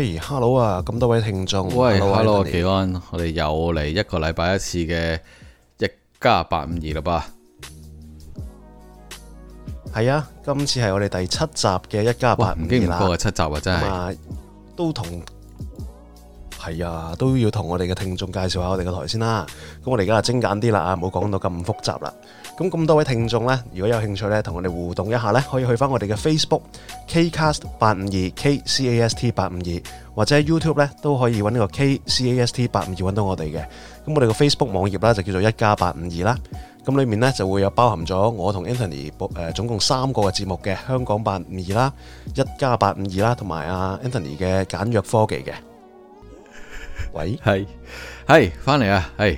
Hey, Hello 啊！咁多位聽眾，喂，哈嘍，技安，我哋又嚟一個禮拜一次嘅一家八五二啦，係啊，今次係我哋第七集嘅一家八五二啦，哇，不過七集啊，真係，都同。係啊，都要同我哋嘅聽眾介紹下我哋嘅台先啦。咁我哋而家精簡啲啦，唔好講到咁複雜啦。咁咁多位聽眾呢，如果有興趣呢，同我哋互動一下呢，可以去翻我哋嘅 Facebook KCast 八五二 KCast 八五二，或者 YouTube 呢都可以揾呢個 KCast 八五二揾到我哋嘅。咁我哋嘅 Facebook 網頁呢，就叫做一加八五二啦。咁裏面呢，就會有包含咗我同 Anthony 誒總共三個嘅節目嘅香港八五二啦，一加八五二啦，同埋阿 Anthony 嘅簡約科技嘅。喂，係係翻嚟啊，係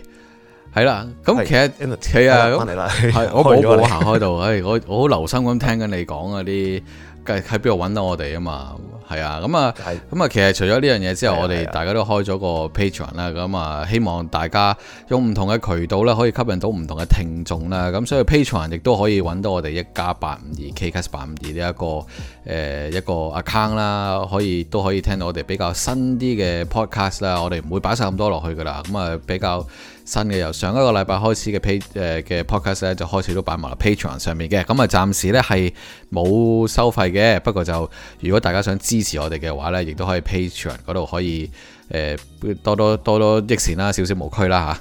係啦，咁其實係啊，翻嚟啦，係我冇我行開到，誒的，我寶寶我好留心咁聽緊你講嗰啲。計喺邊度搵到我哋啊嘛。係啊，咁啊，咁啊是，其實除咗呢樣嘢之後，的我哋大家都開咗個 patron 啦，的咁啊，希望大家用唔同嘅渠道咧，可以吸引到唔同嘅聽眾啦，咁所以 patron 亦都可以搵到我哋一加八五二 k p l u 八五二呢一個誒一個 account 啦，可以都可以聽到我哋比較新啲嘅 podcast 啦，我哋唔會擺晒咁多落去噶啦，咁啊比較。新嘅由上一個禮拜開始嘅 pay 誒嘅 podcast 咧，就開始都擺埋 Patreon 上面嘅，咁啊暫時咧係冇收費嘅，不過就如果大家想支持我哋嘅話咧，亦都可以 Patreon 嗰度可以誒、呃、多多多多益善啦，少少無拘啦嚇。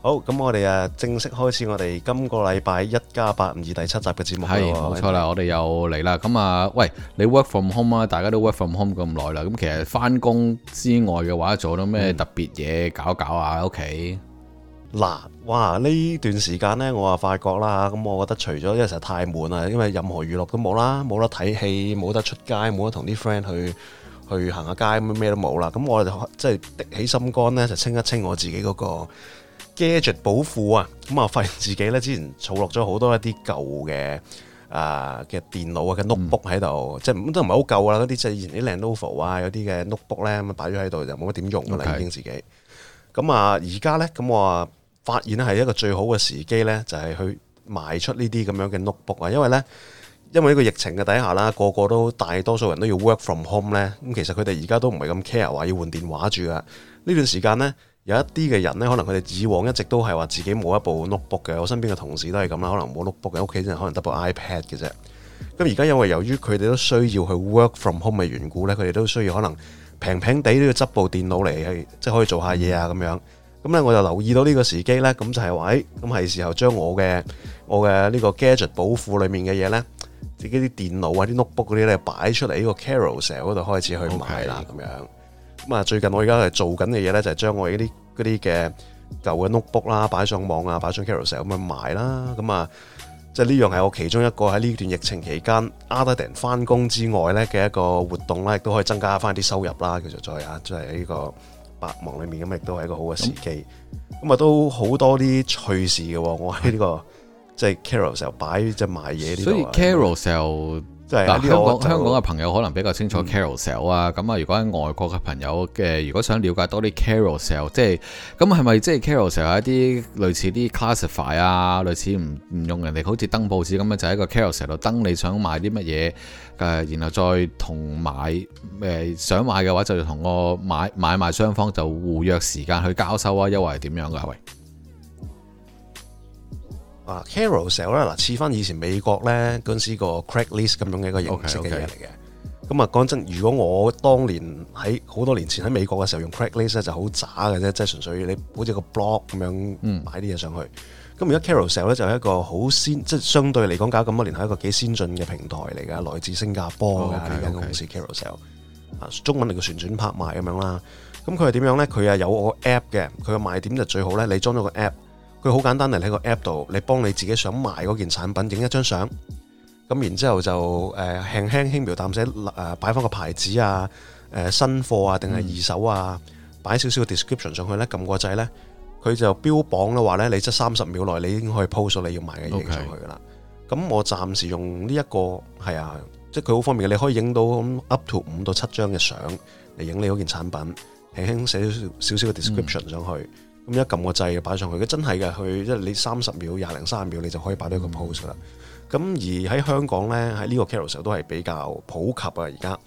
好，咁我哋誒正式開始我哋今個禮拜一家八五二第七集嘅節目啦。係，冇錯啦，我哋又嚟啦。咁啊，喂，你 work from home 啊，大家都 work from home 咁耐啦。咁其實翻工之外嘅話做，做到咩特別嘢搞搞啊？喺屋企嗱，哇呢段時間呢，我啊發覺啦，咁我覺得除咗因為實在太悶啦，因為任何娛樂都冇啦，冇得睇戲，冇得出街，冇得同啲 friend 去去行下街，咩都冇啦。咁我哋就即係滴起心肝呢，就清一清我自己嗰個。Gadget 保庫啊，咁啊發現自己咧之前儲落咗好多一啲舊嘅啊嘅電腦啊嘅 notebook 喺度，的在這裡嗯、即係都唔係好舊啊。嗰啲即係以前啲 Lenovo 啊，有啲嘅 notebook 咧咁擺咗喺度就冇乜點用啦，Okay. 已經自己。咁啊而家咧，咁我發現咧係一個最好嘅時機咧，就係、是、去賣出呢啲咁樣嘅 notebook 啊，因為咧因為呢個疫情嘅底下啦，個個都大多數人都要 work from home 咧，咁其實佢哋而家都唔係咁 care 話要換電話住啊，呢段時間咧。有一啲嘅人咧，可能佢哋以往一直都係話自己冇一部 notebook 嘅，我身邊嘅同事都係咁啦，可能冇 notebook 嘅，屋企就可能得部 iPad 嘅啫。咁而家因為由於佢哋都需要去 work from home 嘅緣故咧，佢哋都需要可能平平地都要執部電腦嚟去，即係可以做下嘢啊咁樣。咁咧我就留意到呢個時機咧，咁就係話，哎，咁係時候將我嘅我嘅呢個 gadget 寶庫裏面嘅嘢咧，自己啲電腦啊、啲 notebook 嗰啲咧擺出嚟，呢個 Carousell 嗰度開始去買啦咁 Okay. 樣。咁啊，最近我而家係做緊嘅嘢咧，就係將我呢啲嗰啲嘅舊嘅 notebook 啦，擺上網啊，擺上 Carousel 咁樣賣啦。咁啊，即係呢樣係我其中一個喺呢段疫情期間，阿 e 定翻工之外咧嘅一個活動啦，亦都可以增加翻啲收入啦。其實再啊，即係呢個百忙裏面咁，亦都係一個好嘅時機。咁啊、mm，都、hmm。好多啲趣事嘅。我喺呢個即係 Carousel 擺即係賣嘢呢度。嗱，香港香港嘅朋友可能比較清楚 Carousel 啊。咁啊，如果喺外國嘅朋友嘅，如果想了解多啲 Carousel，即係咁係咪即係 Carousel 有一啲類似啲 classify 啊，類似唔唔用人哋好似登報紙咁樣，就喺、是、個 Carousel 度登你想買啲乜嘢誒，然後再同買誒、呃、想買嘅話就同個買買賣雙方就互約時間去交收啊，優惠係點樣嘅喂？啊 Carousel 咧，嗱似翻以前美國咧嗰陣時個 Craigslist 咁樣嘅一個形式嘅嘢嚟嘅。咁啊講真，如果我當年喺好多年前喺美國嘅時候用 Craigslist 咧，就好渣嘅啫，即、就、係、是、純粹你好似個 block 咁樣擺啲嘢上去。咁而家、嗯、Carousel 咧就係、是、一個好先，即係相對嚟講搞咁多年係一個幾先進嘅平台嚟嘅，來自新加坡嘅咁嘅公司 Carousel。啊，中文嚟嘅旋轉拍賣咁樣啦。咁佢係點樣咧？佢啊有我的 app 嘅，佢嘅賣點就最好咧，你裝咗個 app。佢好簡單嚟，喺個 app 度，你幫你自己想賣嗰件產品影一張相，咁然之後就誒輕輕輕描淡寫誒擺翻個牌子啊，誒新貨啊定係二手啊，嗯、擺少少 description 上去咧，撳個掣咧，佢就標榜嘅話咧，你即三十秒內你已經可以 post 你要賣嘅嘢上去噶啦。咁 Okay. 我暫時用呢、這、一個係啊，即係佢好方便，你可以影到咁 up to 五到七張嘅相嚟影你嗰件產品，輕輕寫少少少少嘅 description 上去。嗯嗯咁一撳個掣擺上去，佢真係嘅。佢即係你三十秒、廿零三十秒，你就可以擺到一個 pose 啦。咁、嗯、而喺香港呢，喺呢個 carousel 都係比較普及啊。而家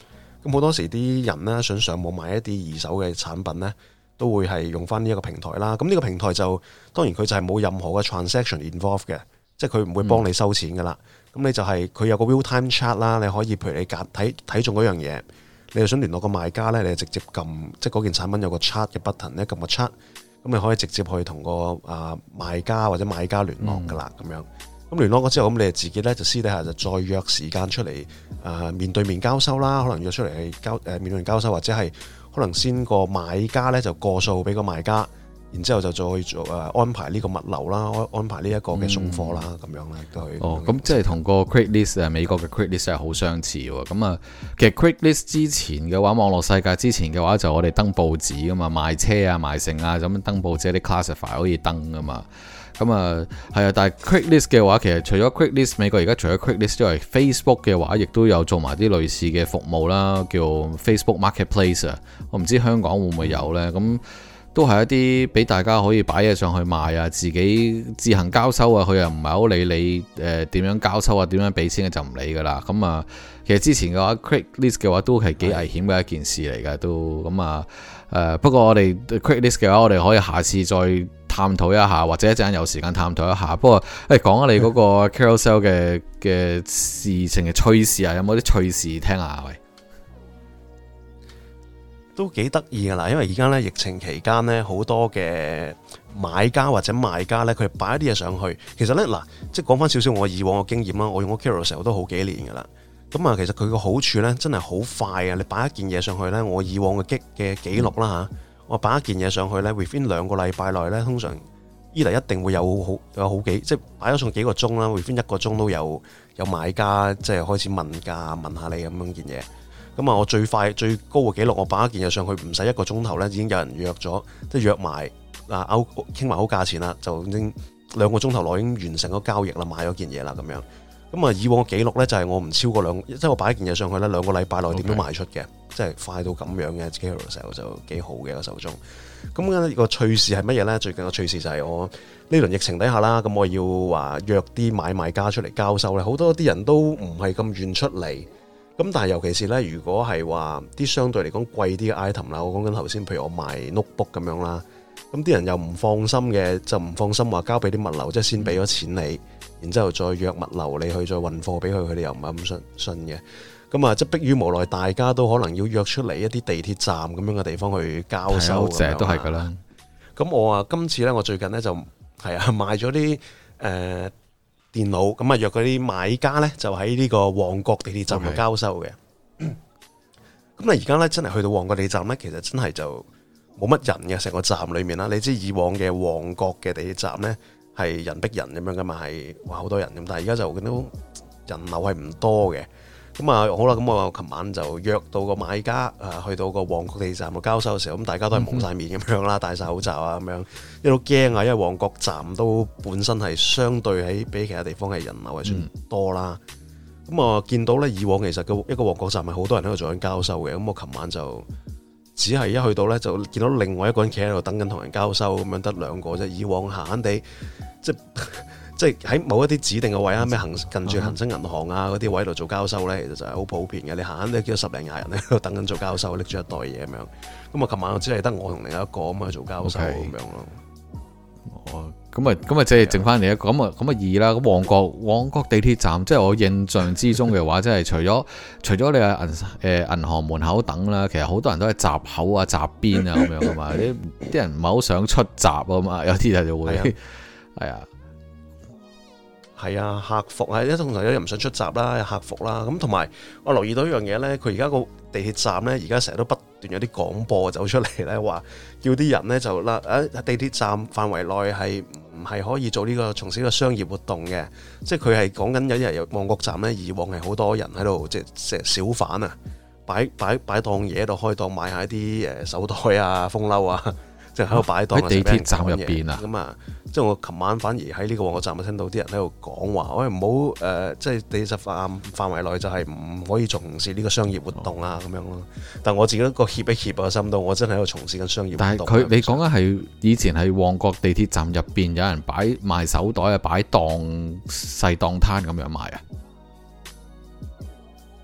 咁好多時啲人呢，想上網買一啲二手嘅產品呢，都會係用翻呢一個平台啦。咁呢個平台就當然佢就係冇任何嘅 transaction involved 嘅，即係佢唔會幫你收錢噶啦。咁、嗯、你就係、是、佢有個 real time chat 啦，你可以陪你睇睇中嗰樣嘢。你又想聯絡個賣家呢，你就直接撳即係嗰件產品有個 chat 嘅 button 呢，撳個 chat。咁你可以直接去同個啊賣家或者買家聯絡噶啦，咁樣咁聯絡咗之後，咁你哋自己咧就私底下就再約時間出嚟、呃，面對面交收啦，可能約出嚟係交、呃、面對面交收，或者係可能先個買家咧就過數俾個賣家。然之後就再做、啊、安排呢個物流啦、啊，安安排呢一個嘅送貨啦，咁、嗯、樣咧對。嗯、哦，咁即係同個 Craigslist 啊，美國嘅 Craigslist 係好相似喎。咁啊，其實 Craigslist 之前嘅話，網絡世界之前嘅話就我哋登報紙噶嘛，賣車啊、賣剩啊，咁、嗯、登報紙啲 classify 可以登噶嘛。咁啊，係啊，但係 Craigslist 嘅話，其實除咗 Craigslist 美國而家除咗 Craigslist 之外，Facebook 嘅話亦都有做埋啲類似嘅服務啦，叫 Facebook Marketplace。我唔知香港會唔會有咧？咁。都係一啲俾大家可以擺嘢上去賣啊，自己自行交收啊，佢又唔係好理你誒，點樣交收啊，點樣俾錢嘅就唔理噶啦。咁、嗯、啊，其實之前嘅話 Craigslist 嘅話都係幾危險嘅一件事嚟㗎。都。咁、嗯、啊，誒、呃，不過我哋 Craigslist 嘅話，我哋可以下次再探討一下，或者一陣有時間探討一下。不過誒，講、欸、下你嗰個 Carousell 嘅嘅事情嘅趣事啊，有冇啲趣事聽下？都幾得意噶啦，因為而家咧疫情期間咧，好多嘅買家或者賣家咧，佢擺一啲嘢上去。其實咧嗱，即係講翻少少我以往嘅經驗啦，我用咗 Carousel 都好幾年噶啦。咁啊，其實佢個好處咧，真係好快啊！你擺一件嘢上去咧，我以往嘅激嘅記錄啦嚇、啊，我擺一件嘢上去咧，within 兩個禮拜內咧，通常依、e、嚟一定會有好有好幾，即係擺咗上幾個鐘啦，within 一個鐘都有有買家即係開始問價問下你咁樣件嘢。咁啊！我最快最高嘅記錄，我擺一件嘢上去唔使一個鐘頭咧，已經有人約咗，即係約埋嗱，傾、啊、埋好價錢啦，就已經兩個鐘頭內已經完成咗交易啦，買咗件嘢啦咁樣。咁啊，以往嘅記錄咧就係、是、我唔超過兩，即、就、係、是、我擺一件嘢上去咧，兩個禮拜內點都賣出嘅，Okay. 即係快到咁樣嘅。Mm-hmm. 就幾好嘅個手中。咁呢個趨勢係乜嘢咧？最近嘅趨勢就係我呢輪疫情底下啦，咁我要話約啲買賣家出嚟交收咧，好多啲人都唔係咁願出嚟。Mm-hmm. 咁但係尤其是咧，如果係話啲相對嚟講貴啲嘅 item 啦，我講緊頭先，譬如我賣 notebook 咁樣啦，咁啲人又唔放心嘅，就唔放心話交俾啲物流，即係先俾咗錢你，然之後再約物流你去再運貨俾佢，佢哋又唔係咁信信嘅，咁啊即係迫於無奈，大家都可能要約出嚟一啲地鐵站咁樣嘅地方去交收，成日都係噶啦。咁我啊今次咧，我最近咧就係啊賣咗啲誒。電腦咁啊，約嗰啲買家呢，就喺呢個旺角地鐵站度交收嘅。咁啊，而家呢，真係去到旺角地鐵站呢，其實真係就冇乜人嘅，成個站裏面啦。你知以往嘅旺角嘅地鐵站呢，係人逼人咁樣噶嘛，係哇好多人咁，但係而家就見到人流係唔多嘅。咁啊、嗯，好啦，咁我琴晚就約到個買家，啊，去到個旺角地站度交收嘅時候，咁大家都係蒙晒面咁樣啦，戴晒口罩啊咁樣，一路驚啊，因為旺角站都本身係相對喺比其他地方嘅人流係算多啦。咁啊、嗯，見到咧以往其實個一個旺角站係好多人喺度做緊交收嘅，咁我琴晚就只係一去到咧就見到另外一個人企喺度等緊同人交收，咁樣得兩個啫。以往閑閑地，即係。即係喺某一啲指定嘅位啊，咩行近住恒生銀行啊嗰啲位度做交收咧，其實就係好普遍嘅。你行行都見到十零廿人咧，喺度等緊做交收，拎住一袋嘢咁樣。咁啊，琴晚我只係得我同另一個咁去做交收咁 Okay. 樣咯。哦，咁啊，咁啊，即係剩翻你一個，咁啊的，咁啊二啦。咁旺角旺角地鐵站，即係我印象之中嘅話，即係 除咗除咗你喺銀誒、呃、銀行門口等啦，其實好多人都係閘口啊、閘邊啊咁樣噶嘛。啲 人唔係好想出閘啊嘛，有啲人就會係啊。的 係啊，客服啊，通常有人唔想出閘啦，有客服啦，咁同埋我留意到一樣嘢呢，佢而家個地鐵站呢，而家成日都不斷有啲廣播走出嚟呢，話叫啲人呢，就啦，喺地鐵站範圍內係唔係可以做呢個從小嘅商業活動嘅，即係佢係講緊有啲人由旺角站呢，以往係好多人喺度，即係成日小販啊，擺擺擺檔嘢喺度開檔，賣下啲誒手袋啊、風褸啊。即喺度擺檔喺地鐵站入邊啊！咁啊，即係我琴晚反而喺呢個旺角站，我聽到啲人喺度講話，喂，唔好誒，即、呃、係、就是、地鐵站範圍內就係唔可以從事呢個商業活動啊，咁、哦、樣咯。但我自己一個怯一怯啊，心到我真係喺度從事緊商業活動。但係佢你講緊係以前喺旺角地鐵站入邊，有人擺賣手袋檔細檔賣啊，擺檔細檔攤咁樣賣啊？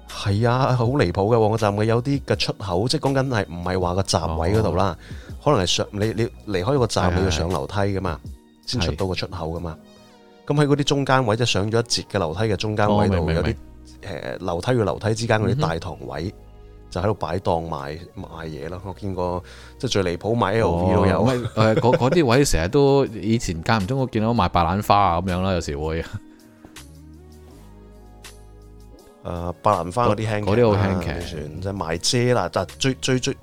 係啊，好離譜嘅！旺角站嘅有啲嘅出口，即係講緊係唔係話個站位嗰度啦。哦可能係上你你離開個站你要上樓梯噶嘛，先出到個出口噶嘛。咁喺嗰啲中間位，即上咗一截嘅樓梯嘅中間位度，有啲誒樓梯與樓梯之間嗰啲大堂位，就喺度擺檔賣賣嘢咯。我見過即係最離譜賣 L P 都有，嗰啲位成日都以前間唔中我見到賣白蘭花啊咁樣啦，有時會。誒白蘭花嗰啲輕嗰啲好輕嘅，算即係賣遮啦，就最最最。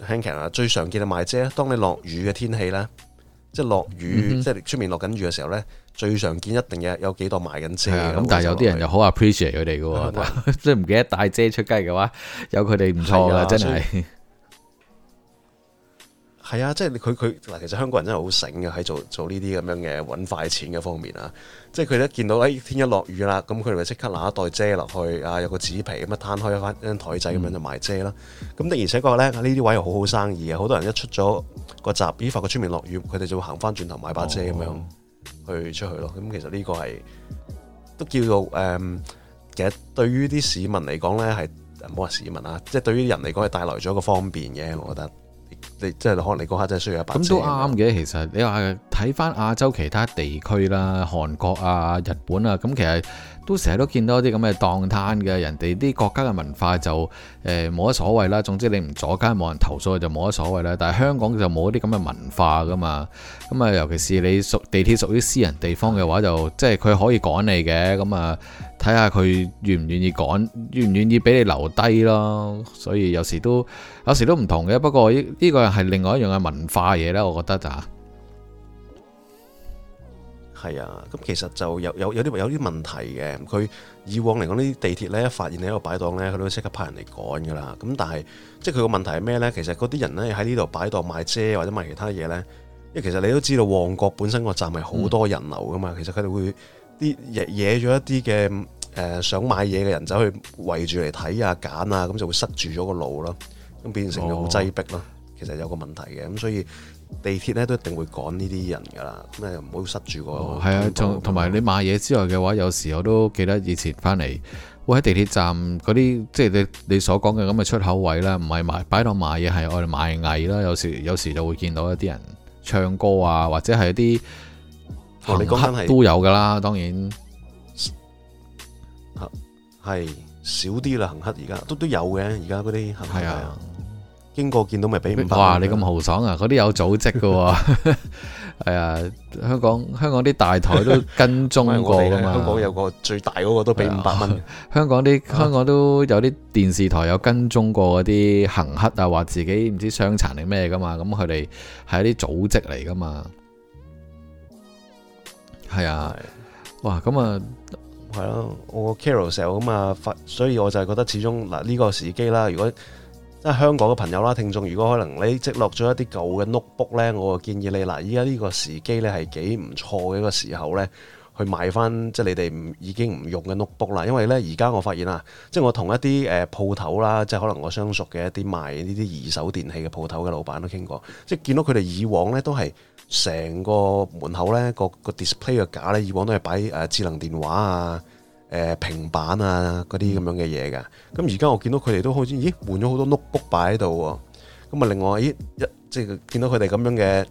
輕騎啦，最常見係賣遮。當你落雨嘅天氣咧，即係落雨，即係出面落緊雨嘅時候咧，最常見的一定嘢有幾檔賣緊遮。咁的但係有啲人又好 appreciate 佢哋㗎喎，即係唔記得帶遮出街嘅話，有佢哋唔錯㗎啦，的真係。係啊，即係佢佢嗱，其實香港人真係好醒嘅，喺做做呢啲咁樣嘅搵快錢嘅方面啊，即係佢一見到哎天一落雨啦，咁佢哋咪即刻拿一袋遮落去啊，有個紙皮咁啊攤開一翻張台仔咁樣就賣遮啦。咁、嗯、的而且確咧，呢啲位又好好生意啊！好多人一出咗個閘，咦發覺出面落雨，佢哋就會行翻轉頭買把遮咁樣去出去咯。咁其實呢個係都叫做誒、嗯，其實對於啲市民嚟講咧係唔好話市民啊，即係對於人嚟講係帶來咗一個方便嘅，我覺得。你即係可能你嗰下真係需要一筆錢。咁都啱嘅，其實你話睇翻亞洲其他地區啦，韓國啊、日本啊，咁其實。都成日都見到啲咁嘅檔攤嘅，人哋啲國家嘅文化就冇乜、呃、所謂啦。總之你唔阻街，冇人投訴就冇乜所謂啦。但係香港就冇啲咁嘅文化噶嘛。咁、嗯、啊，尤其是你屬地鐵屬於私人地方嘅話就，就即係佢可以趕你嘅。咁、嗯、啊，睇下佢願唔願意趕，願唔願意俾你留低咯。所以有時都有時都唔同嘅。不過呢個係另外一樣嘅文化嘢咧，我覺得啊、就是。係啊，咁其實就有有有啲有啲問題嘅。佢以往嚟講，呢啲地鐵呢，一發現你喺度擺檔呢，佢都會即刻派人嚟趕㗎喇。咁但係即係佢個問題係咩呢？其實嗰啲人呢，喺呢度擺檔賣遮或者賣其他嘢呢，因為其實你都知道旺角本身個站係好多人流㗎嘛。嗯、其實佢哋會啲惹咗一啲嘅誒想買嘢嘅人走去圍住嚟睇啊揀啊，咁、啊、就會塞住咗個路咯，咁變成好擠迫咯。哦、其實有個問題嘅，咁所以。地鐵咧都一定會趕呢啲人㗎啦，咁啊唔好塞住、嗰個。係啊、哦，同同埋你買嘢之外嘅話，有時我都記得以前翻嚟會喺地鐵站嗰啲，即係你你所講嘅咁嘅出口位咧，唔係賣擺檔賣嘢，係我哋賣藝啦。有時有時就會見到一啲人唱歌啊，或者係一啲行乞都有㗎啦。當然係少啲啦，也也行乞而家都都有嘅。而家嗰啲係啊。經過見到咪俾五百？哇，你咁豪爽啊？嗰啲有組織噶、啊，係 啊！香港香港啲大台都跟蹤過噶嘛 香的？香港有個最大嗰個都俾五百蚊。香港啲香港都有啲電視台有跟蹤過嗰啲行乞啊，話自己唔知傷殘定咩噶嘛？咁佢哋係一啲組織嚟噶嘛？係啊！哇！咁啊，係咯、啊。我 Carousel 咁啊，所以我就係覺得始終嗱呢個時機啦。如果即係香港嘅朋友啦，聽眾，如果可能你積落咗一啲舊嘅 notebook 咧，我建議你嗱，依家呢個時機咧係幾唔錯嘅一個時候咧，去賣翻即係你哋唔已經唔用嘅 notebook 啦。因為咧，而家我發現啊，即係我同一啲誒鋪頭啦，即係可能我相熟嘅一啲賣呢啲二手電器嘅鋪頭嘅老闆都傾過，即係見到佢哋以往咧都係成個門口咧個個 display 嘅架咧，以往都係擺誒智能電話啊。誒平板啊，嗰啲咁樣嘅嘢嘅，咁而家我見到佢哋都好似咦換咗好多 notebook 擺喺度喎，咁啊另外，咦一即係見到佢哋咁樣嘅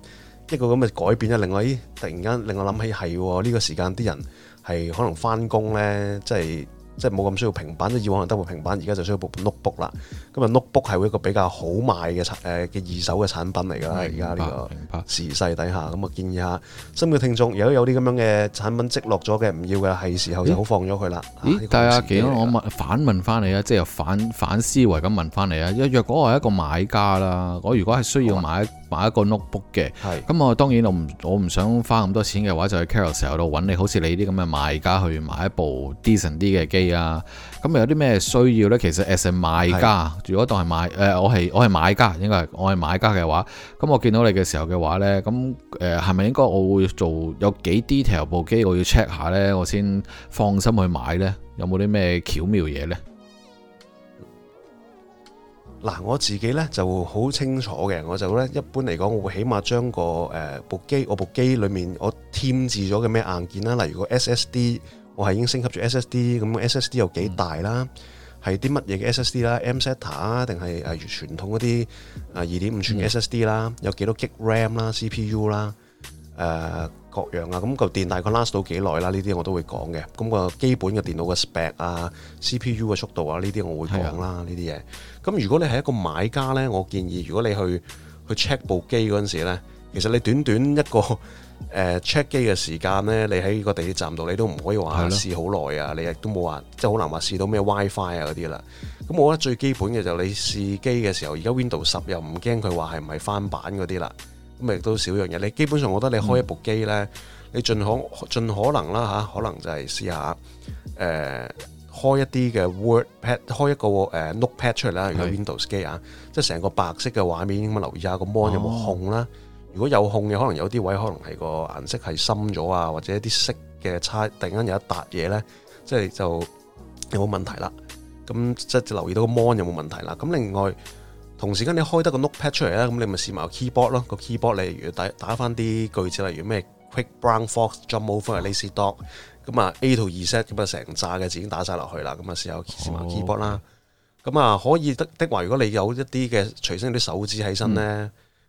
一個咁嘅改變咧，另外咦突然間令我諗起係喎，呢個時間啲人係可能翻工咧，即係。即係冇咁需要平板，即以往可能得部平板，而家就需要部 notebook 啦。咁啊、嗯、notebook 係會一個比較好賣嘅產嘅二手嘅產品嚟㗎啦。而家呢個時勢底下，咁啊白建議下新嘅聽眾，如果有啲咁樣嘅產品積落咗嘅唔要嘅，係時候就好放咗佢啦。咦？但係阿傑，這個、我問反問翻你啊，即係反反思維咁問翻你啊。若若果我係一個買家啦，我如果係需要買，買一個 notebook 嘅，咁是我當然我唔我唔想花咁多錢嘅話，就喺 Carousell 度揾你好似你啲咁嘅賣家去買一部 decent 啲嘅機啊。咁有啲咩需要呢？其實 as a 賣家，啊、如果當係買誒、呃，我係我係買家應該係我係買家嘅話，咁我見到你嘅時候嘅話呢，咁誒係咪應該我會做有幾 detail 部機我要 check 下呢，我先放心去買呢？有冇啲咩巧妙嘢呢？嗱，我自己咧就好清楚嘅，我就咧一般嚟講，我會起碼將個誒部機，我部機裏面我添置咗嘅咩硬件啦，例如個 SSD，我係已經升級咗 SSD，咁 SSD 有幾大啦，係啲乜嘢嘅 SSD 啦，mSATA 啊，定係誒傳統嗰啲啊二點五吋 SSD 啦，有幾多 Gig RAM 啦，C. P. U. 啦，誒。各樣啊，咁個電大概 last 到幾耐啦？呢啲我都會講嘅。咁個基本嘅電腦嘅 spec 啊、CPU 嘅速度啊，呢啲我會講啦。呢啲嘢。咁如果你係一個買家呢，我建議如果你去去 check 部機嗰陣時呢，其實你短短一個誒 check 機嘅時間呢，你喺個地鐵站度你都唔可以話試好耐啊，的你亦都冇話即係好難話試到咩 WiFi 啊嗰啲啦。咁我覺得最基本嘅就你試機嘅時候，而家 Windows 十又唔驚佢話係唔係翻版嗰啲啦。咁亦都少樣嘢，你基本上我覺得你開一部機咧，嗯、你盡可盡可能啦嚇、啊，可能就係試下誒、呃、開一啲嘅 WordPad，開一個誒、呃、NotePad 出嚟啦，是的 如果 Windows 機啊，是的 即係成個白色嘅畫面咁，留意下個 mon 有冇控啦。哦、如果有控嘅，可能有啲位可能係個顏色係深咗啊，或者一啲色嘅差突然間有一笪嘢咧，即係就有冇問題啦。咁即係留意到個 mon 有冇問題啦。咁另外。同時間你開得個 note pad 出嚟啦，咁你咪試埋個 keyboard 咯。個 keyboard 例如打打翻啲句子，例如咩 quick brown fox jump over lazy dog，咁啊、嗯、A to E set 咁啊成扎嘅字已經打晒落去啦。咁啊試下試埋 keyboard 啦。咁啊、哦、可以的的話，如果你有一啲嘅隨身啲手指喺身咧，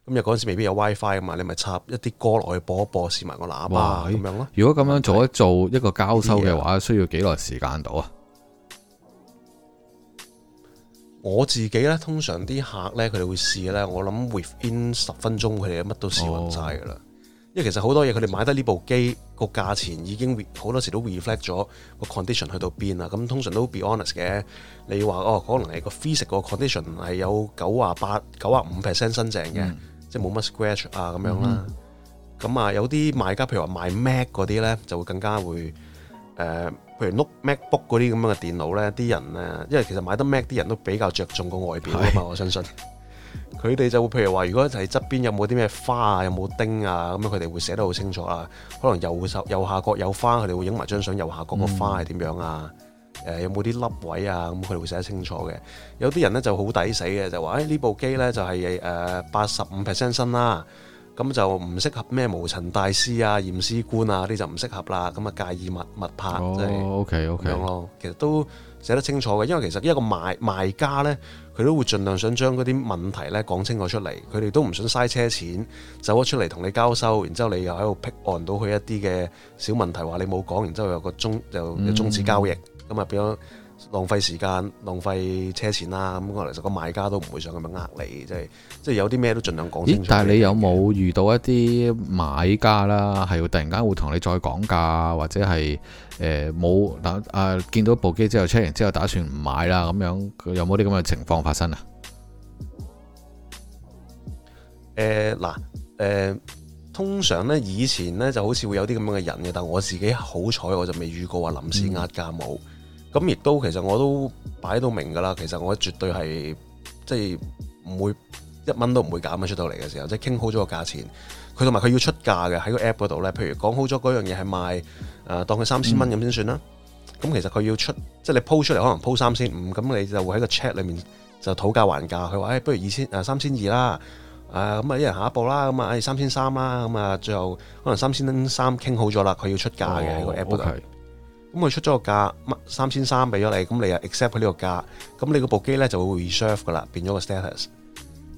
咁又嗰陣時未必有 WiFi 啊嘛，Fi，你咪插一啲歌落去播一播，試埋個喇叭咁喂樣咯。如果咁樣做一做一個交收嘅話，的需要幾耐時間到啊？我自己咧，通常啲客咧，佢哋會試咧。我諗 within 十分鐘，佢哋乜都試勻晒㗎啦。哦、因為其實好多嘢，佢哋買得呢部機個價錢已經好多時都 reflect 咗個 condition 去到邊啦。咁通常都 be honest 嘅。你話哦，可能係個 physical condition 係有九啊八、九啊五 percent 新淨嘅，嗯、即係冇乜 scratch 啊咁樣啦。咁啊，嗯、有啲賣家譬如話賣 Mac 嗰啲咧，就會更加會誒。呃譬如 Note MacBook 嗰啲咁樣嘅電腦咧，啲人咧，因為其實買得 Mac 啲人都比較着重個外表啊嘛，是我相信佢哋就會譬如話，如果係側邊有冇啲咩花啊，有冇丁啊，咁樣佢哋會寫得好清楚啊。可能右手右下角有花，佢哋會影埋張相，右下角個花係點樣啊？誒、嗯啊，有冇啲凹位啊？咁佢哋會寫得清楚嘅。有啲人咧就好抵死嘅，就話誒呢部機咧就係誒八十五 percent 新啦。咁就唔適合咩無塵大師啊、驗屍官啊啲就唔適合啦，咁啊介意物物拍，即係咁樣咯。其實都寫得清楚嘅，因為其實一個賣賣家呢，佢都會盡量想將嗰啲問題呢講清楚出嚟，佢哋都唔想嘥車錢走咗出嚟同你交收，然之後你又喺度辟案到佢一啲嘅小問題話你冇講，然之後有個中就終止交易，咁啊、嗯、變咗。浪費時間、浪費車錢啦，咁可能其實個買家都唔會想咁樣呃你，即係即係有啲咩都盡量講清楚嘢。但係你有冇遇到一啲買家啦，係會突然間會同你再講價，或者係誒冇嗱啊，見到部機之後 check 完之後打算唔買啦咁樣？佢有冇啲咁嘅情況發生啊？誒嗱誒，通常呢，以前呢就好似會有啲咁樣嘅人嘅，但我自己好彩我就未遇過話臨時壓價冇。嗯咁亦都其實我都擺到明㗎啦，其實我絕對係即係唔會一蚊都唔會減啊出到嚟嘅時候，即係傾好咗個價錢。佢同埋佢要出價嘅喺個 app 嗰度咧，譬如講好咗嗰、啊、樣嘢係賣當佢三千蚊咁先算啦。咁、嗯嗯、其實佢要出即係你 po 出嚟可能 po 三千五，咁你就會喺個 chat 裏面就討價還價。佢話誒不如二千三千二啦，誒咁啊一、啊嗯、人下一步啦，咁啊三千三啦，咁啊、嗯、最後可能三千三傾好咗啦，佢要出價嘅喺個 app 度。哦 okay 咁佢出咗個價，三千三俾咗你，咁你又 accept 佢呢個價，咁你個部機咧就會 reserve 噶啦，變咗個 status。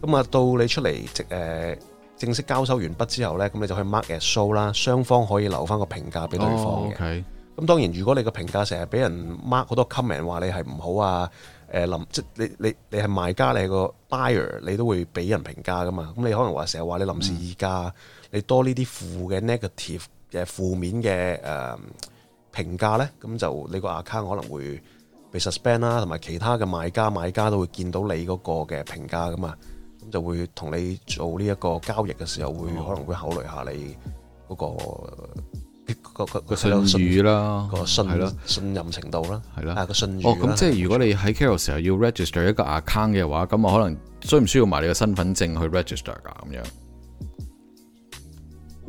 咁啊，到你出嚟即誒正式交收完畢之後咧，咁你就可以 mark as sold 啦，雙方可以留翻個評價俾對方嘅。咁、哦 okay、當然，如果你個評價成日俾人 mark 好多 comment 話你係唔好啊，誒、呃、林即你你你係賣家你係個 buyer，你都會俾人評價噶嘛。咁你可能話成日話你臨時議價，嗯、你多呢啲負嘅 negative 嘅負面嘅誒。呃評價咧，咁就你個 account 可能會被 suspend 啦，同埋其他嘅賣家買家都會見到你嗰個嘅評價噶嘛，咁就會同你做呢一個交易嘅時候，會可能會考慮下你嗰、嗰個、哦嗰個、嗰個嗰個信譽啦，個信啦信任程度啦，係啦、啊，嗰個信譽。哦，咁即係如果你喺 Carousel 時候要 register 一個 account 嘅話，咁啊可能需唔需要埋你嘅身份證去 register 噶咁樣？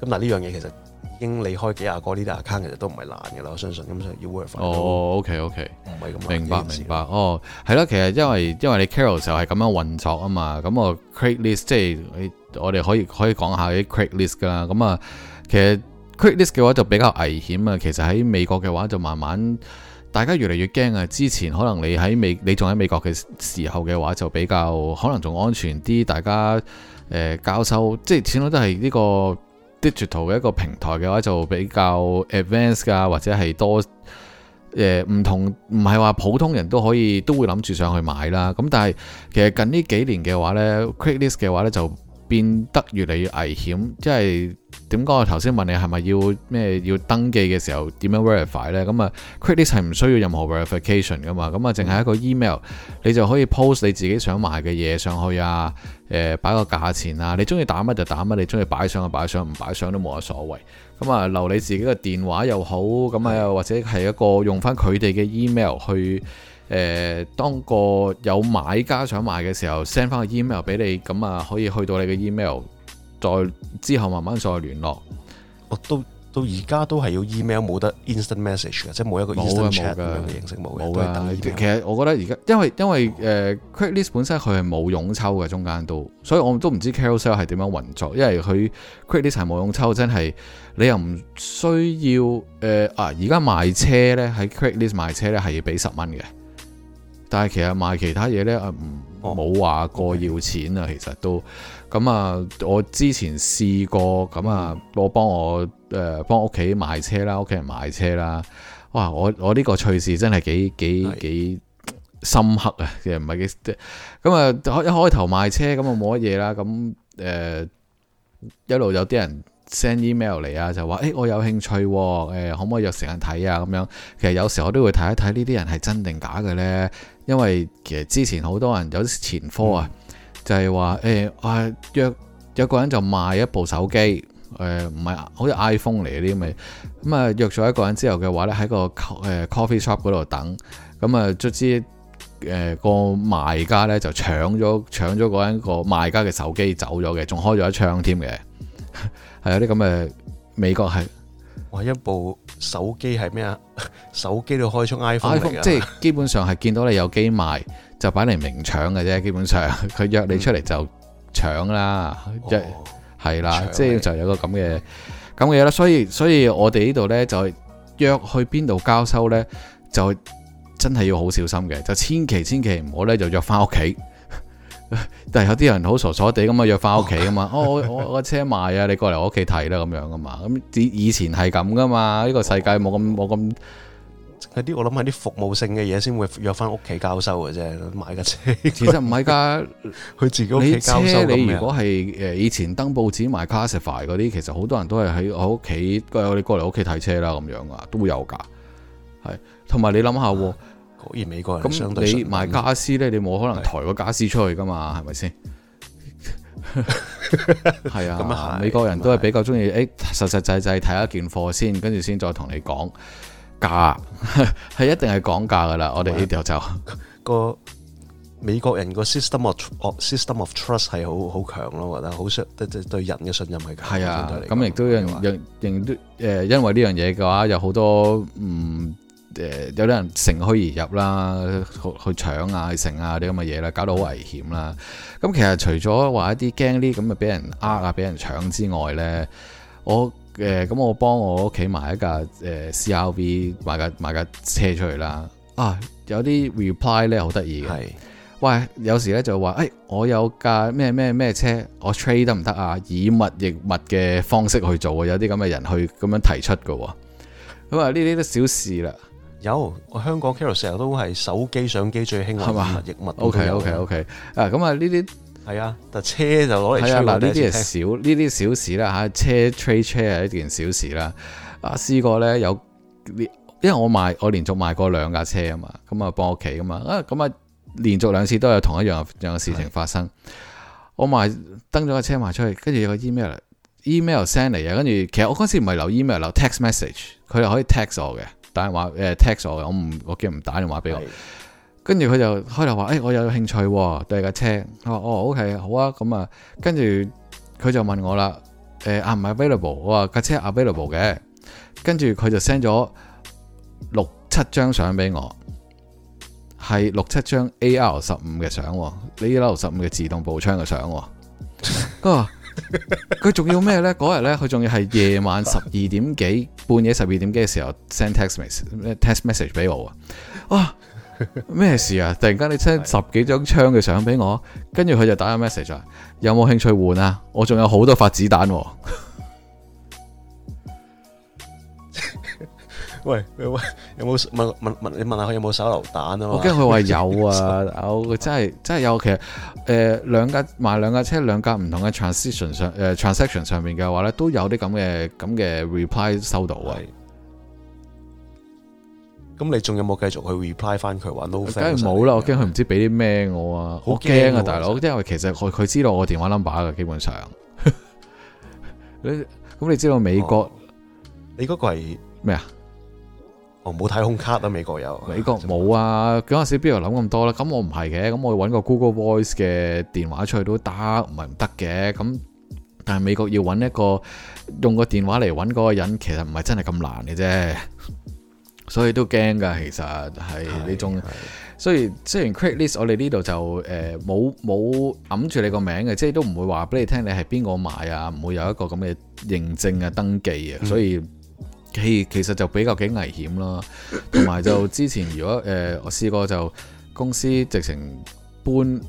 咁嗱，呢樣嘢其實已經你開幾啊個呢啲 account 其實都唔係難嘅啦，我相信咁所以要 work 翻、oh, okay , okay.。哦，OK OK，唔係咁明白明白哦，係啦，其實因為因為你 Carousel 嘅時候係咁樣運作啊嘛，咁啊 Craigslist 即係我哋可以可以講下啲 Craigslist 噶啦，咁啊其實 Craigslist 嘅話就比較危險啊，其實喺美國嘅話就慢慢大家越嚟越驚啊，之前可能你喺美你仲喺美國嘅時候嘅話就比較可能仲安全啲，大家誒、呃、交收即係始終都係呢、這個。digital 嘅一個平台嘅話就比較 advanced 㗎，或者係多誒唔同，唔係話普通人都可以都會諗住上去買啦。咁但係其實近呢幾年嘅話咧，Craigslist 嘅話咧就變得越嚟越危險，即係點講？我頭先問你係咪要咩要登記嘅時候點樣 verify 呢？咁啊 Craigslist 係唔需要任何 verification 噶嘛，咁啊淨係一個 email，你就可以 post 你自己想賣嘅嘢上去啊，誒、呃、擺個價錢啊，你中意打乜就打乜，你中意擺相就擺相，唔擺相都冇乜所謂。咁啊留你自己嘅電話又好，咁啊或者係一個用翻佢哋嘅 email 去。誒、呃，當個有買家想買嘅時候，send 返個 email 俾你，咁啊可以去到你嘅 email，再之後慢慢再聯絡。我都到而家都係要 email，冇得 instant message 即係冇一個 instant chat 嘅形式冇嘅，都係等 email，其實我覺得而家因為因為誒、呃 oh.，Craiglist 本身佢係冇佣抽嘅中間都，所以我都唔知 carousel 係點樣運作，因為佢 Craiglist 係冇佣抽，真係你又唔需要誒、呃、啊。而家賣車咧喺 Craiglist 賣車咧係要俾十蚊嘅。但係其實賣其他嘢呢，唔冇話過要錢啊。哦、其實都咁啊，我之前試過咁啊，我幫我誒、呃、幫屋企賣車啦，屋企人賣車啦。哇！我我呢個趣事真係幾幾是幾深刻啊，其實唔係幾咁啊、呃！一開頭賣車咁啊冇乜嘢啦，咁誒、呃、一路有啲人 send email 嚟啊，就話誒、欸、我有興趣、哦，誒、欸、可唔可以約時間睇啊？咁樣其實有時候我都會睇一睇呢啲人係真定假嘅呢。因為其實之前好多人有啲前科啊，就係話誒啊約有個人就賣一部手機，誒唔係好似 iPhone 嚟嗰啲咪咁啊、嗯、約咗一個人之後嘅話咧，喺個 coffee shop 嗰度等，咁啊卒之誒個賣家咧就搶咗搶咗嗰一個賣家嘅手機走咗嘅，仲開咗一槍添嘅，係、嗯嗯、 有啲咁嘅美國係話一部。手機係咩啊？手機都開出的 iPhone 即係基本上係見到你有機賣，就擺嚟明搶嘅啫。基本上佢約你出嚟就搶啦，是有一係啦，即係就有個咁嘅咁嘅嘢啦。所以所以我哋呢度呢，就係約去邊度交收呢，就真係要好小心嘅，就千祈千祈唔好呢，就約翻屋企。但係有啲人好傻傻地咁啊，約翻屋企噶嘛？哦，我我個車賣啊，你過嚟我屋企睇啦，咁樣噶嘛？咁以前係咁噶嘛？呢個世界冇咁冇咁啲， 我諗係啲服務性嘅嘢先會約翻屋企交收嘅啫。賣架車，其實唔係噶，佢 自己屋企交收咁樣。你車你如果係誒以前登報紙賣 classified 嗰啲，其實好多人都係喺我屋企，我哋過嚟屋企睇車啦，咁樣啊，都會有噶。係，同埋你諗下。 而美國人咁你賣家私咧，你冇可能抬個家私出去噶嘛，係咪先？係啊，美國人都係比較中意誒，實實際際睇一件貨先，跟住先再同你講價，係一定係講價噶啦。我哋呢度就個美國人個 system of system of trust 係好好強咯，我覺得好對人嘅信任係咁。係啊，咁亦都因因都因為呢樣嘢嘅話，有好多唔。誒、呃、有啲人乘虛而入啦，去去搶啊、去乘啊啲咁嘅嘢啦，搞到好危險啦。咁其實除咗話一啲驚啲咁啊，俾人呃啊，俾人搶之外咧，我誒咁、呃、我幫我屋企買一架誒、呃、C R V 買架買架車出嚟啦。啊，有啲 reply 咧好得意嘅，是喂，有時咧就話誒、哎，我有架咩咩咩車，我 trade 得唔得啊？以物易物嘅方式去做，有啲咁嘅人去咁樣提出嘅。咁啊，呢啲都小事啦。有我香港 Carousel 成日都係手機相機最興攞嚟拍物，O K O K O K 啊，咁啊呢啲係啊，但車就攞嚟。係啊，嗱呢啲係小呢啲小事啦嚇、啊。車 trade 車係一件小事啦。啊試過咧有呢，因為我賣我連續賣過兩架車啊嘛，咁啊幫屋企啊嘛啊咁啊連續兩次都有同一樣樣嘅事情發生。的我賣登咗架車賣出去，跟住有個 email email send 嚟啊，跟住其實我嗰時唔係留 email 留 text message，佢又可以 text 我嘅。打電話誒、嗯、，text 我我唔我叫唔打電話俾我，的跟住佢就開頭話誒，我有興趣、哦、對架車，佢話哦，OK 好啊，咁啊，跟住佢就問我啦，誒、欸、啊唔係 available，我話架車 available 嘅，跟住佢就 send 咗六七張相俾我，係六七張 A.R. 十五嘅相 A.R. 十五嘅自動步槍嘅相，嗰。 佢仲 要咩呢？嗰日呢，佢仲要係夜晚十二點幾、半夜十二點幾嘅時候 send text message，text message 俾我啊！咩事啊？突然間你 send 十幾張槍嘅相俾我，跟住佢就打個 message，有冇興趣換啊？我仲有好多發子彈，啊。喂喂，有冇問問問你問下佢有冇手榴彈啊？我驚佢話有啊，有 彈真係真係有。其實誒，兩、呃、架賣兩架車，兩架唔同嘅 transition 上誒、呃、transaction 上面嘅話咧，都有啲咁嘅咁嘅 reply 收到啊。咁你仲有冇繼續去 reply 翻佢話 no？梗係冇啦，我驚佢唔知俾啲咩我啊，好驚啊，大佬。因為其實佢佢知道我電話 number 嘅，基本上。 你咁你知道美國？哦、你嗰個係咩啊？哦，冇太空卡啊！美國有，美國冇啊！嗰陣時邊度諗咁多咧？咁我唔係嘅，咁我要揾個 Google Voice 嘅電話出去都得，唔係唔得嘅。咁但係美國要揾一個用個電話嚟揾嗰個人，其實唔係真係咁難嘅啫。所以都驚㗎，其實係呢種。所以雖然 Craigslist 我哋呢度就誒冇冇揞住你個名嘅，即係都唔會話俾你聽你係邊個買啊，唔會有一個咁嘅認證啊登記啊，所以、嗯。其其實就比較幾危險啦，同埋就之前如果誒、呃、我試過就公司直情搬誒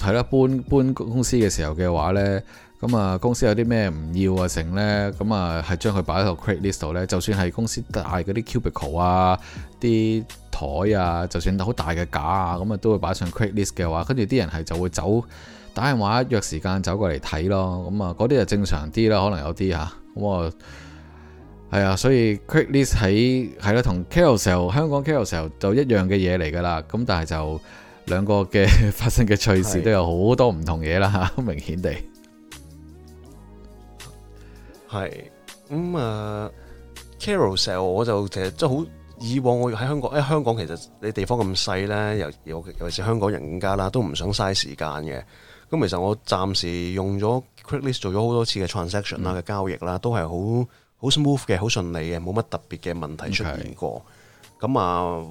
睇啦，搬搬公司嘅時候嘅話呢，咁、嗯、啊公司有啲咩唔要啊剩呢咁啊，係將佢擺喺個 Craigslist 度呢，就算係公司大嗰啲 cubicle 啊、啲台啊，就算好大嘅架啊，咁、嗯、啊都會擺上 Craigslist 嘅話，跟住啲人係就會走打電話約時間走過嚟睇咯，咁啊嗰啲就正常啲啦，可能有啲嚇，咁啊。我係啊，所以 Craigslist 喺係啦，同 Carousell 香港 Carousell 就一樣嘅嘢嚟㗎啦。咁但係就兩個嘅發生嘅趣事都有好多唔同嘢啦，好是明顯地。係咁啊，Carousell 我就其實真好以往我喺香港，喺香港其實你地方咁細咧，又尤其是香港人家啦，都唔想嘥時間嘅。咁其實我暫時用咗 Craigslist 做咗好多次嘅 transaction 啦嘅、嗯、交易啦，都係好。好 smooth 嘅，好順利嘅，冇乜特別嘅問題出現過。咁 Okay. 啊，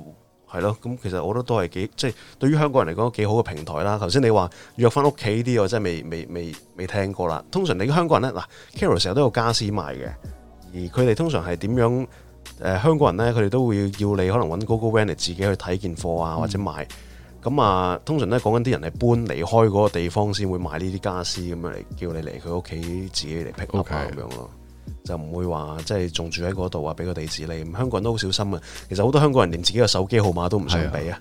係咯。咁其實我覺得都係幾，即係對於香港人嚟講幾好嘅平台啦。頭先你話約翻屋企啲，我真係未未未未聽過啦。通常你香港人咧，嗱 Carousel 成日都有家私賣嘅，而佢哋通常係點樣？誒、呃，香港人咧，佢哋都會要你可能揾 GoGoVan 嚟自己去睇件貨啊，嗯、或者買。咁啊，通常咧講緊啲人係搬離開嗰個地方先會買呢啲家私，咁樣嚟叫你嚟佢屋企自己嚟 pick up 啊咁 Okay. 樣咯。就唔會話即係仲住喺嗰度啊，俾個地址你，香港人都好小心啊。其實好多香港人連自己嘅手機號碼都唔想俾啊，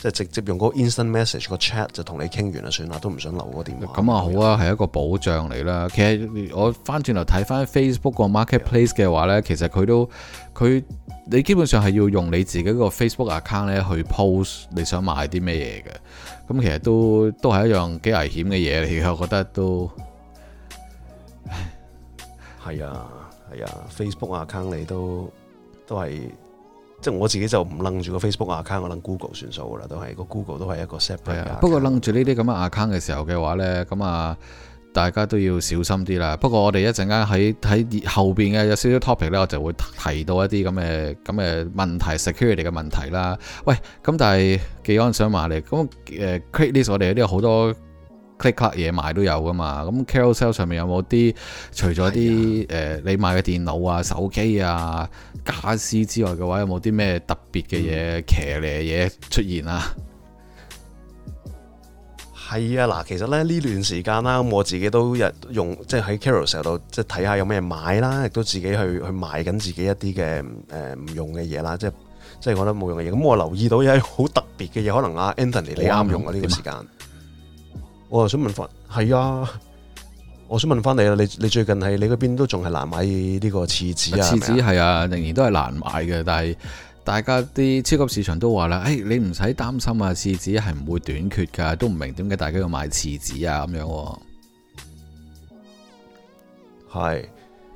即係直接用嗰個 Instant Message 個 chat 就同你傾完啦，算啦，都唔想留個電話。咁啊好啊，係一個保障嚟啦。其實我翻轉頭睇翻 Facebook 個 Marketplace 嘅話呢，是的 其實佢都佢你基本上係要用你自己個 Facebook account 咧去 post 你想買啲咩嘢嘅。咁其實都都係一樣幾危險嘅嘢嚟嘅，我覺得都。係啊，係啊，Facebook account 你都都係，即係我自己就唔楞住個 Facebook account，我楞 Google 算數噶啦，都係個 Google 都係一個 set、啊、不過楞住呢啲咁嘅 account 嘅時候嘅話呢，咁啊，大家都要小心啲啦。不過我哋一陣間喺喺後邊嘅有少少 topic 呢，我就會提到一啲咁嘅咁嘅問題，security 嘅問題啦。喂，咁但係技安想問你，咁誒、呃、create 呢個嘢嘅我哋都有好多。ClickUp 嘢賣都有㗎嘛？咁 Carousell 上面有冇啲除咗啲誒你買嘅電腦啊、手機啊、家私之外嘅話，有冇啲咩特別嘅嘢騎呢嘢出現啊？係啊，嗱，其實咧呢段時間啦，我自己都日用即係喺 Carousell 度即係睇下有咩買啦，亦都自己去去賣緊自己一啲嘅誒唔用嘅嘢啦，即係即係我覺得冇用嘅嘢。咁我留意到有好特別嘅嘢，可能阿 Anthony 你啱用啊呢段時間。我又想問翻，係啊，我想問翻你啊。你你最近係你嗰邊都仲係難買呢個廁紙啊？廁紙係啊，仍然都係難買嘅，但係大家啲超級市場都話啦，誒、哎，你唔使擔心啊，廁紙係唔會短缺噶，都唔明點解大家要買廁紙啊咁樣，哦。係，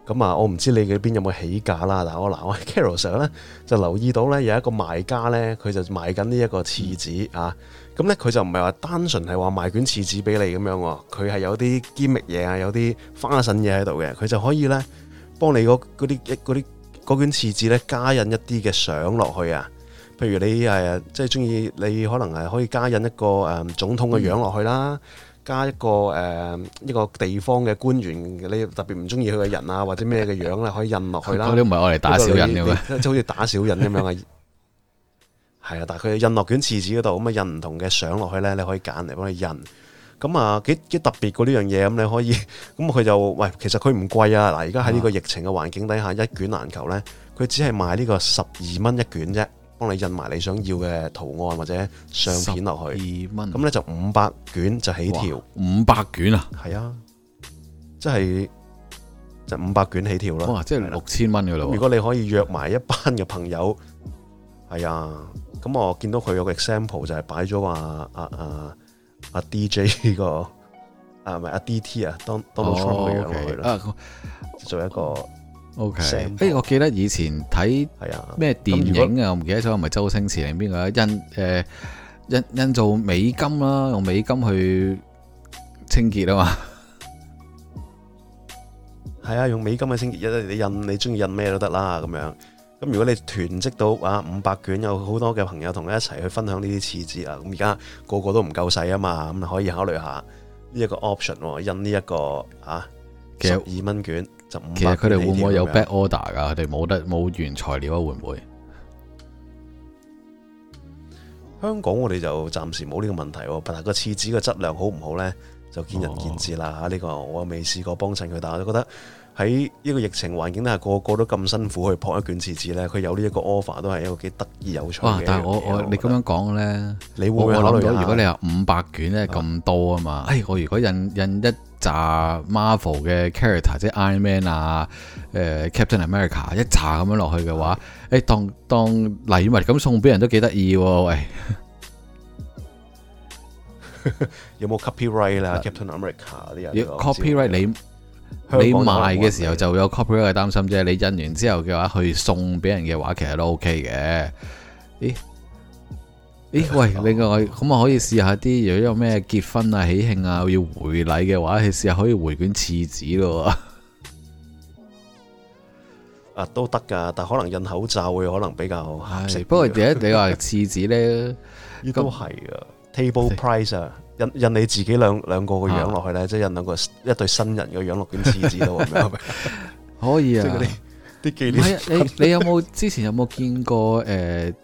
咁啊，我唔知你嗰邊有冇起價啦，嗱，我嗱我喺 Carousel 上呢，就留意到呢有一個賣家呢，佢就賣緊呢一個廁紙啊。嗯咁咧佢就唔係話單純係話賣卷廁紙俾你咁樣喎，佢係有啲機密嘢啊，有啲花臣嘢喺度嘅，佢就可以咧幫你嗰啲一嗰啲卷廁紙咧加印一啲嘅相落去啊，譬如你係啊，即係中意你可能係可以加印一個誒總統嘅樣落去啦，嗯、加一個誒一個地方嘅官員，你特別唔中意佢嘅人啊或者咩嘅樣咧可以印落去啦。嗰啲唔係我嚟打小人嘅，即 好似打小人咁樣啊！ 係啊，但佢印落卷廁紙嗰度咁啊，印唔同嘅相落去咧，你可以揀嚟幫你印咁啊，幾幾特別嗰呢樣嘢咁，你可以咁佢就喂，其實佢唔貴啊。嗱，而家喺呢個疫情嘅環境底下，啊、一卷難求咧，佢只係賣呢個十二蚊一卷啫，幫你印埋你想要嘅圖案或者相片落去。二蚊咁咧就五百卷就起跳，五百卷啊，係啊、就是，即係就五百卷起跳啦。即係六千蚊噶啦。哇如果你可以約埋一班嘅朋友，係啊。咁我見到佢有個 example 就係擺咗話啊啊啊，啊 DJ 呢個啊唔係阿 DT 啊 T, Donald Trump、uh, 做一個 OK sample。誒，我記得以前睇係啊咩電影啊，我唔記得咗係咪周星馳定邊個印誒、呃、印印做美金啦，用美金去清潔啊嘛。係 啊，用美金去清潔，印你印你中意印咩都得啦，咁樣。咁如果你囤積到啊五百卷，有好多嘅朋友同你一齊去分享呢啲廁紙啊，咁而家個個都唔夠使啊嘛，咁你可以考慮下呢一個 option。印呢一個啊十二蚊卷就五百，其實佢哋會唔會有 back order 噶？佢哋冇得冇原材料啊？會唔會？香港我哋就暫時冇呢個問題，但係個廁紙嘅質量好唔好呢？就見仁見智啦。呢、哦、個我未試過幫襯佢，但係我都覺得。喺呢個疫情環境下，個個都咁辛苦去撲一卷廁紙咧，佢有呢一個 offer 都係一個幾得意有趣，但係我我你咁樣講咧，我諗到如果你話五百卷咧咁的多啊嘛，哎，我如果印印一扎 Marvel 嘅 character，即係 Iron Man 啊，誒、呃、Captain America 一查咁樣落去嘅話，誒的、欸、當當禮物咁送俾人都幾得意喎，喂， 有冇 copyright 啦的 Captain America？有的、這個、copyright 你？你你賣嘅時候就有 copyright 嘅擔心啫，你印完之後嘅話去送俾人嘅話，其實都 OK 嘅。咦咦，喂，另外咁啊，可以試下啲如果有咩結婚啊、喜慶啊要回禮嘅話，去試下可以回卷廁紙咯。啊，都得噶，但可能印口罩會可能比較唉。不過第一你話廁紙咧？呢 都係啊的那，table price 印印你自己兩兩個個樣落去咧，是啊、即係印兩個一對新人個樣落卷廁紙度，咁咪、啊？ 可以啊！啲啲紀念。你你有冇之前有冇見過誒？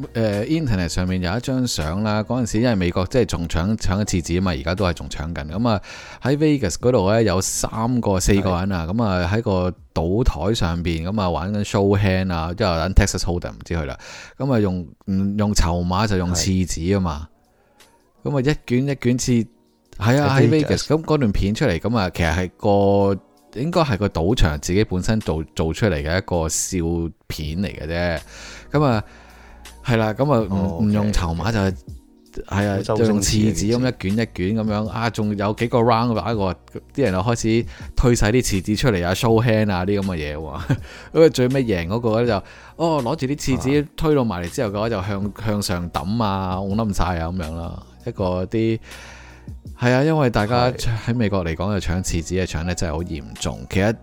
誒、呃、Internet、呃、上面有一張相啦。嗰陣時候因為美國即係仲搶搶咗廁紙啊嘛，而家都係仲搶緊。咁啊喺 Vegas 嗰度咧有三個四個人啊，咁啊喺個賭台上邊咁啊玩緊 show hand 啊，即係玩 Texas Hold'em 唔知佢啦。咁啊用用籌碼就用廁紙啊嘛。咁啊，一卷一卷廁紙，係啊，喺 Vegas 咁嗰段片出嚟，咁啊，其實係個應該係個賭場自己本身做做出嚟嘅一個笑片嚟嘅啫。咁啊，係啦，咁啊，唔、oh, okay. 用籌碼就係、是、係啊，就用廁紙咁一卷一卷咁樣啊，仲有幾個 round 打個，啲、啊、人就開始推晒啲廁紙出嚟、嗯、啊，show hand 啊啲咁嘅嘢喎。咁啊， 最尾贏嗰個咧就，哦，攞住啲廁紙推到埋嚟之後嘅話，啊、就向向上抌啊，冧晒啊，咁樣啦。一個啲係啊，因為大家喺美國嚟講，又對搶廁紙嘅搶咧，真係好嚴重。其實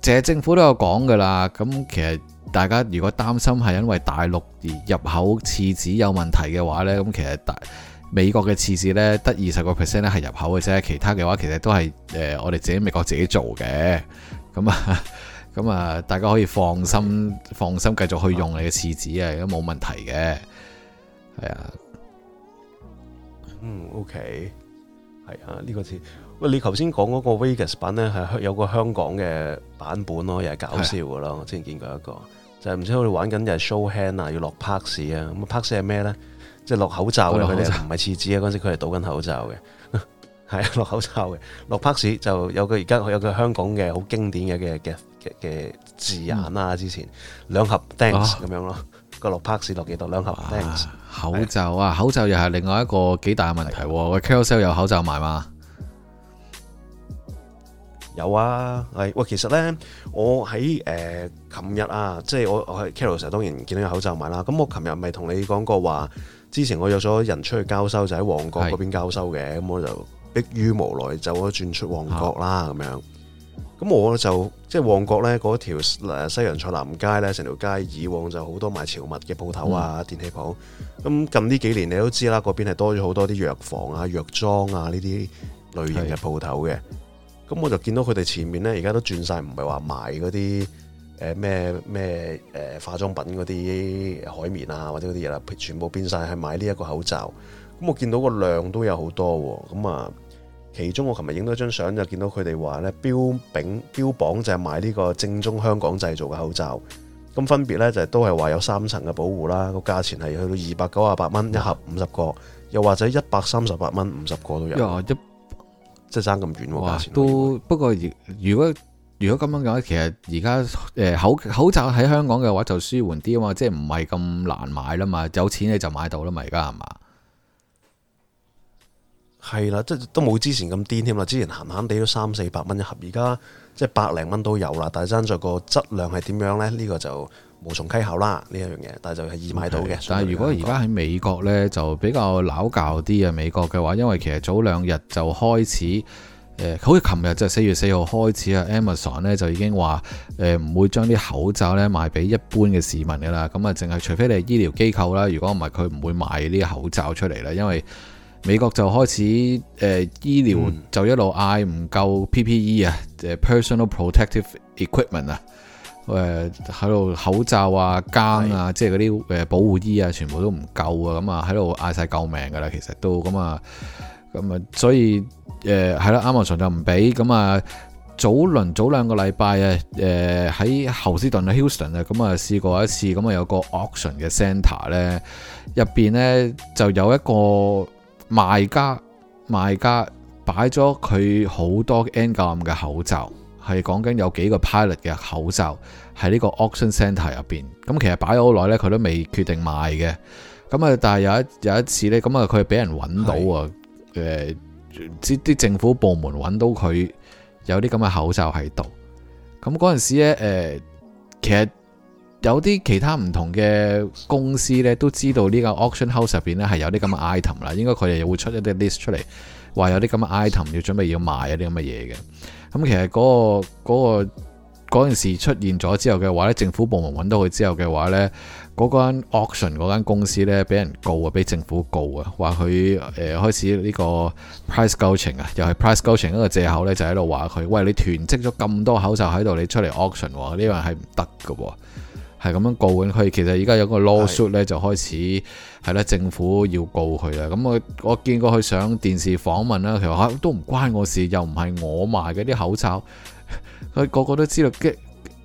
其實政府都有講㗎喇。咁其實大家如果擔心係因為大陸而入口廁紙有問題嘅話呢，咁其實大美國嘅廁紙呢得二十個 percent 咧係入口嘅啫，其他嘅話其實都係誒、呃、我哋自己美國自己做嘅。咁啊，咁啊，大家可以放心對放心繼續去用你嘅廁紙啊，都冇問題嘅。係啊。嗯，OK，係啊，呢、這個字喂，你頭先講嗰個 Vegas 版咧，係有個香港嘅版本咯，又係搞笑噶咯，是啊、我之前見過一個，就係、是、唔知佢哋玩緊又係 show hand 啊，要落 packs 啊，咁 packs 係咩咧？即係落口罩嘅佢就唔係廁紙啊，嗰陣時佢係賭緊口罩嘅，係落口罩嘅，落 packs 就有個而家有個香港嘅好經典嘅嘅嘅嘅字眼啦、啊，之前兩、嗯、盒 dance 咁、啊、樣咯。個六拍 a 落幾多？兩盒。啊、Thanks 口罩啊，是口罩又係另外一個幾大嘅問題、啊。喂的 Carousel 有口罩賣嘛？有啊，喂，喂，其實咧，我喺誒，琴、呃、日啊，即係我我喺 Carousel 當然見到有口罩賣啦。咁我琴日咪同你講過話，之前我約咗人出去交收，就喺旺角嗰邊交收嘅。咁的我就迫於無奈，就咗轉出旺角啦，咁的樣。咁我就即係旺角咧嗰條西洋菜南街咧，成條街以往就好多賣潮物嘅鋪頭啊、嗯、電器鋪。咁近呢幾年你都知啦，嗰邊係多咗好多啲藥房啊、藥妝啊呢啲類型嘅鋪頭嘅。咁是的 我就見到佢哋前面咧，而家都轉晒唔係話賣嗰啲誒咩咩誒化妝品嗰啲海綿啊或者嗰啲嘢啦，全部變晒係賣呢一個口罩。咁我見到個量都有好多喎，咁啊。其中我琴日影到一張相就見到佢哋話呢，標炳標榜就係賣呢個正宗香港製造嘅口罩，咁分別呢，就係都係話有三層嘅保護啦，個價錢係去到二百九十八蚊一盒五十個，又或者一百三十八蚊五十個都有。哇即係爭咁遠喎，哇價錢都不過，如果如果咁樣嘅話，其實而家誒口口罩喺香港嘅話就舒緩啲啊嘛，即係唔係咁難買啦嘛，有錢你就買到啦嘛，而家係嘛？係啦，即都冇之前咁癲添啦。之前閒閒地都三四百蚊一盒，而家即係百零蚊都有啦。但係爭在個質量係點樣呢？呢、呢個就無從稽考啦。呢一樣嘢，但係就係易買到嘅。Okay，但係如果而家喺美國呢，就比較撈教啲嘅美國嘅話，因為其實早兩日就開始，呃、好似琴日就四月四號開始啊，Amazon 呢，就已經話呃、唔會將啲口罩呢賣俾一般嘅市民噶啦。咁啊，淨係除非你係醫療機構啦，如果唔係，佢唔會賣啲口罩出嚟啦，因為。美國就開始誒、呃、醫療就一路嗌唔夠 PPE 啊，誒 personal protective equipment 啊，誒喺度口罩啊、膠啊，mm. 即係嗰啲誒保護衣啊，全部都唔夠啊，咁啊喺度嗌晒救命噶啦，其實都咁啊咁啊，所以誒係、呃、啦 Amazon 就唔俾咁啊。早輪早兩個禮拜啊，誒、呃、喺侯斯頓、mm. Houston 啊，咁啊試過一次，咁啊有個 auction 嘅 centre 咧，入邊咧就有一個。賣家賣家擺咗佢好多 N 九五嘅口罩，係講緊有幾個 pilot 嘅口罩喺呢個 auction center 入邊。咁其實擺咗好耐咧，佢都未決定賣嘅。咁啊，但係有一有一次咧，咁啊是，佢俾人揾到啊，誒，啲啲政府部門揾到佢有啲咁嘅口罩喺度。咁嗰陣時咧，誒、呃，其實。有啲其他唔同嘅公司咧，都知道這個呢個 auction house 入邊咧係有啲咁嘅 item 啦，應該佢哋會出一啲 list 出嚟，話有啲咁嘅 item 要準備要賣啊啲咁嘅嘢嘅。咁、嗯、其實嗰、嗰個嗰、嗰個、嗰個、出現咗之後嘅話咧，政府部門揾到佢之後嘅話咧，嗰間 auction 嗰間公司咧，俾人告啊，俾政府告啊，話佢誒開始呢個 price gouging 啊，又係 price gouging 一個藉口咧，就喺度話佢，喂你囤積咗咁多口罩喺度，你出嚟 auction 呢樣係唔得嘅。係咁樣告佢，其實而家有個 law suit 咧，是就開始係啦，政府要告佢啦。咁我我見過佢上電視訪問啦，佢話都唔關我事，又唔係我賣嘅啲口罩，佢個個都知道，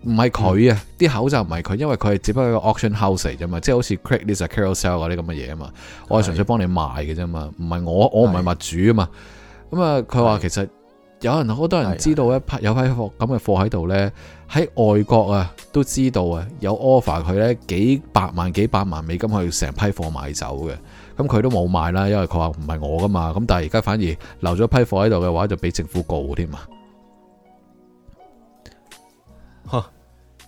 唔係佢啊，啲、嗯、口罩唔係佢，因為佢係只不過個 auction house 啫嘛，即係好似 Craiglist、Carousel 嗰啲咁嘅嘢啊嘛，我係純粹幫你賣嘅啫嘛，唔係我，我唔係物主啊嘛。咁啊是，佢話其實。有人好多人知道一批有批貨咁嘅貨喺度呢。喺的外國啊都知道啊有 offer 佢呢幾百萬幾百萬美金去成批貨買走嘅，咁佢都冇買啦，因為佢話唔係我噶嘛，咁但係而家反而留咗批貨喺度嘅話，就俾政府告添啊！吓，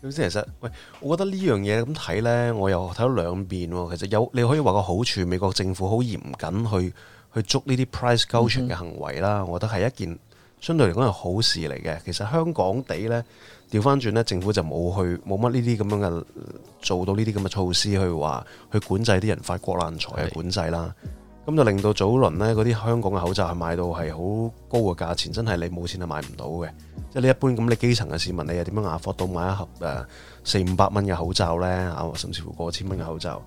咁先其實，喂，我覺得呢樣嘢咁睇呢，我又睇咗兩面。其實有你可以話個好處，美國政府好嚴謹去去捉呢啲 price gouging 嘅行為啦，嗯、哼我覺得係一件。相對嚟講係好事嚟嘅，其實香港地呢調翻轉呢，政府就冇去冇乜呢啲咁樣嘅做到呢啲咁嘅措施去話去管制啲人發國難財嘅的管制啦，咁就令到早輪呢嗰啲香港嘅口罩係賣到係好高嘅價錢，真係你冇錢係買唔到嘅，即係你一般咁你基層嘅市民你又點樣壓迫到買一盒誒四五百蚊嘅口罩呢？啊，甚至乎過千蚊嘅口罩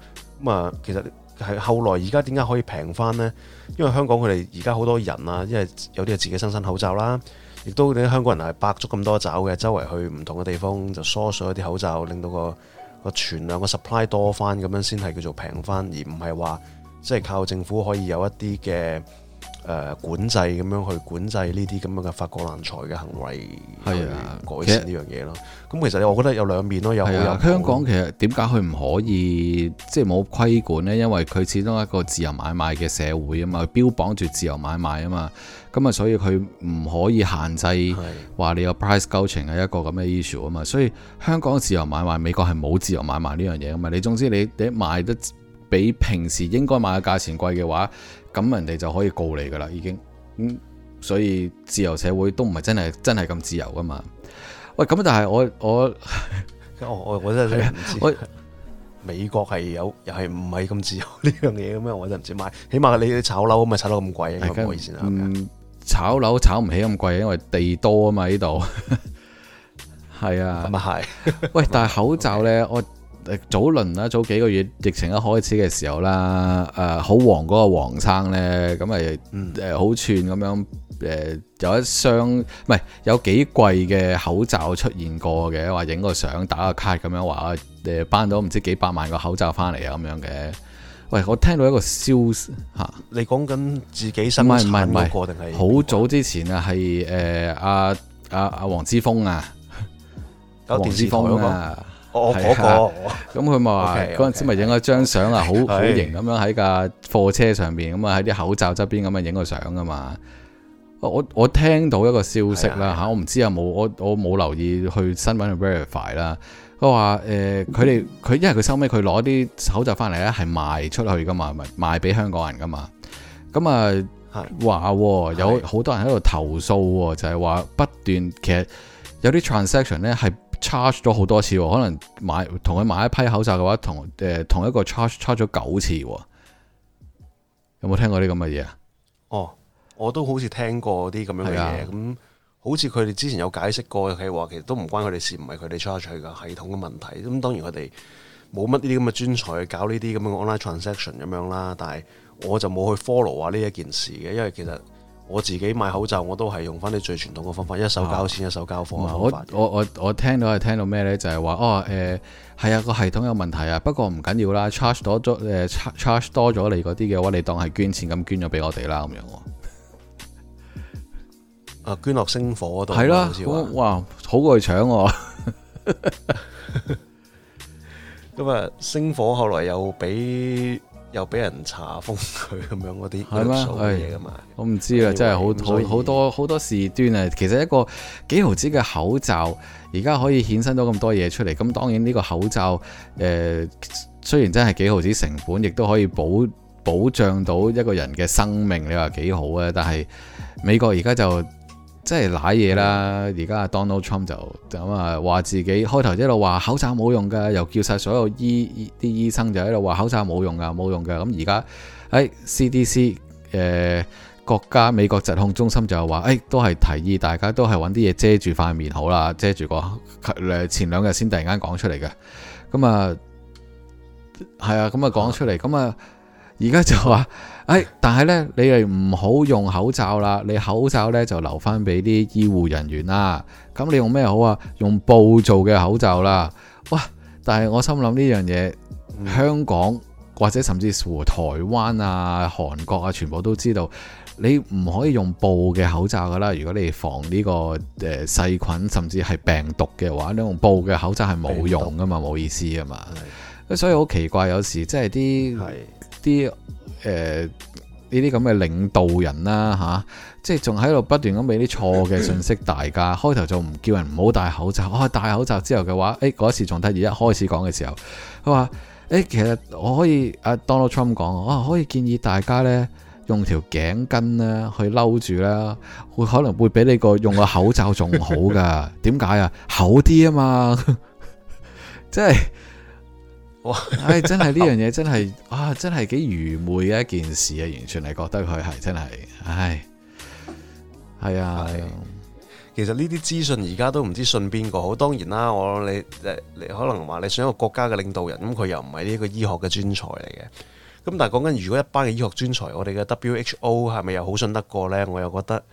咁啊，其實。係後來而家點解可以平翻呢？因為香港佢哋而家好多人啊，因為有啲係自己生新口罩啦，亦都你香港人係百足咁多爪嘅，周圍去唔同嘅地方就疏水一啲口罩，令到個個存量個 supply 多翻，咁樣先係叫做平翻，而唔係話即係靠政府可以有一啲嘅。誒、呃、管制咁樣去管制呢啲咁樣嘅發國難財嘅行為，係啊，改善呢樣嘢咯。咁其實我覺得有兩面咯，啊、有，有香港其實點解佢唔可以即係冇規管呢？因為佢始終一個自由買賣嘅社會啊嘛，標榜住自由買賣啊嘛，咁啊，所以佢唔可以限制話你有 price gouging 嘅一個咁嘅 issue 啊嘛。所以香港自由買賣，美國係冇自由買賣呢樣嘢噶嘛。你總之你你賣得比平時應該賣嘅價錢貴嘅話。咁人哋就可以告你噶啦，已經咁、嗯，所以自由社會都唔係真係真係咁自由噶嘛？喂，咁但係我我 我我真係唔知、啊，美國係有又係唔係咁自由呢樣嘢嘅咩？我就唔知買，買起碼你炒樓咪炒到咁貴，唔好意思啦。嗯，炒樓炒唔起咁貴，因為地多啊嘛呢度。係 啊，咁啊係。喂，戴 口罩咧，Okay. 我。早輪啦，早幾個月疫情一開始嘅時候啦，誒、啊，好黃嗰個黃生咧，咁咪誒好串咁樣，誒、呃、有一箱唔係有幾貴嘅口罩出現過嘅，話影個相打個卡咁樣話，誒、呃，頒到唔知道幾百萬個口罩翻嚟，啊咁樣嘅。喂，我聽到一個消息吓，啊、你講緊自己身份，嗰個定係好早之前是、呃、啊，係誒阿阿阿黃之鋒啊，搞電視台嗰個。我嗰個，咁佢咪嗰陣時咪影咗張相啊，好好型咁樣喺架貨車上邊，咁啊喺啲口罩側邊咁啊影個相噶嘛。我我聽到一個消息啦嚇，我唔知有冇我我冇留意去新聞去 verify 啦。佢話誒，佢哋佢因為佢收尾佢攞啲口罩翻嚟咧，係賣出去噶嘛，咪賣俾香港人噶嘛。咁啊話有好多人喺度投訴，就係、是、話不斷其實有啲 transaction 咧係。charge 咗好多次，可能買同佢買一批口罩嘅話，同誒、呃、同一個 charge charge 咗九次，有冇聽過啲咁嘅嘢啊？哦，我都好似聽過啲咁樣嘅嘢，咁的好似佢哋之前有解釋過，係話其實都唔關佢哋事，唔係佢哋 charge 咗嘅系統嘅問題。咁當然佢哋冇乜啲咁嘅專才去搞呢啲咁嘅 online transaction 咁樣啦。但係我就冇去 follow 啊呢一件事嘅，因為其實。我自己買口罩，我都係用翻啲最傳統嘅方法，一手交錢、啊、一手交貨我我我我聽到係聽到咩咧？就係、是、話哦誒，係、呃、啊個系統有問題啊，不過唔緊要啦，charge 多咗誒、呃、charge 多咗你嗰啲嘅話，你當係捐錢咁捐咗俾我哋啦，咁樣。啊！捐落星火嗰度係咯，啊、哇！好過去搶，咁啊！星 火後來又俾。又俾人查封佢咁樣嗰啲因素嘅嘢嘛，我唔知啊，真係好好好多好以多事端啊！其實一個幾毫子嘅口罩，而家可以衍生到咁多嘢出嚟。咁當然呢個口罩誒、呃，雖然真係幾毫子成本，亦都可以保保障到一個人嘅生命。你話幾好啊？但係美國而家就。即係瀨嘢啦！而家 Donald Trump 就咁啊，話自己開頭一路話口罩冇用噶，又叫晒所有醫啲醫醫生就喺度話口罩冇用噶，冇用噶。咁而家喺 CDC，誒、呃，國家美國疾控中心就話，誒、哎，都係提議大家都係搵啲嘢遮住塊面好啦，遮住個前兩日先突然間講出嚟嘅，咁啊，係啊，咁啊講出嚟，咁啊，而家、啊、就話。哎、但係呢，你哋唔好用口罩啦，你口罩呢，就留翻俾啲醫護人員啦。咁你用咩好啊？用布做嘅口罩啦。哇！但係我心諗呢樣嘢，嗯、香港或者甚至乎台灣啊、韓國啊，全部都知道，你唔可以用布嘅口罩噶啦。如果你防呢個誒細菌甚至係病毒嘅話，你用布嘅口罩係冇用噶毒嘛，冇意思㗎嘛。所以好奇怪，有時即係啲啲。的誒，呢啲咁嘅領導人啦，吓、啊，即係仲喺度不斷咁俾啲錯嘅信息大家。 開頭就唔叫人唔好戴口罩、啊，戴口罩之後嘅話，誒、欸，嗰次仲得意，一開始講嘅時候，佢話，誒、欸，其實我可以阿、啊、Donald Trump 講，我可以建議大家呢，用條頸巾呢去嬲住啦，會可能會比你個用個口罩仲好噶。點解啊？厚啲啊嘛，即 係。唉、 哎，真係呢樣嘢真係 啊，真係幾愚昧嘅一件事啊！完全係覺得佢係真係，唉、哎，係啊，係。其實呢啲資訊而家都唔知信邊個好。當然啦，我你你可能話你想一個國家嘅領導人，咁佢又唔係呢個醫學嘅專才嚟嘅。咁但係講緊如果一班嘅醫學專才，我哋嘅 WHO 係咪又好信得過呢？我又覺得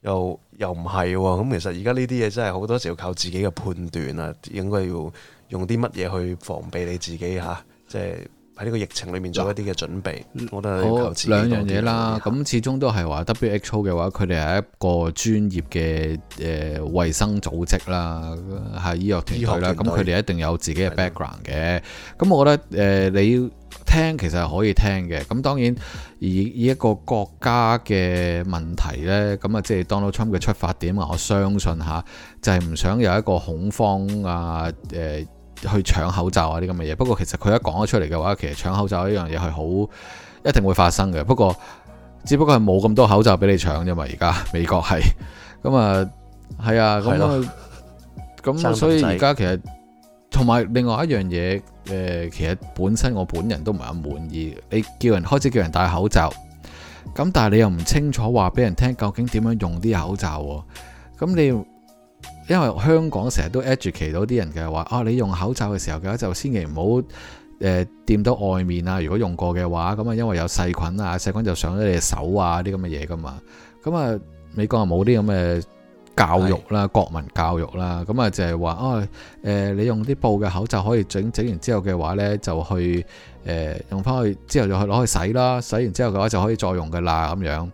又又唔係喎。咁其實而家呢啲嘢真係好多時要靠自己嘅判斷啦，應該要。用啲乜嘢去防備你自己吓，即係喺呢個疫情裏面做一啲嘅準備，呃、我覺得好兩樣嘢啦。咁始終都係話，WHO 嘅話，佢哋係一個專業嘅誒、呃、衞生組織啦，係醫藥團隊啦。咁佢哋一定有自己嘅 background 嘅。咁的我覺得誒、呃，你聽其實係可以聽嘅。咁當然，而以，以一個國家嘅問題呢，咁啊，即係 Donald Trump 嘅出發點啊，我相信下、啊、就係、是、唔想有一個恐慌啊，呃去搶口罩啊啲咁嘅嘢，不過其實佢一講咗出嚟嘅話，其實搶口罩呢樣嘢係好一定會發生嘅。不過，只不過係冇咁多口罩俾你搶啫嘛。而家美國係咁啊，係啊，咁啊，咁所以而家其實同埋另外一樣嘢，誒、呃，其實本身我本人都唔係咁滿意。你叫人開始叫人戴口罩，咁但係你又唔清楚話俾人聽究竟點樣用啲口罩喎？咁你？因為香港成日都 educate 到啲人嘅話，啊你用口罩嘅時候嘅話就千祈唔好誒掂到外面啊！如果用過嘅話，咁啊因為有細菌啊，細菌就上咗你手啊啲咁嘅嘢噶嘛。咁、嗯、啊美國又冇啲咁嘅教育啦，是國民教育啦，咁、嗯就是、啊就係話啊誒你用啲布嘅口罩可以整整完之後嘅話呢，就去誒、呃、用翻去之後就去攞去洗啦，洗完之後嘅話就可以再用噶啦咁樣。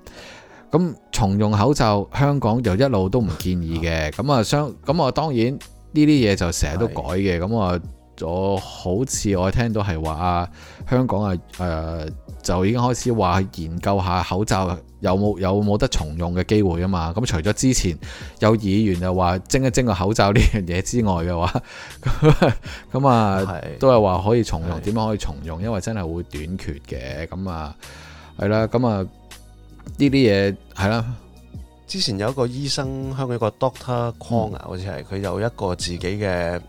咁重用口罩，香港就一路都唔建議嘅。咁啊，相咁啊，當然呢啲嘢就成日都改嘅。咁啊是，我好似我聽到係話啊，香港啊，誒、呃、就已經開始話研究下口罩有冇有冇得重用嘅機會啊嘛。咁除咗之前有議員又話蒸一蒸個口罩呢樣嘢之外嘅話，咁 啊都係話可以重用，點是樣可以重用，是因為真係會短缺嘅。咁啊，係啦，咁啊。呢啲嘢係啦，啊、之前有一個醫生，香港一個 Doctor Kong 啊，orn，嗯、好似係佢有一個自己嘅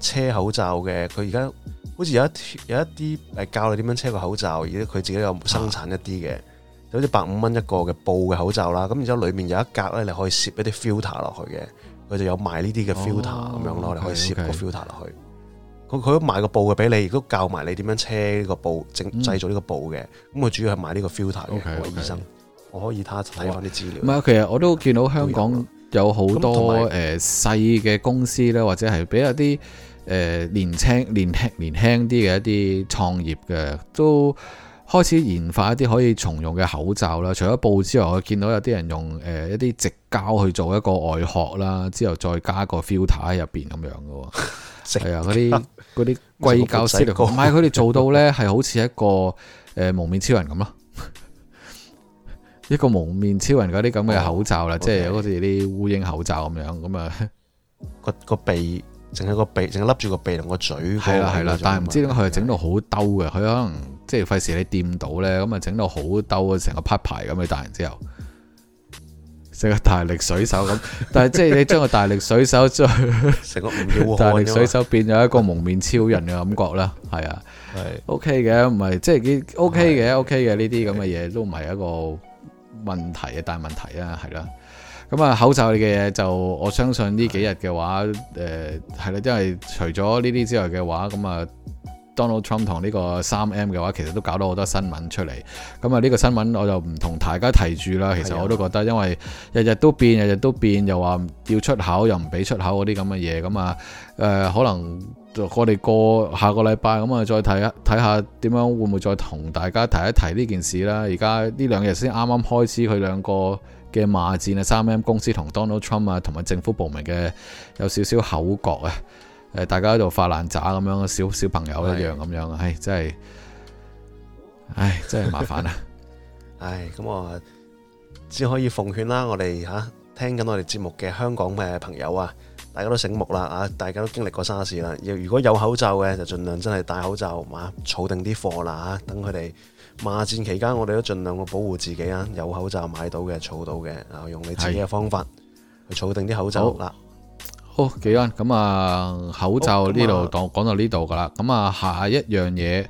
車口罩嘅。佢而家好似有一有一啲誒教你點樣車個口罩，而佢自己有生產一啲嘅，啊、就好似百五蚊一個嘅布嘅口罩啦。咁、嗯、然之後裏面有一格咧，你可以攝一啲 filter 落去嘅。佢就有賣呢啲嘅 filter 咁、哦、樣咯，okay，你可以攝個 filter 落去。佢佢都賣個布嘅俾你，都教埋你點樣車個布整製造呢個布嘅。咁佢、嗯、主要係賣呢個 filter 嘅，個 okay, okay. 醫生。我可以睇下啲資料。唔係，其實我都見到香港有好多誒細嘅公司咧，或者係比一啲年輕、年輕、年輕啲嘅一啲創業嘅，都開始研發一啲可以重用嘅口罩啦。除咗布之外，我見到有啲人用誒一啲直膠去做一個外殼啦，之後再加個 filter 喺入面咁樣㗎喎。係啊， 嗰啲嗰啲硅膠製造，唔係佢哋做到咧，係 好似一個蒙面超人咁咯。一個蒙面超人嗰啲咁嘅口罩啦，即係好似啲烏蠅口罩咁樣，咁啊個個鼻，淨係個鼻，淨係笠住個鼻同個嘴。係啦係啦，但係唔知點解佢係整到好兜嘅，佢可能即係費事你掂到咧，咁啊整到好兜啊，成個啪牌咁你戴完之後，成個大力水手咁。但係即係你將個大力水手再成個五秒大力水手變咗一個蒙面超人嘅感覺啦，係啊，係 OK 嘅，唔係即係幾 OK 嘅，OK 嘅呢啲咁嘅嘢都唔係一個。問題啊，大問題啊，係啦。咁啊，口罩嘅嘢就我相信呢幾日嘅話，誒係啦，因為除咗呢啲之外嘅話，咁啊，Donald Trump 同呢個三 M 嘅話，其實都搞到好多新聞出嚟。咁啊，呢個新聞我就唔同大家提住啦。其實我都覺得，因為日日都變，日日都變，又話要出口又唔俾出口嗰啲咁嘅嘢，咁啊誒可能。我哋過，過下個禮拜咁啊，再睇一睇下點樣，會唔會再同大家提一提呢件事啦。而家呢兩日先啱啱開始，佢兩個嘅罵戰啊，三 M 公司同 Donald Trump 啊，同埋政府部門嘅有少少口角啊、呃。大家喺度發爛渣咁樣，小小朋友一樣咁是樣，唉、哎，真係，唉、哎，真係麻煩啊！唉、 哎，咁我只可以奉勸啦，我哋吓、啊、聽緊我哋節目嘅香港嘅朋友啊。大家都醒目啦，啊！大家都經歷過沙士啦，若如果有口罩嘅，就盡量真係戴口罩，嘛，儲定啲貨啦，嚇！等佢哋罵戰期間，我哋都盡量去保護自己啊！有口罩買到嘅，儲到嘅，啊，用你自己嘅方法去儲定啲口罩啦。的好，好，技安咁啊？口罩呢度講講到呢度㗎啦，咁啊，下一樣嘢。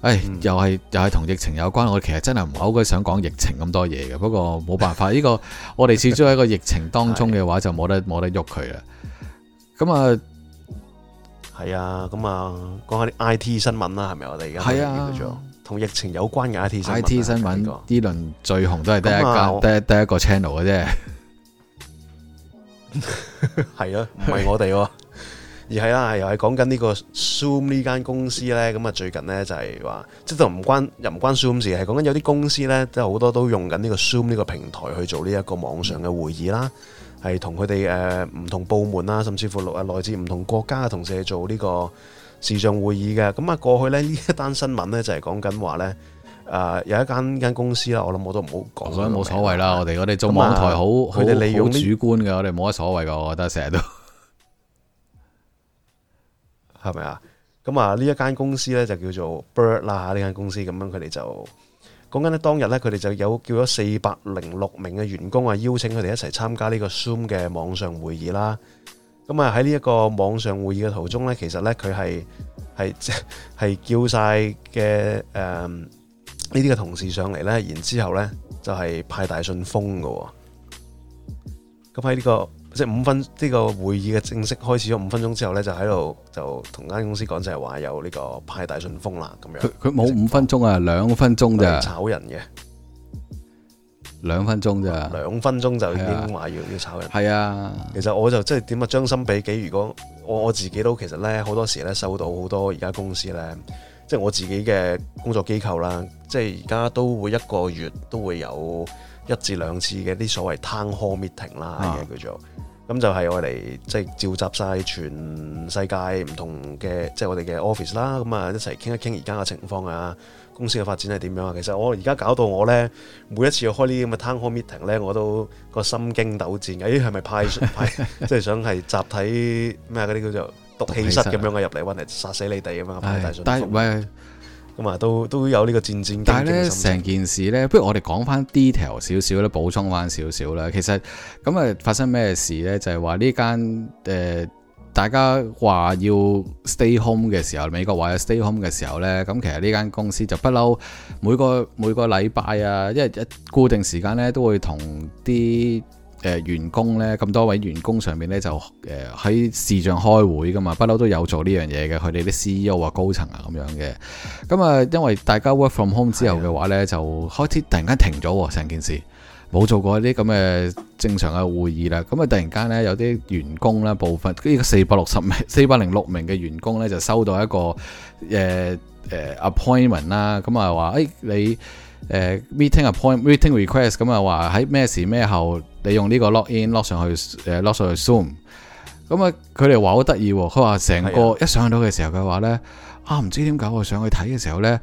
誒、哎，又係又係同疫情有關。我其實真係唔係好想講疫情咁多嘢嘅，不過冇辦法，呢、這個我哋始終喺個疫情當中嘅話就，就冇 得冇得喐佢啦。咁啊，係啊，咁啊，講下啲 I T 新聞啦，係咪？我哋而家係啊，同、這個、疫情有關嘅 I T 新聞。I T 新聞呢輪最紅都係第一間，啊、第一個我 第一個 channel 嘅啫。係啊，唔係我哋喎、啊。 而係啦，又係講緊呢個 Zoom 呢間公司咧，咁啊最近咧就係話，即係都唔關又唔關 Zoom 事，係講緊有啲公司咧，即係好多都用緊呢個 Zoom 呢個平台去做呢一個網上嘅會議啦，係同佢哋誒唔同部門啦，甚至乎來自唔同國家嘅同事去做呢個視像會議嘅。咁啊過去咧呢一單新聞咧就係講緊話咧，誒有一間間公司啦，我諗我都唔好講，冇乜冇所謂啦，我哋我哋做網台好好好主觀嘅，我哋冇乜所謂嘅，我覺得成日都。係咪啊？咁啊，呢一間公司咧就叫做 Bird 啦。呢間公司咁樣，佢哋就講緊咧當日咧，佢哋就有叫咗四百零六名嘅員工啊，邀請佢哋一齊參加呢個 Zoom 嘅網上會議啦。咁啊，喺呢一個網上會議嘅途中咧，其實咧佢係係係叫晒嘅誒呢啲嘅同事上嚟咧，然之後咧就係派大信封噶。咁喺呢個。即係五分呢、呢個會議嘅正式開始咗五分鐘之後呢，就喺度就同間公司講就係話有呢個派大順風啦咁樣。佢冇五分鐘啊，兩分鐘就炒人嘅，兩分鐘咋？兩分鐘就已經話要要炒人。係啊，其實我就即係點啊？將心比己，如果我我自己都其實呢，好多時呢，收到好多而家公司呢，即係我自己嘅工作機構啦，即係而家都會一個月都會有。一至兩次嘅啲所謂 town hall meeting 啦、哦，嘅叫做，咁就係我嚟即係召集晒全世界唔同嘅，即、就、係、是、我哋嘅 office 啦，咁啊一齊傾一傾而家嘅情況啊，公司嘅發展係點樣啊？其實我而家搞到我咧，每一次要開呢啲咁嘅 town hall meeting 咧，我都個心驚膽戰嘅。咦、欸，係咪派，派， 派？即係想係集體咩嗰啲叫做毒氣室咁樣嘅入嚟，運嚟殺死你哋啊嘛？但係，同埋都都有呢個戰戰兢兢。但係咧，成件事咧，不如我哋講翻 detail 少少咧，補充翻少少啦。其實咁啊，發生咩事咧？就係話呢間誒，大家話要 stay home 嘅時候，美國話要 stay home 嘅時候咧，咁其實呢間公司就不嬲每個每個禮拜啊，一一固定時間咧，都會同啲，誒、呃、員工咧，咁多位員工上面咧，就喺視像開會噶嘛，不嬲都有做呢樣嘢嘅。佢哋啲 C E O 啊、高層啊咁樣嘅。咁啊，因為大家 work from home 之後嘅話咧，就開始突然間停咗成件事，冇做過一啲咁嘅正常嘅會議啦。咁啊，突然間咧有啲員工咧，部分呢個四百六十名四百零六名嘅員工咧就收到一個 appointment 啦，咁、呃呃、啊話誒、欸、你、呃、meeting appointment meeting request 咁啊話喺咩時咩後？你用呢個 log in log 上去，誒、uh, log 上去 Zoom，咁啊佢哋話好得意，佢話成個一上到嘅時候嘅話呢啊唔、啊、知點解我上去睇嘅時候呢，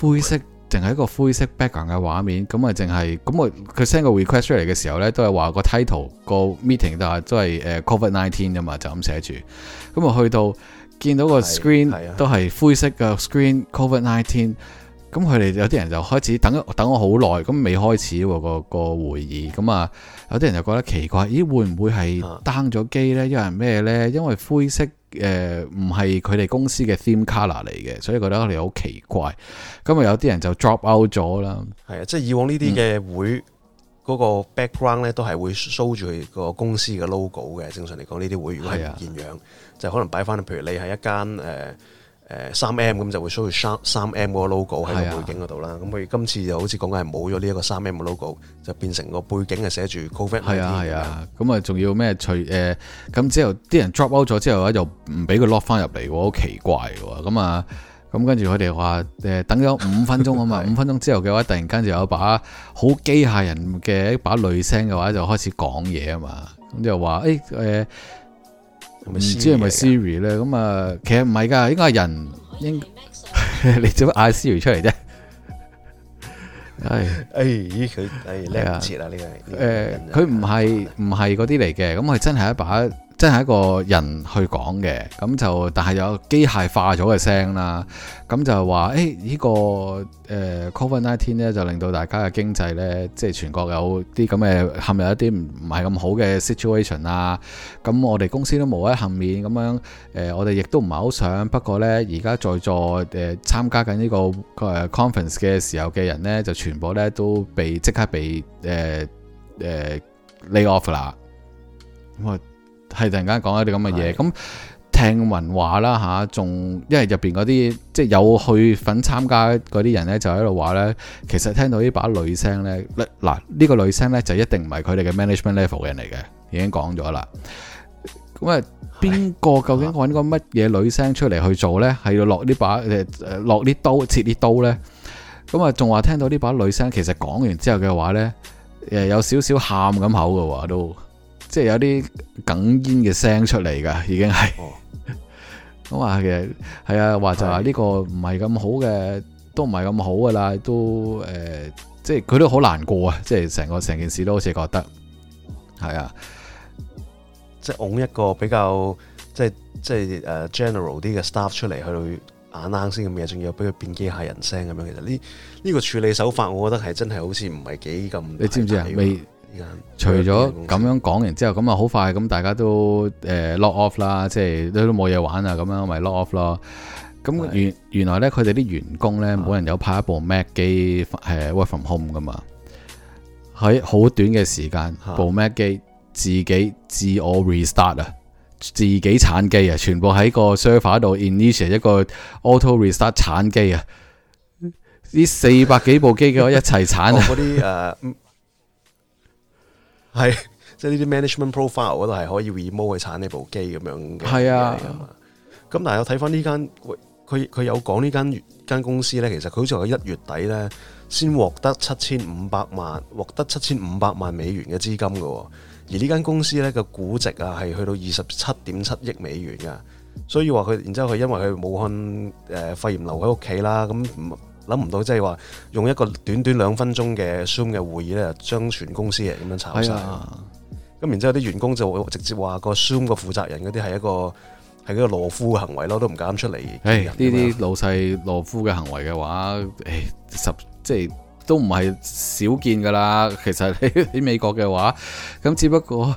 灰色淨係一個灰色 background 嘅畫面，咁啊淨係咁啊佢 send 個 request 出嚟嘅時候呢，都係話個 title 個 meeting 都係都係誒 covid nineteen 噶嘛，就咁寫住，咁啊去到見到個 screen、啊、都係灰色嘅 screen covid nineteen。19。咁佢哋有啲人就開始等等咗好耐，咁未開始、啊嗰個、嗰個會議，咁啊有啲人就覺得奇怪，咦會唔會係 down 咗機呢？因為咩呢？因為灰色唔係佢哋公司嘅 theme color 嚟嘅，所以覺得佢哋好奇怪。咁啊有啲人就 drop out 咗啦。係啊，即係以往呢啲嘅會嗰、嗯、個 background 呢都係會 show 住佢個公司嘅 logo 嘅。正常嚟講，呢啲會如果係唔現樣，是啊、就可能擺翻。譬如你係一間、呃誒三 M 咁就會 show 三 M 嗰個 logo 喺個背景嗰度啦。咁佢、啊、今次就好似講緊係冇咗呢一個三 M 嘅 logo，就變成個背景係寫住 c o f 係啊係啊，咁啊仲吧要咩除誒？咁、呃、之後啲人 drop out 咗之後咧，又唔俾佢 lock 翻入嚟喎，好奇怪嘅喎。咁啊，咁跟住佢哋話誒等咗五分鐘啊嘛， 五分鐘之後嘅話，突然間就有一把好機械人嘅一把女聲嘅話，就開始講嘢啊嘛。咁就話誒誒。哎呃唔知係咪 Siri 咧？咁啊，其實唔係噶，應該係人應可以 你做乜嗌 Siri 出嚟啫？係 誒、哎，佢係叻唔切啊！呢、這個誒，佢唔係唔係嗰啲嚟嘅，咁佢、呃啊、真係一把。真係一個人去講嘅，咁就但係有機械化咗嘅聲啦。咁就係話，欸這個呃 COVID、呢個誒 COVID-19 咧，就令到大家嘅經濟呢，即係全國有啲咁嘅陷入一啲唔唔係咁好嘅 situation 啦。咁我哋公司都無一幸免咁樣。誒、呃，我哋亦都唔係好想，不過呢，而家在，在座誒參加緊呢個誒 conference 嘅時候嘅人呢，就全部呢，都被即刻被誒誒、呃呃、lay off 啦。咁啊～係突然間講一啲咁嘅嘢，咁是的 聽聞話啦吓，仲因為入邊嗰啲即係有去份參加嗰啲人咧，就喺度話咧，其實聽到呢把女聲咧，嗱呢的個女聲咧就一定唔係佢哋嘅 management level 嘅人嚟嘅，已經講咗啦。咁啊，邊個的究竟搵個乜嘢女聲出嚟去做咧？係的要落呢把誒誒落呢刀切呢刀咧？咁啊，仲話聽到呢把女聲，其實講完之後嘅話咧，誒有少少喊咁口嘅喎，都。即係有啲哽咽嘅聲出嚟噶，已經係，咁話嘅係啊，話就話呢個唔係咁好嘅，都唔係咁好噶啦，都、呃、誒，即係佢都好難過啊！即係成個成件事都好似覺得係啊，即係㧬一個比較即係即係誒、呃、general 啲嘅 staff 出嚟去到眼硬先咁嘅仲要俾佢變機械人聲咁樣，其實呢呢、呢個處理手法，我覺得係真係好似唔係幾咁，你知唔知啊？未？除咗咁樣講完之後，咁啊好快，咁大家都誒 lock off 啦，即係都都冇嘢玩啊，咁樣咪 lock off 咯。咁原的原來咧，佢哋啲員工咧，每的人有派一部 Mac 機誒，work from home 噶嘛。喺好短嘅時間，的部 Mac 機自己自我 restart 啊，自己鏟機啊，全部喺個 server 度 initiate 一個 auto restart 鏟機啊。呢四百幾部機嘅話，一齊鏟啊。啲誒。係，即係呢啲 management profile，我覺得係可以 remove 去產呢部機咁樣嘅。係是啊是，咁但係我睇翻呢間佢佢有講呢間間公司咧，其實佢好似喺一月底咧先獲得七千五百萬，獲得七千五百萬美元嘅資金嘅喎。而呢間公司咧嘅估值啊係去到二十七點七億美元嘅，所以話佢然之後佢因為佢武漢誒肺炎留喺屋企啦，咁。諗唔到即係話用一個短短兩分鐘嘅 Zoom 嘅會議咧，將全公司嘢咁樣炒晒。咁然之後啲員工就直接話個 Zoom 個負責人嗰啲係一個係嗰個懦夫嘅行為咯、哎哎，都唔敢出嚟。誒，呢啲老細懦夫嘅行為嘅話，誒十即係都唔係少見噶啦。其實喺喺美國嘅話，咁只不過。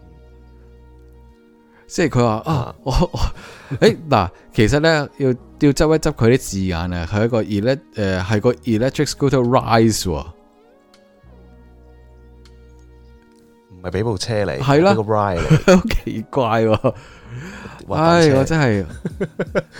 即係佢話啊，啊我誒嗱，我欸、 其實咧要要執一執佢啲字眼啊，佢係一個 electric 誒係個 electric scooter rise，唔係俾部車嚟，係啦，係個 ride 嚟好 奇怪。係、哎，我真係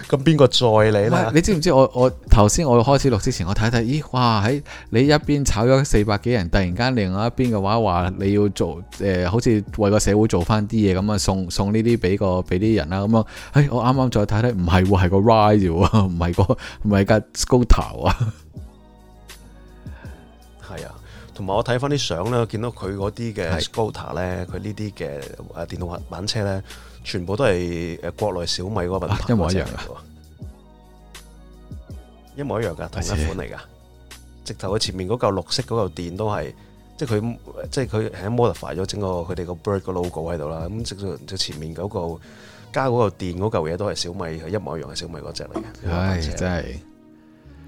咁邊個載你咧，哎？你知唔知我我頭先我開始錄之前，我睇睇，咦，哇，喺、哎、你一邊炒咗四百幾人，突然間另外一邊嘅話，話你要做誒、呃，好似為個社會做翻啲嘢咁啊，送送呢啲俾個俾啲人啦，咁樣。哎，我啱啱再睇睇，唔係喎，係個 ride 喎，唔係個唔係架 scooter 啊。係啊，同埋我睇翻啲相啦，見到佢嗰啲嘅 scooter 咧，佢呢啲嘅誒電動滑板車咧。全部都係誒國內小米嗰個品牌，一模一樣噶，一模一樣噶，同一款嚟噶。直頭佢前面嗰嚿綠色嗰嚿電都係，即係佢，即係佢係 modify 咗整個佢哋個 bird 個 logo 喺度啦。咁直頭佢前面嗰嚿加嗰嚿電嗰嚿嘢都係小米，係一模一樣嘅小米嗰隻嚟嘅。唉，真係。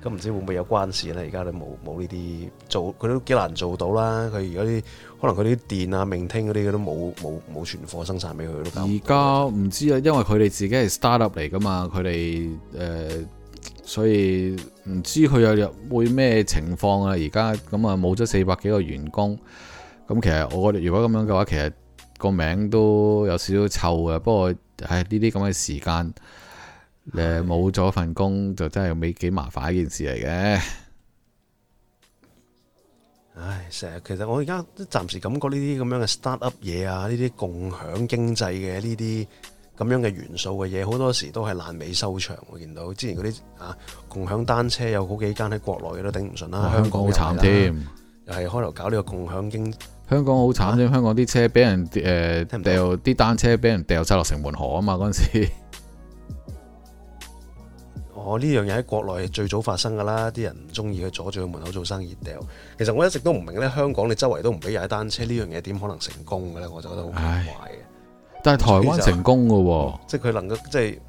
咁唔知會唔會有關事咧？而家都冇冇呢啲做，佢都幾難做到啦。佢而家啲可能佢啲電啊、名聽嗰啲，佢都冇冇冇存貨生產俾佢咯。而家唔知啊，因為佢哋自己係 startup 嚟噶嘛，佢哋誒，所以唔知佢有入會咩情況啊。而家咁啊，冇咗四百幾個員工，咁其實我覺得如果咁樣嘅話，其實個名都有少少臭啊。不過係呢啲咁嘅時間。誒，冇咗份工的就真係未幾麻煩一件事嚟嘅。唉、哎，成日其實我而家都暫時感覺呢啲咁樣嘅 start up 嘢啊，呢啲共享經濟嘅呢啲咁樣嘅元素嘅嘢，好多時都係爛尾收場。我見到之前嗰啲啊，共享單車有好幾間喺國內都頂唔順啦，香港好慘添，又係、啊啊、開頭搞呢個共享經，香港好慘添，啊、香港啲車俾人誒掉啲單車俾人掉晒落城門河啊嘛，嗰陣時。我呢樣嘢喺國內最早發生㗎啦，啲人唔中意佢阻住佢門口做生意掉。其實我一直都唔明咧，香港你周圍都唔俾踩單車，呢樣嘢點可能成功㗎咧？我就覺得好奇怪嘅。唉嗯、但係台灣成功嘅喎、嗯，即係佢能夠即係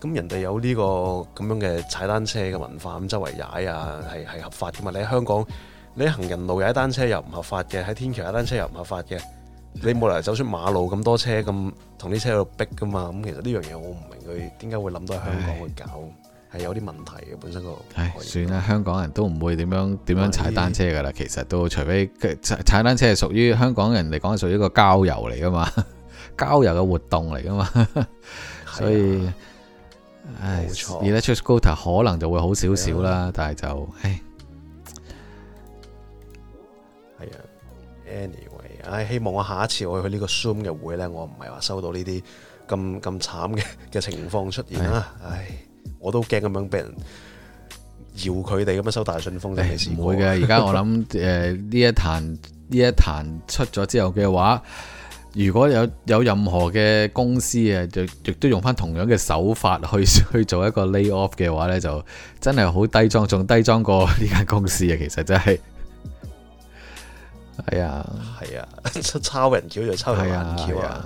咁人哋有呢個咁樣嘅踩單車嘅文化，咁周圍踩啊，係係合法嘅嘛。你喺香港你喺行人路踩單車又唔合法嘅，喺天橋踩單車又唔合法嘅，你冇理由走出馬路咁多車咁。同啲車喺度逼噶嘛，咁其實呢樣嘢我唔明佢點解會諗到喺香港去搞，係唉有啲問題嘅本身個。唉，算啦，香港人都唔會點樣點樣踩單車噶啦，是其實都除非踩踩單車係屬於香港人嚟講係屬於一個郊遊嚟噶嘛呵呵，郊遊嘅活動嚟噶嘛，的所以唉，冇錯，而家 choose scooter 可能就會好少少啦，的但係就唉係啊 anyway。唉，希望我下一次我去呢個 zoom 嘅會呢，我唔係話收到呢啲咁咁慘嘅嘅情況出現啦。哎、呀唉，我都驚咁樣俾人搖佢哋咁樣收大信封嘅事。唔會嘅、哎，而家我諗誒呢一壇呢一壇出咗之後嘅話，如果有有任何嘅公司啊，亦亦都用翻同樣嘅手法去去做一個 lay off 嘅話呢就真係好低裝，仲低裝過呢間公司啊！其實真係。係、哎、啊，係啊，抄人橋就抄人橋啊！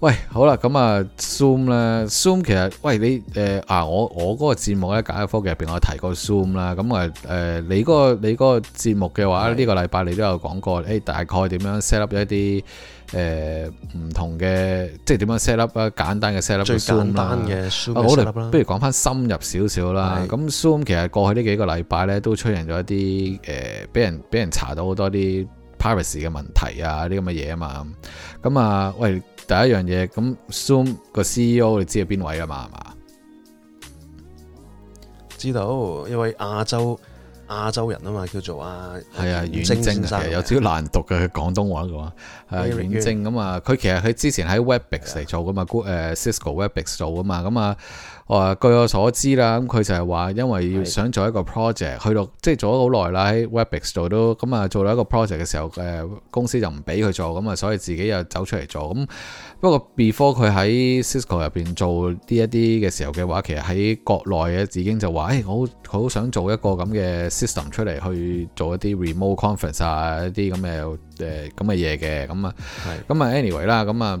喂，好啦，咁啊 Zoom 咧，Zoom 其實，喂你誒啊、呃，我我嗰個節目咧，簡約科技入邊，我提過 Zoom 啦。咁啊誒，你嗰、那個你個節目嘅話，呢、mm hmm. 個禮拜你都有講過，誒、哎、大概點樣 set up 一啲誒唔同嘅，即係點樣 set up 啊？簡單嘅 set up 最簡單嘅啦，啊我哋不如講翻深入少少啦。咁的 Zoom 其實過去呢幾個禮拜咧，都出現咗一啲誒，俾、呃、人俾人查到好多啲。Parex 嘅問題啊，啲咁嘅嘢啊嘛，咁啊，喂，第一樣嘢，咁 Zoom 個 CEO 你知係邊位啊嘛，係嘛？知道一位亞洲亞洲人啊嘛，叫做啊，係啊袁征嘅，有少少難讀嘅廣東話嘅喎，啊袁征，咁啊，佢娟其實佢之前喺 Webex 嚟做噶嘛，誒、啊、Cisco Webex 做噶嘛，咁啊。我、哦、據我所知啦，咁佢就係話，因為要想做一個 project，的去到即係做咗好耐啦喺 Webex 做都，咁啊做咗一個 project 嘅時候、呃，公司就唔俾佢做，咁、嗯、啊所以自己又走出嚟做。咁、嗯、不過 before 佢喺 Cisco 入邊做啲一啲嘅時候嘅話，其實喺國內嘅已經就話，誒、哎、我好好想做一個咁嘅 system 出嚟去做一啲 remote conference 啊，一啲咁嘅咁嘅嘢嘅，咁、呃、啊，咁啊、嗯、的 anyway 啦，咁啊。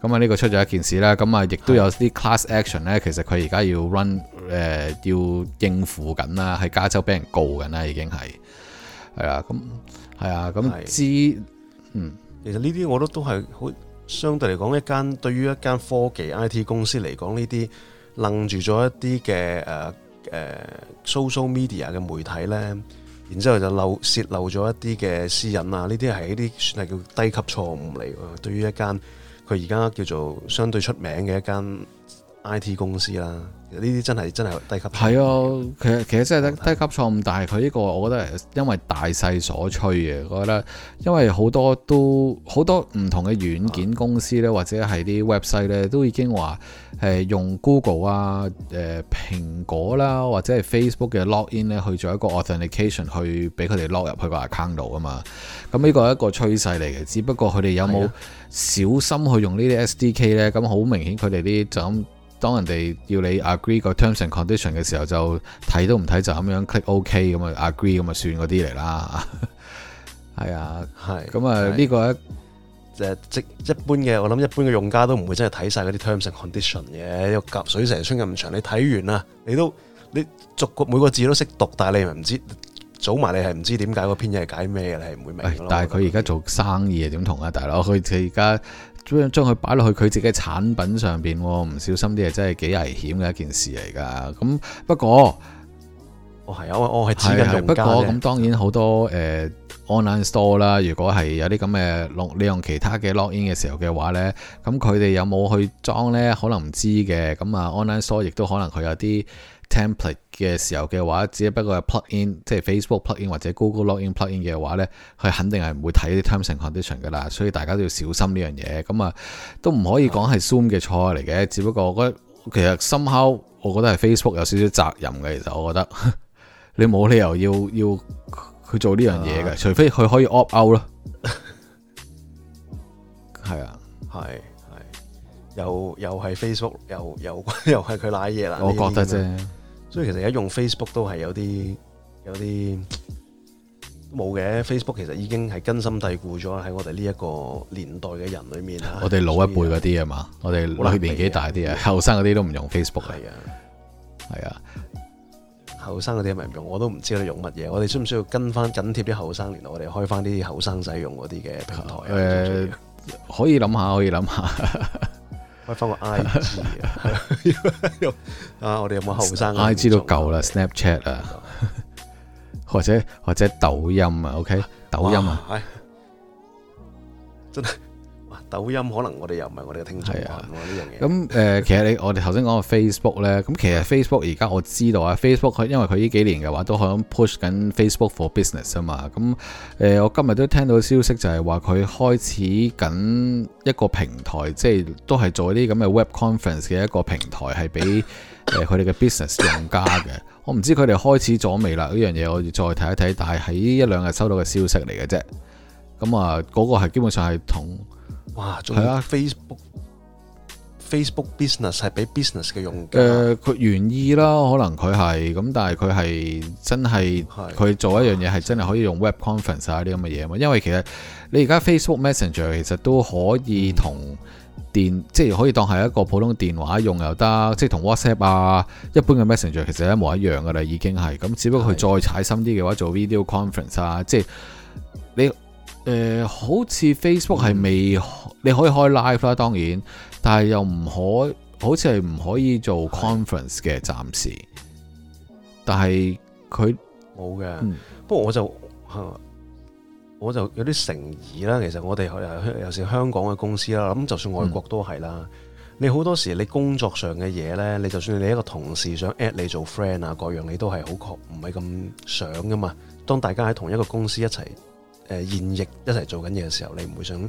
咁啊，呢個出咗一件事啦，咁啊，亦都有啲 class action 咧，其實佢而家要 run 誒、呃，要應付緊啦，喺加州俾人告緊啦，已經係係啊，咁係啊，咁知的嗯，其實呢啲我都都係好相對嚟講，於一間對於一間科技 IT 公司嚟講，呢啲愣住咗一啲嘅誒誒 social media 嘅媒體咧，然之後就漏洩漏咗一啲嘅私隱啊，呢啲係一啲算係叫低級錯誤嚟喎，對於一間。佢而家叫做相對出名嘅一間。I T 公司啦，呢啲真係真係低級的。係啊，其實其實真係低低級錯誤，但係佢呢個，我覺得係因為大勢所趨嘅。我覺得因為好多都好多唔同嘅軟件公司咧，或者係啲 website 咧，都已經話誒、呃、用 Google 啊、誒、呃、蘋果啦、啊，或者係 Facebook 嘅 login 咧去做一個 authentication 去俾佢哋 log 入去個 account 度啊嘛。咁呢個係一個趨勢嚟嘅，只不過佢哋有冇小心去用這些呢啲 SDK 咧？咁好的明顯，佢哋啲就咁。當人哋要你 agree 個 terms and condition 嘅時候，就睇都唔睇就咁樣 click OK 咁啊 agree 咁啊算嗰啲嚟啦。係 啊，係的。咁啊呢個誒即一,一般嘅，我諗一般嘅用家都唔會真係睇晒嗰啲 terms and condition 嘅，因為夾水成日千咁長，你睇完啦，你都你逐個每個字都識讀，但係你唔知，早埋你係唔知點解嗰篇嘢係解咩你係唔會明，哎。但係佢而家做生意啊，點同啊大佬佢而家。將佢擺落去佢自己產品上邊，唔小心啲係真係幾危險嘅一件事嚟㗎。咁不過，哦、我係我我係資深用家嘅。不過咁當然好多誒、呃、online store 啦，如果係有啲咁嘅 lock，利用其他嘅 login 嘅時候嘅話呢，咁佢哋有冇去裝呢？可能唔知嘅。咁啊，online store 亦都可能佢有啲。template 嘅時候嘅話，只不過係 plug in，即係 Facebook plug in 或者 Google login plug in 嘅話咧，佢肯定係唔會睇啲 time condition 噶啦，所以大家都要小心呢樣嘢。咁啊，都唔可以講係 Zoom 嘅錯嚟嘅，只不過我覺得其實 somehow 我覺得係 Facebook 有少少責任嘅。其實我覺得你冇理由要要去做呢樣嘢嘅，除非佢可以 opt out 咯。係啊，係係，又又係 Facebook，又又又係佢瀨嘢啦。我覺得啫。所以其實而家用 Facebook 都係有啲有啲冇嘅，Facebook 其實已經係根深蒂固咗喺我哋呢一個年代嘅人裏面啦。嗯、所以我哋老一輩嗰啲啊嘛，我哋年紀大啲啊，嗯嗯、後生嗰啲都唔用 Facebook 啊。係啊，後生嗰啲係咪唔用，我都唔知佢用乜嘢。我哋需唔需要跟翻緊貼啲後生年代，我哋開翻啲後生仔用嗰啲嘅平台？誒，可以諗下，可以諗下。翻個 IG 啊，啊我哋有冇後生啊？IG 都夠啦，Snapchat 啊，或者或者抖音啊，OK，抖音啊，真係。抖音可能我哋又唔係我哋嘅聽眾群喎，呢樣嘢咁誒，其實你我哋頭先講嘅 Facebook 呢。咁其實 Facebook 而家我知道啊 ，Facebook 佢因為佢呢幾年嘅話都響 push 緊 Facebook for business 啊嘛。咁誒、呃，我今日都聽到消息就係話佢開始緊一個平台，即係都係做啲咁嘅 web conference 嘅一個平台，係俾誒佢哋嘅 business 用家嘅。我唔知佢哋開始咗未啦？呢樣嘢我要再睇一睇，但係喺一兩日收到嘅消息嚟嘅啫。咁啊，嗰個係基本上係同。哇，係啊！Facebook Facebook business 係俾 business 嘅用嘅，啊，佢原意啦，可能佢係咁，但係佢係真係佢是做一樣嘢係真係可以用 web conference 啊啲咁嘅嘢嘛，因為其實你而家 Facebook Messenger 其實都可以同電，嗯、即係可以當係一個普通電話用又得，即係同 WhatsApp 啊，一般嘅 Messenger 其實一模一樣噶啦，已經係咁，只不過佢再踩深啲嘅話做 video conference 啊，即係。誒、呃，好似 Facebook 係未？嗯、你可以開 live 啦，當然，但係又唔可以，好似係唔可以做 conference 嘅，暫時。是的但係佢冇嘅，的嗯、不過我就我就有啲成疑啦。其實我哋有時香港嘅公司啦，咁就算外國都係啦。嗯、你好多時你工作上嘅嘢呢，你就算你一個同事想 add 你做 friend 啊，各樣你都係好確，唔係咁想㗎嘛。當大家喺同一個公司一齊。誒現役一齊做緊嘢嘅時候，你唔會想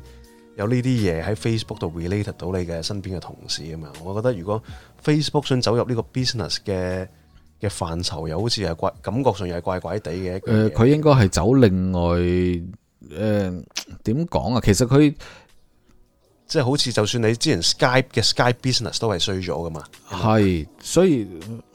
有呢啲嘢喺 Facebook 度 relate 到你嘅身邊嘅同事啊嘛？我覺得如果 Facebook 想走入呢個 business 嘅嘅範疇，又好似係怪，感覺上又係怪怪地嘅。誒、呃，佢應該係走另外誒點講啊？其實佢。即係好似就算你之前 Skype 嘅 Skype business 都係衰咗噶嘛，係，所以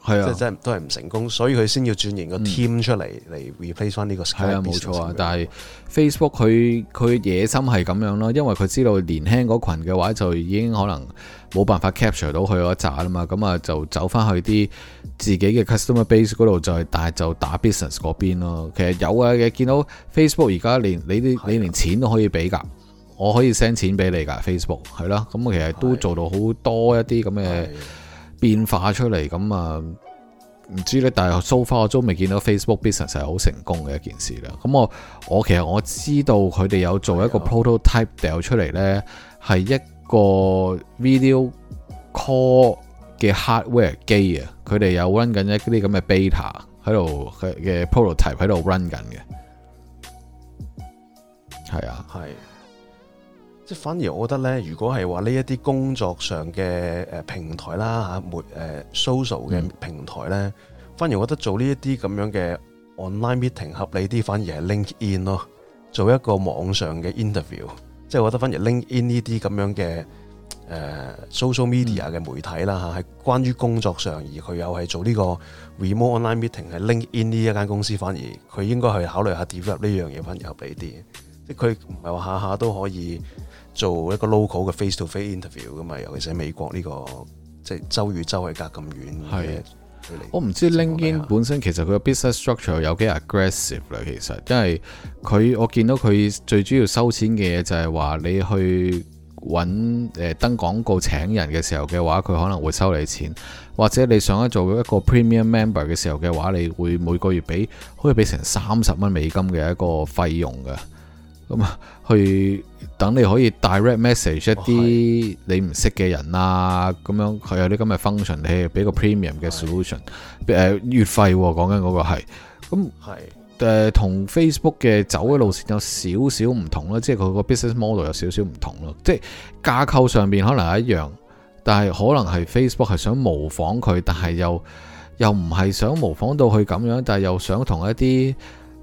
係啊，即係真係都係唔成功，所以佢先要轉型個 team 出嚟嚟 replace 翻呢個 Skype。係啊，冇錯啊。吧但係 Facebook 佢佢野心係咁樣咯，因為佢知道年輕嗰群嘅話就已經可能冇辦法 capture 到佢嗰一紮啦嘛，咁啊就走翻去啲自己嘅 customer base 嗰度就但係就打 business 嗰邊咯。其實有啊嘅，見到 Facebook 而家連你啲你連錢都可以俾噶。我可以 send 錢俾你㗎 Facebook 係啦，咁我其實都做到好多一啲咁嘅變化出嚟，咁啊唔知咧，但係 so far 我都未見到 Facebook business 係好成功嘅一件事啦。咁我我其實我知道佢哋有做一個 prototype 掉的出嚟咧，係一個 video call 嘅 hardware 機啊，佢哋有 run 緊一啲咁嘅 beta 喺度嘅 prototype 喺度 run 緊嘅，係啊，係。即反而我覺得咧，如果係話呢一啲工作上嘅平台啦 social 嘅平台咧，嗯、反而我覺得做呢一啲咁樣嘅 online meeting 合理啲，反而係 LinkedIn 咯，做一個網上嘅 interview，即係我覺得反而 LinkedIn 呢啲咁樣嘅、呃、social media 嘅媒體啦嚇，係關於工作上而佢又係做呢個 remote online meeting，係 LinkedIn 呢一間公司反而佢應該去考慮下 develop 呢樣嘢，反而合理啲，即係佢唔係話下下都可以。做一個 local 嘅 face-to-face interview 㗎嘛，尤其是喺美國呢、這個即係州與州係隔咁遠。是你我唔知 LinkedIn 本身其實佢嘅 business structure 有幾 aggressive 其實，因為佢我見到佢最主要收錢嘅嘢就係話你去揾、呃、登廣告請人嘅時候嘅話，佢可能會收你錢，或者你想一做一個 premium member 嘅時候嘅話，你會每個月俾可以俾成三十蚊美金嘅一個費用嘅，咁啊去。等你可以 direct message 一啲你唔識嘅人啊，咁、哦、樣佢有啲咁嘅 function，你俾個 premium 嘅 solution，誒的、呃、月費喎、啊，講緊嗰個係，咁係，同的、呃、Facebook 嘅走嘅路線有少少唔同啦，即係佢個 business model 有少少唔同咯，即係架構上面可能係一樣，但係可能係 Facebook 係想模仿佢，但係又又唔係想模仿到佢咁樣，但係又想同一啲。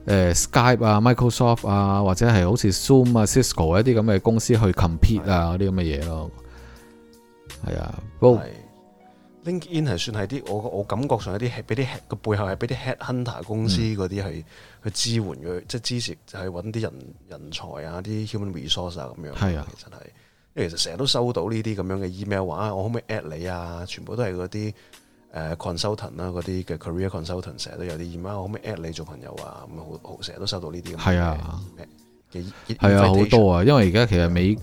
誒、欸、Skype 啊、Microsoft 啊，或者係好似 Zoom 啊、Cisco 一啲咁嘅公司去 compete 啊嗰啲咁嘅嘢咯，係啊，係的。LinkedIn 係算係啲我我感覺上一啲俾啲個背後係俾啲 head hunter 公司嗰啲係去支援佢，即係支持，就係揾啲人人才啊、啲 human resource 啊咁樣。係啊，其實係，因為其實成日都收到呢啲咁樣嘅 email 話，我可唔可以 add 你啊？全部都係嗰啲。誒 consultant 啦，嗰啲嘅 career consultant 成日都有啲 email 啊，我可唔可以 at 你做朋友啊？咁好，好成日都收到呢啲咁嘅。係啊，係啊，好、啊、多啊，因為而家其實美係、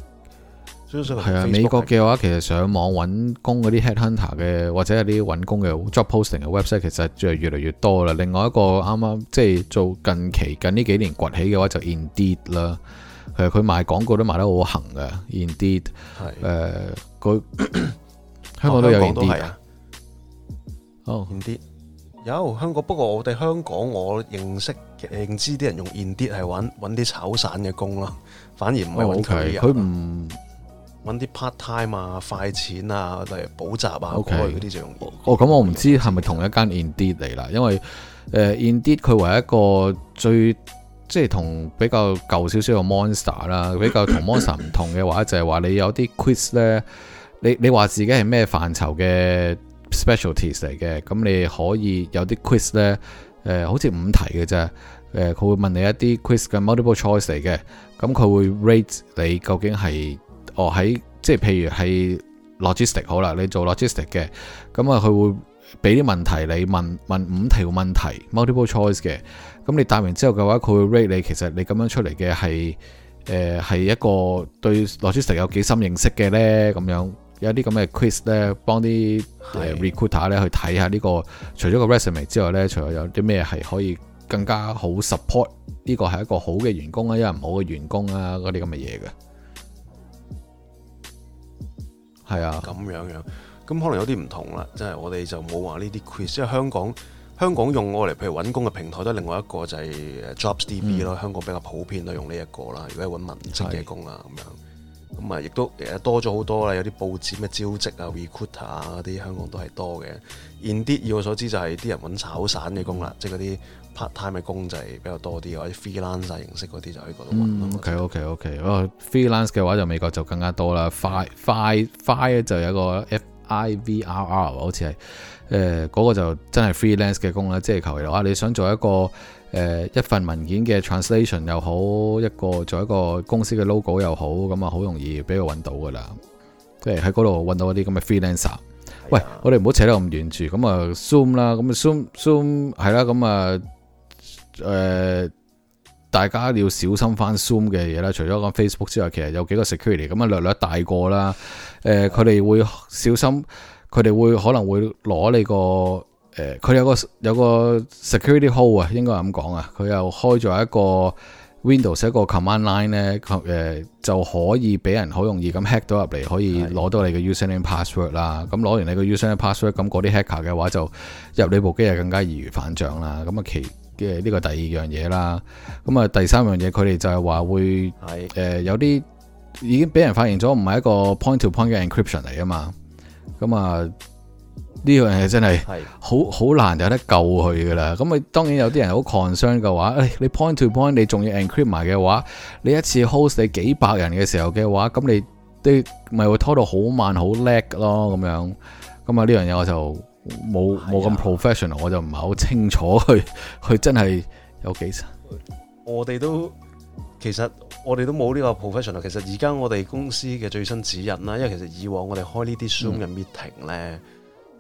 嗯、啊，啊 Facebook 美國嘅話其實上網揾工嗰啲 headhunter 嘅，或者係啲揾工嘅 job posting 嘅 website 其實就係越嚟越多啦。另外一個啱啱即係做近期近呢幾年崛起嘅話就 Indeed 啦，佢、嗯、賣廣告都賣得好行嘅 Indeed，係佢香港都有 Indeed、啊。哦 Indeed 有香港，不過我哋香港我認識、認知啲人用 Indeed 係揾揾啲炒散嘅工咯，反而唔係揾其他嘢，佢唔揾啲 part time 啊、快錢啊，例如補習啊、啊 OK，嗰啲就容易。Okay. 哦，咁、嗯、我唔知係咪同一間 Indeed 嚟啦，因為誒、uh, Indeed 佢為一個最即係同比較舊少少嘅 Monster 啦，比較 mon 唔同 Monster 唔同嘅話 就係話你有啲 quiz 咧，你你話自己係咩範疇嘅？specialties 嚟嘅，咁你可以有啲 quiz 咧、呃，好似五題嘅啫，誒、呃、佢會問你一啲 quiz 嘅 multiple choice 嚟嘅，咁佢會 rate 你究竟係哦，喺即係譬如喺 logistic 好啦，你做 logistic 嘅，咁啊佢會俾啲問題你問問五條問題 multiple choice 嘅，咁你答完之後嘅話，佢會 rate 你其實你咁樣出嚟嘅係誒係一個對 logistic 有幾深認識嘅咧，咁樣。有啲咁嘅 quiz 咧，幫啲 recruiter 咧去睇下呢個是的 除咗個 resume 之外咧，除咗有啲咩係可以更加好 support 呢個係一個好嘅員工啊，因為唔好嘅員工啊，嗰啲咁嘅嘢嘅。係啊，咁樣樣咁可能有啲唔同啦，即係我哋就冇話呢啲 quiz，即係香港香港用我嚟，譬如揾工嘅平台都另外一個就係 JobsDB 咯，嗯、香港比較普遍都用呢一個啦。如果揾文職嘅工啊咁是的 樣。咁啊，亦都誒多咗好多啦，有啲報紙咩招職啊、recruiter 啊嗰啲香港都係多嘅。Indeed 以我所知就係啲人揾炒散嘅工啦，即係嗰啲 part time 嘅工就係比較多啲，或者 freelance 形式嗰啲就喺嗰度揾。O K、嗯、O K、okay, O、okay, K，、okay. 哦 freelance 嘅話就美國就更加多啦。Fiv f i Fiv 咧就有一個 F I V R R，好似係誒嗰個就真係 freelance 嘅工啦，即、就、係、是、求其話你想做一個。誒、呃、一份文件嘅 translation 又好，一個做一個公司嘅 logo 又好，咁啊好容易俾佢揾到噶啦。即係喺嗰度揾到嗰啲咁嘅 freelancer。的喂，我哋唔好扯得咁遠住。咁啊 Zoom 啦，咁啊 Zoom Zoom 係啦，咁啊誒大家要小心翻 Zoom 嘅嘢啦。除咗講 Facebook 之外，其實有幾個 security 咁啊，略略大個啦。誒、呃，佢哋會小心，佢哋會可能會攞你個。誒，佢、呃、有個有個 security hole 啊，應該係咁講啊，佢又開咗一個 Windows 一個 command line 咧，誒、呃、就可以俾人好容易咁 hack 到入嚟，可以攞到你嘅 username password 啦。咁攞的完你嘅 username password，咁嗰啲 hacker 嘅話就入你部機係更加易如反掌啦。咁啊，其嘅呢個第二樣嘢啦，咁啊第三樣嘢，佢哋就係話會誒有啲已經俾人發現咗，唔係一個 point to point 嘅 encryption 嚟啊嘛，咁啊。呢樣嘢真係好好難有得救佢噶啦，咁啊當然有啲人好 concern 嘅話你，你 point to point 你仲要 encrypt 埋嘅話，你一次 host 你幾百人嘅時候嘅話，咁你啲咪會拖到好慢好 lag 咯咁樣，咁啊呢樣嘢我就冇冇咁 professional，的我就唔係好清楚佢佢真係有幾成。我哋都其實我哋都冇呢個 professional。其實而家我哋公司嘅最新指引啦，因為其實以往我哋開呢啲 zoom 嘅 meeting 咧、嗯。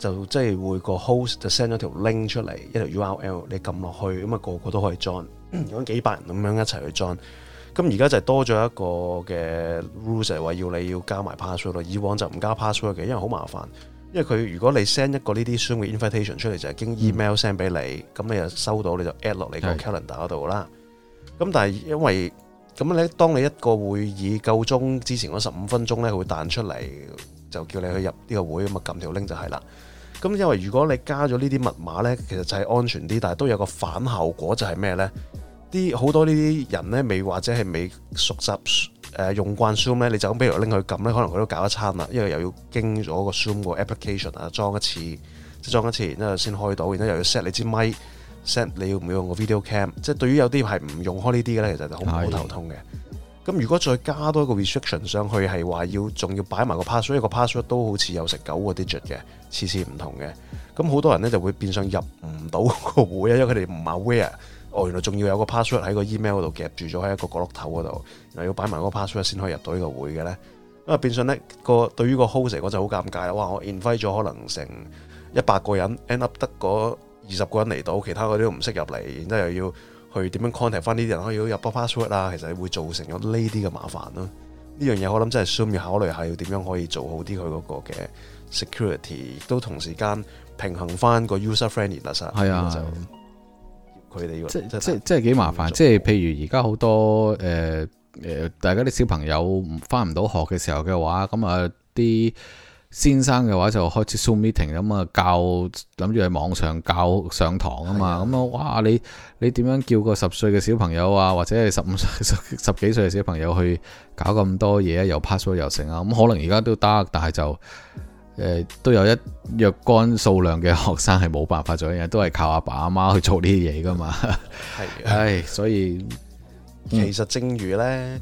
就即係會個 host 就 send 咗條 link 出嚟，一條 URL，你撳落去，咁啊個個都可以 join，如果幾百人咁樣一齊去 join。咁而家就多咗一個嘅 rule 話要你要加埋 password 咯。以往就唔加 password 嘅，因為好麻煩。因為佢如果你 send 一個呢啲 Zoom 嘅 invitation 出嚟，就係經 email send 俾你，咁、嗯、你就收到你就 add 落你個 calendar 嗰度啦。咁、嗯、但係因為咁你當你一個會議夠鐘之前嗰十五分鐘咧，佢會彈出嚟就叫你去入呢個會，咁啊撳條 link 就係啦。咁因為如果你加咗呢啲密碼呢，其實就係安全啲，但係都有個反效果就係咩呢？啲好多呢啲人呢，未或者係未熟習誒、呃、用慣 Zoom 呢，你就咁比如拎佢撳呢，可能佢都搞一餐啦，因為又要經咗個 Zoom 個 application 啊裝一次，即係裝一次，然之後先開到，然之後又要 set 你支咪 set 你要唔要用個 video cam，即係對於有啲係唔用開呢啲嘅呢，其實就好唔好頭痛嘅。咁如果再加多一個 restriction 上去，係話要仲要擺埋個 password，一個 password 都好似有成九個 digit 嘅，次次唔同嘅。咁好多人咧就會變相入唔到個會啊，因為佢哋唔係 aware。哦，原來仲要有個 password 喺個 email 度夾住咗喺一個角落頭嗰度，然後要擺埋個 password 先可以入到呢個會嘅咧。咁啊變相咧個對於個 host 嚟講就好尷尬啦。哇，我 invite 咗可能成一百個人，end up 得嗰二十個人嚟到，其他嗰啲都唔識入嚟，然之後又要。去點樣 contact 翻呢啲人可以入個 password 啊？其實會造成咗呢啲嘅麻煩咯。呢樣嘢我諗真係需要考慮下，要點樣可以做好啲佢嗰個嘅 security，亦都同時間平衡翻個 user friendly。實係啊，就佢哋的、這個、即的即即係幾麻煩。做即係譬如而家好多誒誒、呃呃，大家啲小朋友翻唔到學嘅時候嘅話，咁啊啲。先生嘅話就開始 Zoom meeting 咁、嗯、啊，教諗住喺網上教上堂啊嘛，咁啊的、嗯，哇！你你點樣叫個十歲嘅小朋友啊，或者係十五歲十十幾歲嘅小朋友去搞咁多嘢又 pass 咗又成啊？咁、嗯、可能而家都得，但係就誒、呃、都有一若干數量嘅學生係冇辦法做嘢，都係靠阿爸阿媽、媽去做呢啲嘢㗎嘛。係的，唉，所以、嗯、其實正如呢。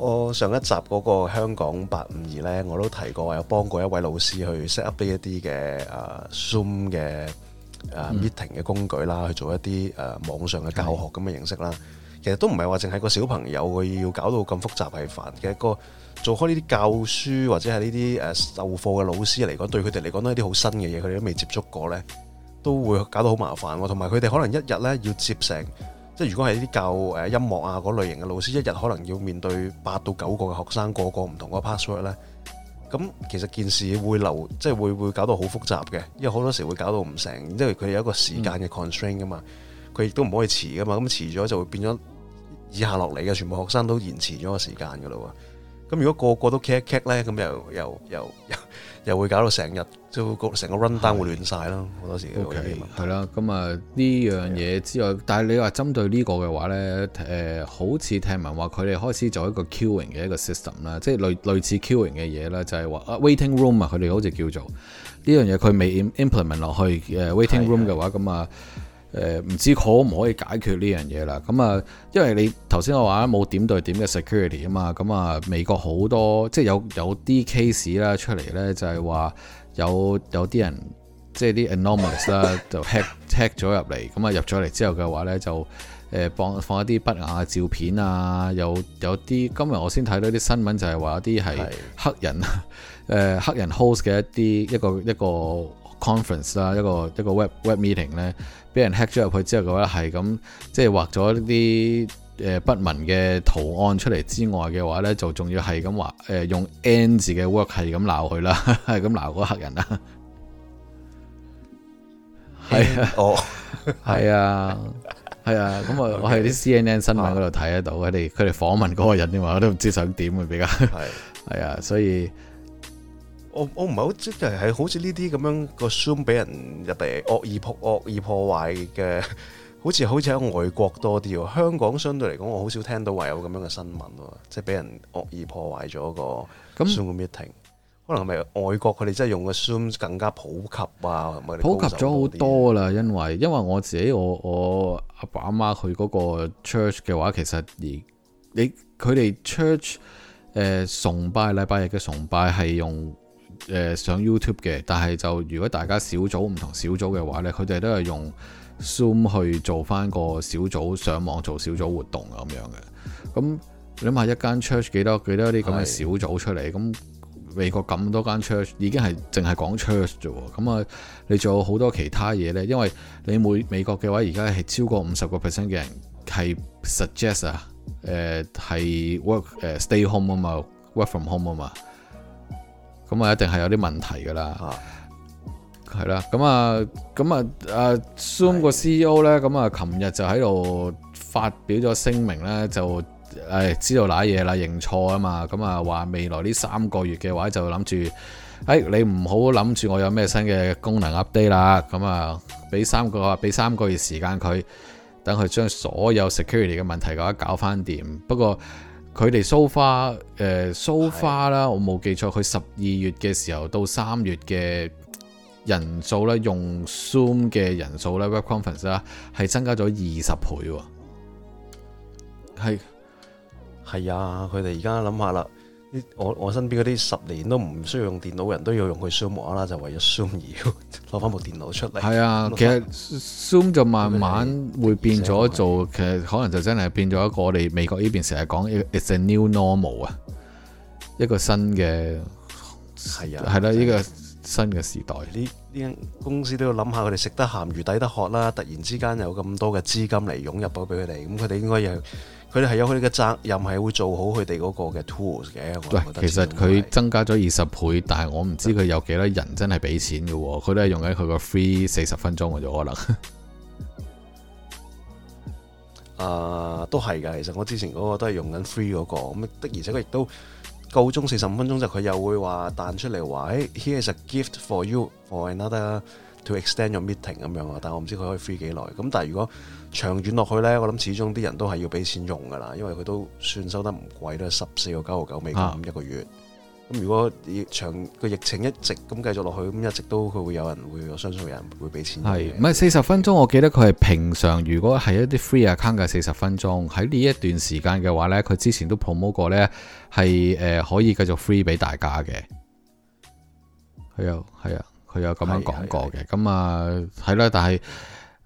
我上一集嗰個香港八五二呢，我都提過，有幫過一位老師去 set up 呢一啲嘅誒 Zoom 嘅誒 meeting 嘅工具啦，去做一啲誒網上嘅教學咁嘅形式啦。其實都唔係話淨係個小朋友佢要搞到咁複雜係煩嘅。個做開呢啲教書或者係呢啲誒授課嘅老師嚟講，對佢哋嚟講都係啲好新嘅嘢，佢哋都未接觸過呢，都會搞到好麻煩喎。同埋佢哋可能一日呢要接成。即係如果係啲教誒音樂啊嗰類型嘅老師，一日可能要面對八到九個嘅學生，個個唔同個 password 咧，咁其實件事會流，即係會會搞到好複雜嘅，因為好多時會搞到唔成，因為佢有一個時間嘅 constraint 噶嘛，佢亦都唔可以遲噶嘛，咁遲咗就會變咗以下落嚟嘅全部學生都延遲咗個時間噶啦喎，咁如果個個都 check 一 check 咧，咁又又又又～又又又又會搞到成日，就會成個 run down 會亂晒咯，好是多時嘅會。係啦 Okay,，咁啊呢樣嘢之外，嗯、但係你話針對呢個嘅話咧，誒、呃、好似聽聞話佢哋開始做一個 queuing 嘅一個 system 啦，即係類類似 queuing 嘅嘢啦，就係、是、話 waiting room 啊，佢哋好似叫做呢樣嘢佢未 implement 落去誒 waiting room 嘅話，咁啊。誒唔知可唔可以解決呢樣嘢啦？咁啊，因為你頭先我話冇點對點嘅 security 啊嘛，咁啊美國好多即係有有啲 case 啦出嚟咧，就係話有有啲人即係啲 anomalies 啦，就 hack hack 咗入嚟，咁啊入咗嚟之後嘅話咧，就誒放放一啲不雅嘅照片啊，有有啲今日我先睇到啲新聞，就係話有啲係黑人誒的 黑人 host 嘅一啲一個一個。一個 conference 啦，一個一個 web web meeting 咧，俾人 hack 咗入去之後嘅話，係咁即係畫咗一啲誒、呃、不文嘅圖案出嚟之外嘅話咧，就仲要係咁話誒用 N 字嘅 work 係咁鬧佢啦，係咁鬧嗰個客人啦。係天啊，哦，係啊，係 啊，咁啊，我喺啲 CNN 新聞嗰度睇得到，佢哋佢哋訪問嗰個人嘅話，我都唔知想點會比較係係的啊，所以。我我唔係、就是、好即係好似呢啲咁樣個 Zoom 俾人入嚟惡意破惡意破壞嘅，好似好似喺外國多啲喎。香港相對嚟講，我好少聽到話有咁樣嘅新聞喎，即係俾人惡意破壞咗個 Zoom 嘅那 meeting。可能係咪外國佢哋真係用個 Zoom 更加普及啊？普及咗好多啦，因為因為我自己我我阿爸阿媽去嗰個 church 嘅話，其實而你佢哋 church、呃、崇拜禮拜日嘅崇拜係用。誒、呃、上 YouTube 嘅，但係就如果大家小組唔同小組嘅話呢，佢哋都係用 Zoom 去做翻個小組，上網做小組活動咁樣嘅。咁你諗下一間 church 幾多幾多啲咁嘅小組出嚟？咁的美國咁多間 church 已經係淨係講 church 啫喎。咁啊，你做好多其他嘢呢？因為你每美國嘅話而家係超過五十個 percent 嘅人係 suggest 啊、呃，誒係 work、呃、stay home 啊嘛，work from home 啊嘛。咁啊，一定係有啲問題噶啦，係啦。咁啊，咁啊的、uh，Zoom 個 CEO 呢。咁啊，琴日就喺度發表咗聲明呢，就、哎、知道嗱嘢啦，認錯啊嘛。咁啊，話未來呢三個月嘅話就，就諗住誒你唔好諗住我有咩新嘅功能 update 啦。咁啊，俾三個，俾三個月時間佢，等佢將所有 security 嘅問題嘅話搞翻掂。不過，佢哋 so far，誒 so far 啦，我冇記錯，佢十二月嘅時候到三月嘅人數咧，用 Zoom 嘅人數咧，Web Conference 啦，係增加咗二十倍喎。係係啊，佢哋而家諗下啦。我我身邊嗰啲十年都唔需要用電腦嘅人都要用佢 Zoom 望啦，就為咗 Zoom 而攞翻部電腦出嚟。係啊，其實 Zoom 就慢慢會變咗做，其實可能就真係變咗一個我哋美國呢邊成日講，it's a new normal 啊，一個新嘅係啊，係啦的，呢個新嘅時代。呢呢間公司都要諗下，佢哋食得鹹魚抵得渴啦。突然之間有咁多嘅資金嚟湧入到俾佢哋，咁佢哋應該要。佢哋係有佢哋嘅責任，係會做好佢哋嗰個嘅 tools 嘅。對其實佢增加咗二十倍，但係我唔知佢有幾多人真係俾錢嘅喎。佢對都係用緊佢個 free 四十分鐘嘅啫，可能。啊，都係㗎。其實我之前嗰個都係用緊 free 嗰、那個咁的，而且佢亦都夠鐘四十五分鐘就佢又會話彈出嚟話：誒、hey, Here's a gift for you for another to extend your meeting 咁樣啊。但係我唔知佢可以 free 幾耐。咁但係如果長遠落去呢，我諗始終啲人都係要俾錢用噶啦，因為佢都算收得唔貴啦，都係十四個九毫九美金一個月。咁、啊、如果長個疫情一直咁繼續落去，咁一直都佢會有人會，我相信有人會俾錢。係，唔係四十分鐘，我記得佢係平常如果係一啲 free account 嘅四十分鐘，喺呢一段時間嘅話呢，佢之前都 promote 過呢，係誒可以繼續 free 俾大家嘅。佢有，係啊，佢有咁樣講過嘅。咁啊，係啦，但係。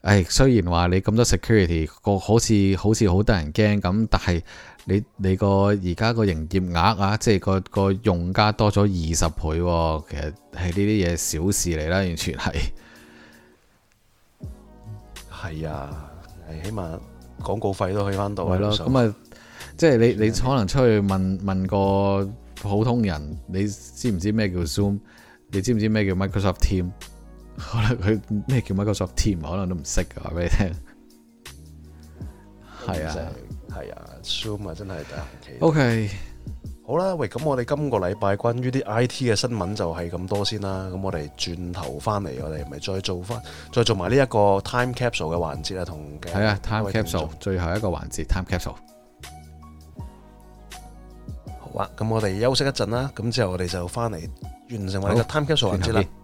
誒、哎，雖然話你咁多 security 個好似好似好得人驚咁，但係你你個而家個營業額啊，即係個個用家多咗二十倍，哦，其實係呢啲嘢小事嚟啦，完全係係啊，起碼廣告費都可以翻到。係咯了，咁啊信，即係、就是、你的你可能出去問問個普通人，你知唔知咩叫 Zoom？你知唔知咩叫 Microsoft Team？可能佢咩叫乜個作 team，可能都唔識嘅，話俾你聽。係啊，係啊 Zoom，summer 真係大 OK，好啦，喂，咁我哋今個禮拜關於啲 I T 嘅新聞就係咁多先啦。咁我哋轉頭翻嚟，我哋咪再做翻，再做埋呢一個 time capsule 嘅環節啊，同係啊 time capsule 最後一個環節 time capsule。好啊，咁我哋休息一陣啦。咁之後我哋就翻嚟完成我哋嘅 time capsule 環節啦好。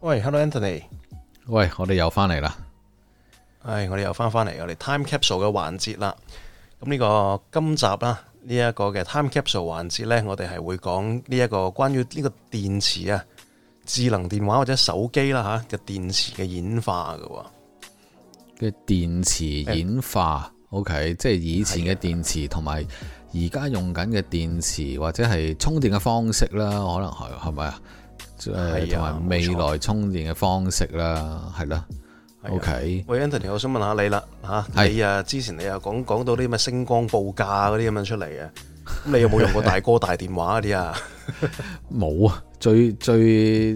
喂，Hello Anthony，喂，我哋又翻嚟啦。誒，我哋又翻返嚟，我哋 Time Capsule 嘅環節啦。咁呢個今集啦，呢、這、一個嘅 Time Capsule 環節呢，我哋係會講呢一個關於呢個電池啊，智能電話或者手機啦吓嘅、啊、電池嘅演化嘅。嘅電池演化、欸、，OK，即係以前嘅電池同埋而家用緊嘅電池或者係充電嘅方式啦，可能係係咪啊？誒，同埋、啊、未來充電嘅方式啦，係啦錯、啊、，OK。喂，Anthony，我想問下你啦，吓是，你啊，之前你又講講到啲咩星光報價嗰啲咁樣出嚟嘅，啊、你有冇用過大哥大電話嗰啲啊？冇啊， 最最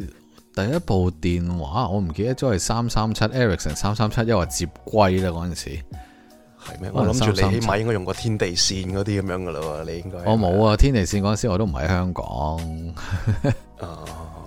第一部電話，我唔記得咗係三三七 Ericsson 三三七，又話接龜啦嗰陣時，係咩？我諗住你起碼應該用過天地線嗰啲咁樣噶啦，你應該。我冇啊，天地線嗰陣時我都唔喺香港。 哦。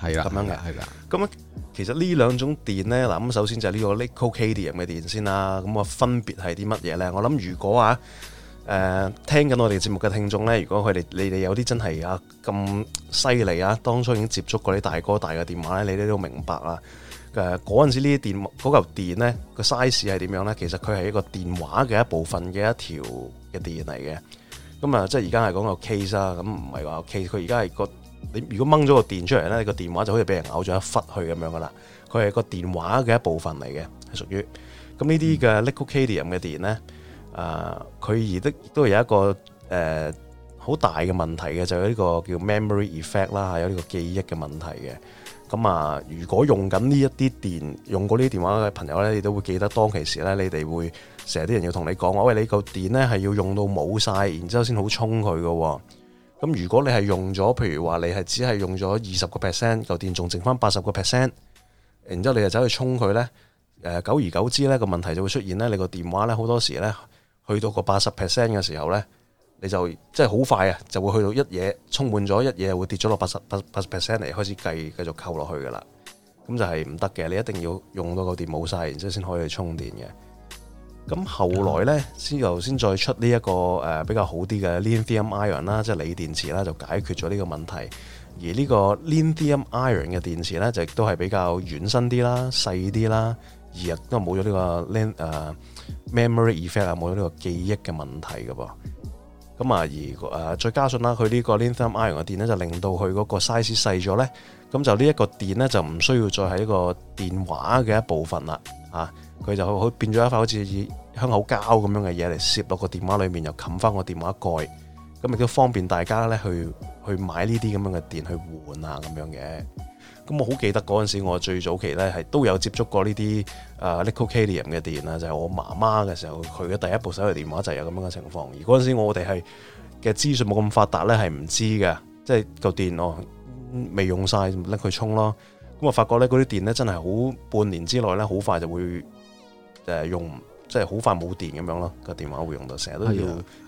係啦，咁樣嘅，係啦。咁其實呢兩種電咧，嗱，咁首先就呢個 Nickel Cadmium 嘅電先啦。咁啊，分別係啲乜嘢咧？我諗如果啊，誒、呃、聽緊我哋節目嘅聽眾咧，如果佢哋你哋有啲真係啊咁犀利啊，當初已經接觸過啲大哥大嘅電話咧，你哋都明白啦。誒嗰陣時呢啲電，嗰、那、嚿、個、電咧，個 size 係點樣咧？其實佢係一個電話嘅一部分嘅一條嘅電嚟嘅。咁啊，即係而家係講個 case 啊，咁唔係話 case，佢而家係個。你如果掹咗個電出嚟咧，你個電話就好似俾人咬咗一忽去咁樣噶啦。佢係個電話嘅一部分嚟嘅，係屬於咁呢啲嘅 Lithium Battery 咁嘅電咧。啊、呃，佢而都都有一個誒好、呃、大嘅問題嘅，就係呢個叫 Memory Effect 啦，有呢個記憶嘅問題嘅。咁啊，如果用緊呢一啲電，用過呢啲電話嘅朋友咧，亦都會記得當其時咧，你哋會成日啲人要同你講，我喂，你嚿電咧係要用到冇晒，然之後先好充佢噶喎。咁如果你係用咗，譬如話你係只係用咗二十個 percent，嚿電仲剩翻八十個 percent，然之後你就走去充佢呢。久而久之呢個問題就會出現呢。你個電話呢，好多時呢，去到個八十 percent 嘅時候呢，你就即係好快啊，就會去到一夜，充滿咗一夜會跌咗落八十百八十 percent 嚟開始計繼續扣落去㗎喇。咁就係唔得嘅，你一定要用到個電冇晒，然之後先可以去充電嘅。咁後來咧，先頭先再出呢一個誒比較好啲嘅 lithium iron 啦，即係鋰電池啦，就解決咗呢個問題。而呢個 lithium iron 嘅電池咧，就亦都係比較軟身啲啦、細啲啦，而亦都冇咗呢個 lithium 誒 memory effect 啊，冇咗呢個記憶嘅問題嘅噃。咁啊，而誒再加上啦，佢呢個 lithium iron 嘅電咧，就令到佢嗰個 size 細咗咧，咁就呢一個電咧，就唔需要再喺個電話嘅一部分啦，嚇。佢就去變咗一塊好似香口膠咁樣嘅嘢嚟攝落個電話裏面，又冚翻個電話蓋，咁亦都方便大家咧去去買呢啲咁樣嘅電去換呀。咁樣嘅。咁我好記得嗰陣時，我最早期咧係都有接觸過呢啲、呃、Nickel Cadmium 嘅電啦，就係、是、我媽媽嘅時候，佢嘅第一部手提電話就係有咁樣嘅情況。而嗰陣時我哋係嘅資訊冇咁發達咧，係唔知嘅，即係個電我未、哦、用曬，拎去充咯。咁我發覺咧嗰啲電咧真係好半年之內咧，好快就會。誒，就用即係好快冇電咁樣咯，個電話會用到成日都要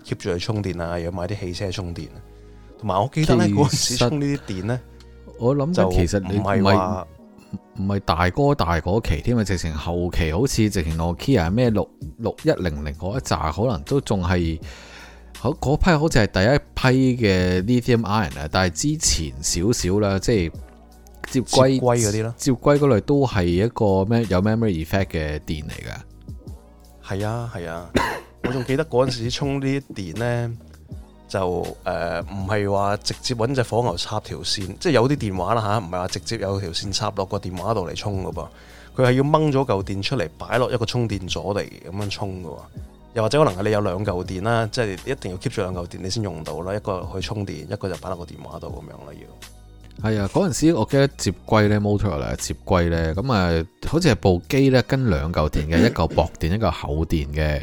keep 住去充電啊，要買啲汽車充電。同埋我記得咧，嗰陣實時充呢啲電咧，我諗在就唔係唔係大哥大嗰期添啊，直情後期好似直情 Nokia 咩六六一零零嗰一扎，可能都仲係好嗰批，好似係第一批嘅鋰電 iron 啊，但係之前少少咧，即係。接龜龜嗰啲咯，接龜嗰類都係一個咩有 memory effect 嘅電嚟嘅，係啊係啊，啊 我仲記得嗰陣時充呢啲電呢，就誒唔係話直接搵隻火牛插條線，即係有啲電話啦吓，唔係話直接有條線插落個電話度嚟充噶噃，佢係要掹咗嚿電出嚟擺落一個充電座嚟咁樣充噶，又或者可能係你有兩嚿電啦，即係一定要 keep 住兩嚿電你先用到啦，一個去充電，一個就擺落個電話度咁樣啦要。係啊，嗰陣時我記得接龜咧，Motorola 接龜咧，咁啊，好似係部機咧，跟兩嚿電嘅，一嚿薄電，一嚿厚電嘅，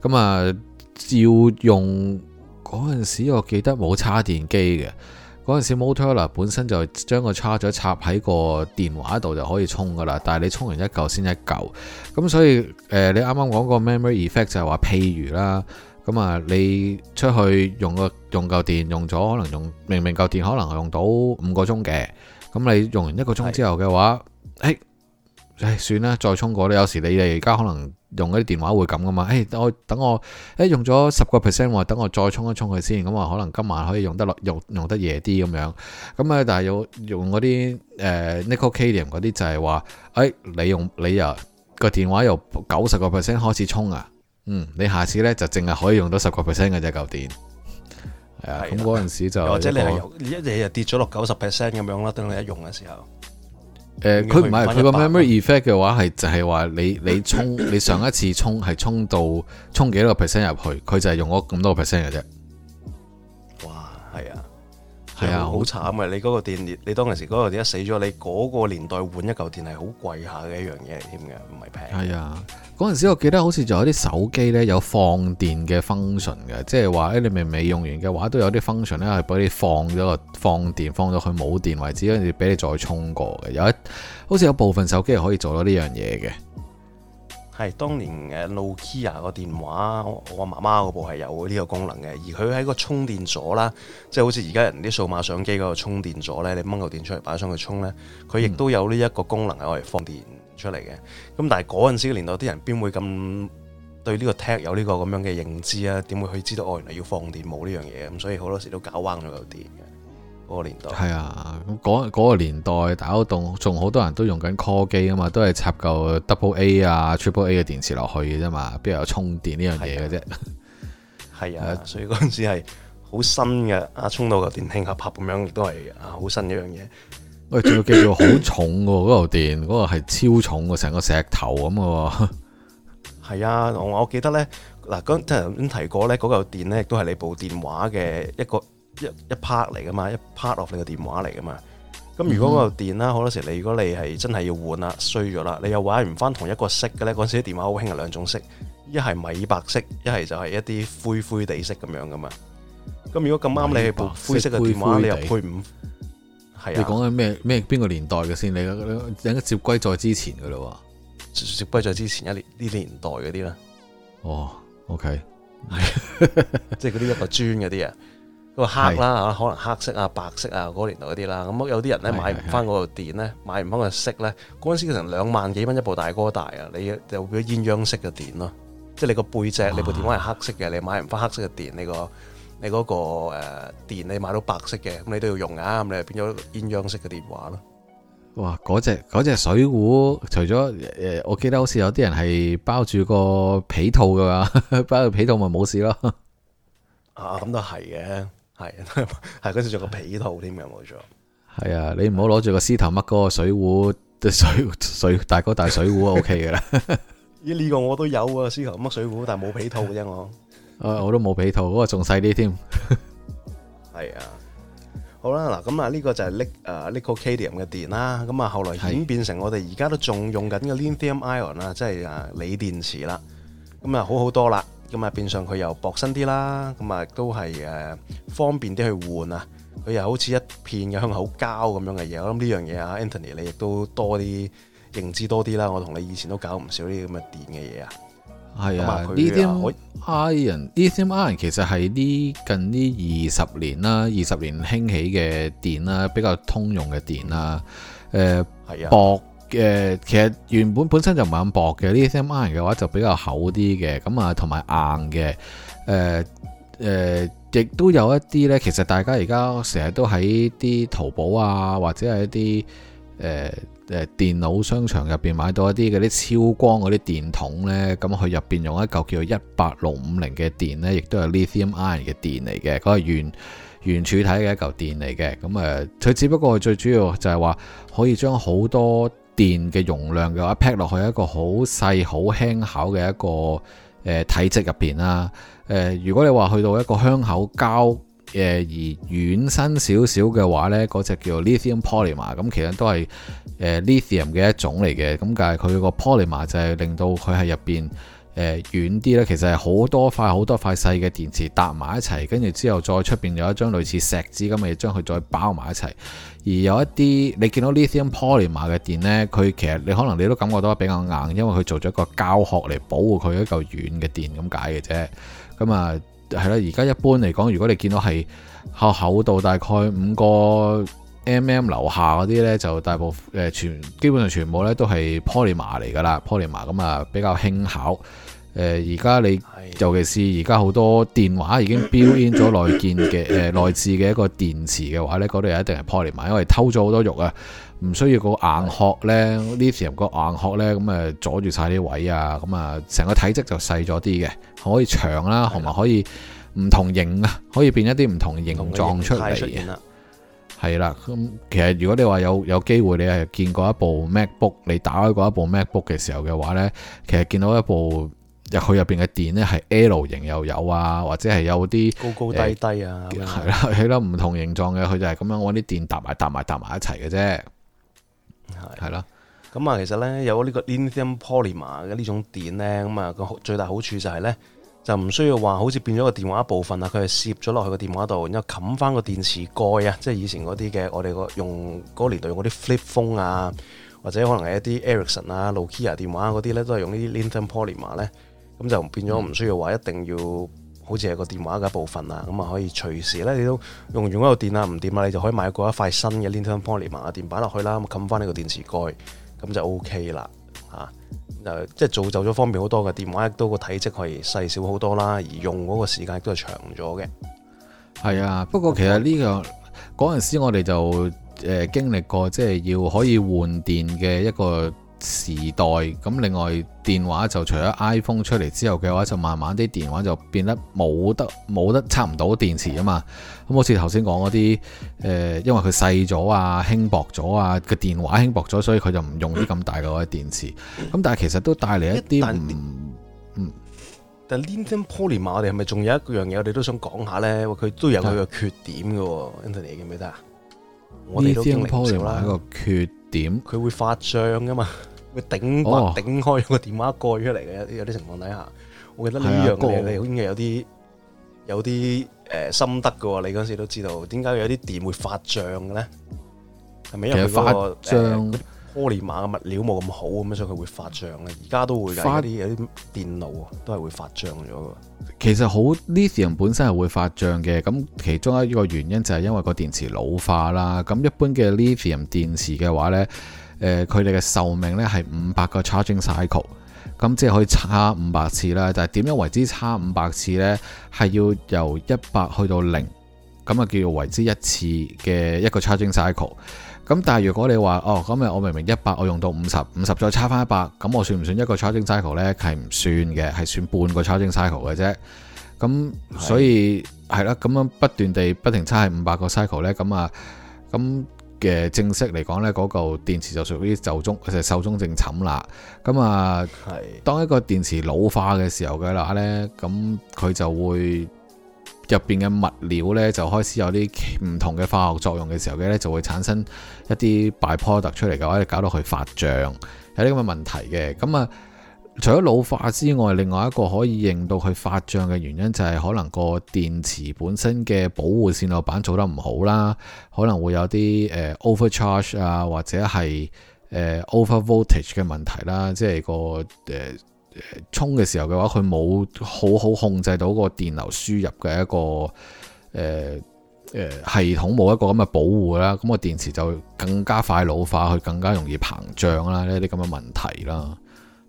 咁啊，照用。嗰陣時我記得冇叉電機嘅，嗰陣時 Motorola 本身就將個叉咀插喺個電話度就可以充噶啦，但係你充完一嚿先一嚿，咁所以誒、呃，你啱啱講個 memory effect 就係話，譬如啦。咁啊，你出去用個用嚿電，用咗可能用明明嚿電，可能用到五個鐘嘅。咁你用完一個鐘之後嘅話，誒對、哎哎，算啦，再充過咧。有時你哋而家可能用嗰啲電話會咁噶嘛。誒、哎，我等我，誒、哎，用咗十個 percent 喎，等我再充一充佢先。咁、嗯、啊，可能今晚可以用得落，用用得夜啲咁樣。咁啊，但係要用嗰啲誒 Nickel Cadmium 嗰啲就係話，誒、哎，你用你又個電話由九十個 percent 開始充啊。嗯，你下次咧就淨係可以用到十個 percent 嘅啫。夠電，係、 嗯、啊。咁嗰陣時就，或者你係果一日跌咗落九十 percent 咁樣啦，當、呃、你一用嘅時候。誒、嗯，佢唔係，佢個 memory effect 嘅話係就係話你你充 你上一次充係充到充幾多個 percent 入去，佢就係用咗咁多個 percent 嘅啫。哇，係啊。係啊，好慘啊！你嗰個電，你當陣時嗰個電一死咗，你嗰個年代換一嚿電係好貴下嘅一樣嘢嚟添嘅，唔係平。係啊，嗰陣時我記得好似仲有啲手機呢，有放電嘅 function 嘅，即係話誒你明未用完嘅話都有啲 function 呢係俾你放咗個放電，放到佢冇電為止，跟住俾你再充過嘅。有一好似有部分手機係可以做到呢樣嘢嘅。係當年誒 Nokia、ok、個電話，我媽媽嗰部係有呢個功能嘅，而佢喺個充電座啦，即係好似而家人啲數碼相機嗰個充電座呢，你掹嚿電出嚟擺上去充呢，佢亦都有呢一個功能係我嚟放電出嚟嘅。咁但係嗰陣時年代啲人邊會咁對呢個 tech 有呢個咁樣嘅認知啊？點會去知道愛、哦、原來要放電冇呢樣嘢咁？所以好多時都搞彎咗嚿電。嗰個年代係啊，咁嗰嗰個年代打個洞，仲好多人都用緊 call 機啊嘛，都係插嚿 double A 啊、triple A 嘅電池落去嘅啫嘛，邊有充電呢樣嘢嘅啫？係啊，啊 所以嗰陣時係好新嘅，啊充到嚿電輕合拍咁樣，亦都係啊好新嘅樣嘢。喂，仲要記住好重噶，嗰嚿電嗰個係超重噶，成個石頭咁噶。係啊，我我記得咧嗱，剛聽人提過咧，嗰嚿電咧亦都係你部電話嘅一個。一 part 嚟噶嘛，一 part of 你個電話嚟噶嘛。咁如果嗰個電啦，好多時你如果你係真係要換啦，衰咗啦，你又玩唔翻同一個色嘅咧。嗰時啲電話好興兩種色，一係米白色，一係就係一啲灰灰地色咁樣噶嘛。咁如果咁啱你係白，白灰色嘅電話，你又配五？係、嗯、啊。你講緊咩咩邊個年代嘅先？你你而家接歸在之前噶啦？接歸在之前一呢年代嗰啲啦。哦，OK，係即係嗰啲一個磚嗰啲啊。個黑啦吓，啊、可能黑色啊、白色啊嗰、那個、年代嗰啲啦，咁有啲人咧買唔翻個電咧，是是是買唔翻個色咧，嗰陣是時成兩萬幾蚊一部大哥大啊，你就變咗鴛鴦色嘅電咯，啊、即係你個背脊，你部電話係黑色嘅，你買唔翻黑色嘅電，你，你個你個誒電，你買到白色嘅，咁你都要用啊，咁你變咗鴛鴦色嘅電話咯。哇，嗰隻隻水壺，除咗誒，我記得好似有啲人係包住個皮套噶，包住皮套咪冇事咯。啊，咁都係嘅。係係，嗰 時仲個被套添，有冇錯。係啊，嗯、你唔好攞住個獅頭乜哥水壺，水水大哥大水壺 O K 嘅啦。依呢 個我都有，有啊，獅頭乜水壺，但係冇被套嘅啫我。誒，我都冇被套，嗰、那個仲細啲添。係 啊，好啦，嗱咁啊，呢個就係 nick 誒 nickel cadmium 嘅電啦。咁啊，後來演變成我哋而家都仲用緊嘅 lithium ion 啦，即係啊，鋰電池啦。咁啊，好好多啦。咁啊，變相佢又薄身啲啦，咁啊都係誒方便啲去換啊。佢又好似一片嘅香口膠咁樣嘅嘢，我諗呢樣嘢啊，Anthony 你亦都多啲認知多啲啦。我同你以前都搞唔少啲咁嘅電嘅嘢啊。係啊，呢啲 Lithium Iron 呢啲 Lithium Iron 其實係啲近呢二十年啦，二十年興起嘅電啦，比較通用嘅電啦。誒係、嗯呃、啊，薄。誒、呃，其實原本本身就唔係咁薄嘅，呢啲鎳鎘嘅話就比較厚啲嘅，咁啊同埋硬嘅，誒、呃、誒，亦、呃、都有一啲呢，其實大家而家成日都喺啲淘寶啊，或者係一啲誒誒電腦商場入邊買到一啲嗰啲超光嗰啲電筒呢。咁佢入邊用一嚿叫做一八六五零嘅電呢，亦都係鎳鎘鎳嘅電嚟嘅，佢係圓圓柱體嘅一嚿電嚟嘅，咁誒，佢、呃、只不過最主要就係話可以將好多。電嘅容量嘅話 pack 落去一個好細、好輕巧嘅一個誒體積入面啦。如果你話去到一個香口膠而軟身少少嘅話呢嗰隻叫做 lithium polymer，咁其實都係 lithium 嘅一種嚟嘅。咁但係佢個 polymer 就係令到佢係入面誒軟啲呢，其實係好多塊好多塊細嘅電池搭埋一齊，跟住之後再出面有一張類似錫紙咁嘅嘢，將佢再包埋一齊。而有一啲你見到呢啲咁 polymer 嘅電呢，佢其實你可能你都感覺到比較硬，因為佢做咗個膠殼嚟保護佢一嚿軟嘅電咁解嘅啫。咁啊係啦，而家一般嚟講，如果你見到係厚厚度大概五個 mm 樓下嗰啲呢，就大部誒全基本上全部呢都係 polymer 嚟噶啦，polymer 咁啊比較輕巧。誒而家你的尤其是而家好多電話已經 built in 咗內建嘅誒、呃、內置嘅一個電池嘅話咧，嗰度一定係 Polymer，因為偷咗好多肉啊！唔需要個硬殼咧，Lift 個硬殼咧咁誒阻住晒啲位啊，咁啊成個體積就細咗啲嘅，可以長啦，同埋的可以唔同形啊，可以變一啲唔同形狀出嚟嘅。係啦，咁其實如果你話有有機會，你係見過一部 MacBook，你打開嗰一部 MacBook 嘅時候嘅話咧，其實見到一部。入去入邊嘅電咧係 L 型又有啊，或者係有啲高高低低啊，係啦係啦，唔同形狀嘅，佢就係咁樣我啲電搭埋搭埋搭埋一齊嘅啫，係係啦。咁啊的的、嗯，其實咧有呢個 lithium polymer 嘅呢種電咧，咁啊個最大好處就係、是、咧就唔需要話好似變咗個電話部分啊，佢係攝咗落去個電話度，然後冚翻個電池蓋啊，即係以前嗰啲嘅我哋、嗰個用嗰年代用嗰啲 flip phone 啊，或者可能係一啲 Ericsson 啊、Nokia 電話嗰啲咧，都係用呢啲 lithium polymer 咧。咁就變咗唔需要話一定要好似係個電話嘅一部分啦，咁啊可以隨時咧，你都用完嗰個電啊唔掂啦，你就可以買過一塊新嘅 lithium polymer 嘅電板落去啦，咁冚翻呢個電池蓋，咁就 OK 啦吓，誒、啊，即係造就咗、是、方便好多嘅電話，亦都個體積係細少好多啦，而用嗰個時間亦都係長咗嘅。係啊，不過其實呢、這個嗰陣時我哋就誒、呃、經歷過，即、就、係、是、要可以換電嘅一個。時代咁，另外電話就除咗 iPhone 出嚟之後嘅話，就慢慢啲電話就變得冇得冇得冇得插唔到電池啊嘛。咁好似頭先講嗰啲誒，因為佢細咗啊，輕薄咗啊，個電話輕薄咗，所以佢就唔用啲咁大嘅嗰啲電池。咁咦但係其實都帶嚟一啲唔，嗯。但 Lithium Polymer 我哋係咪仲有一樣嘢我哋都想講下咧？佢都有佢嘅缺點嘅喎，Anthony，記唔記得啊？Lithium Polymer 係一個缺點，佢會發脹噶嘛。會頂或頂開個、哦、電話蓋出嚟嘅，有有啲情況底下，我覺得呢樣嘢你應該有啲有啲誒、呃、心得嘅。你嗰陣時都知道點解有啲電會發脹嘅咧？係咪因為佢、那個 polymer 嘅物料冇咁好咁樣，所以佢會發脹咧？而家都會，花啲有啲發電腦都係會發脹咗嘅。其實好 lithium 本身係會發脹嘅，咁其中一個原因就係因為個電池老化啦。咁一般嘅 lithium 電池嘅話咧。 誒佢哋嘅壽命咧係五百個 charging cycle，咁即係可以差五百次啦。但係點樣為之差五百次呢？係要由一百去到零，咁啊叫做為之一次嘅一個 charging cycle。咁但係如果你話哦，咁啊我明明一百我用到五十五十再差返一百，咁我算唔算一個 charging cycle 呢？係唔算嘅，係算半個 charging cycle 嘅啫。咁所以係啦，咁樣不斷地不停差係五百個 cycle 呢。咁啊咁。嘅正式嚟講呢，呢個電池就屬於就中，就係壽終正寢啦。咁啊，是當一個電池老化嘅時候嘅話呢，咁佢就會入邊嘅物料呢，就開始有啲唔同嘅化學作用嘅時候嘅呢，就會產生一啲 by-product 出嚟嘅話，你搞到佢發脹，有啲咁嘅問題嘅。咁啊～除咗老化之外，另外一個可以令到佢發脹嘅原因就係可能個電池本身嘅保護線路板做得唔好啦，可能會有啲誒 overcharge 啊，或者係誒 overvoltage 嘅問題啦，即係個誒誒充嘅時候嘅話，佢冇好好控制到個電流輸入嘅一個誒誒、呃、系統冇一個咁嘅保護啦，咁個電池就會更加快老化，佢更加容易膨脹啦，呢啲咁嘅問題啦，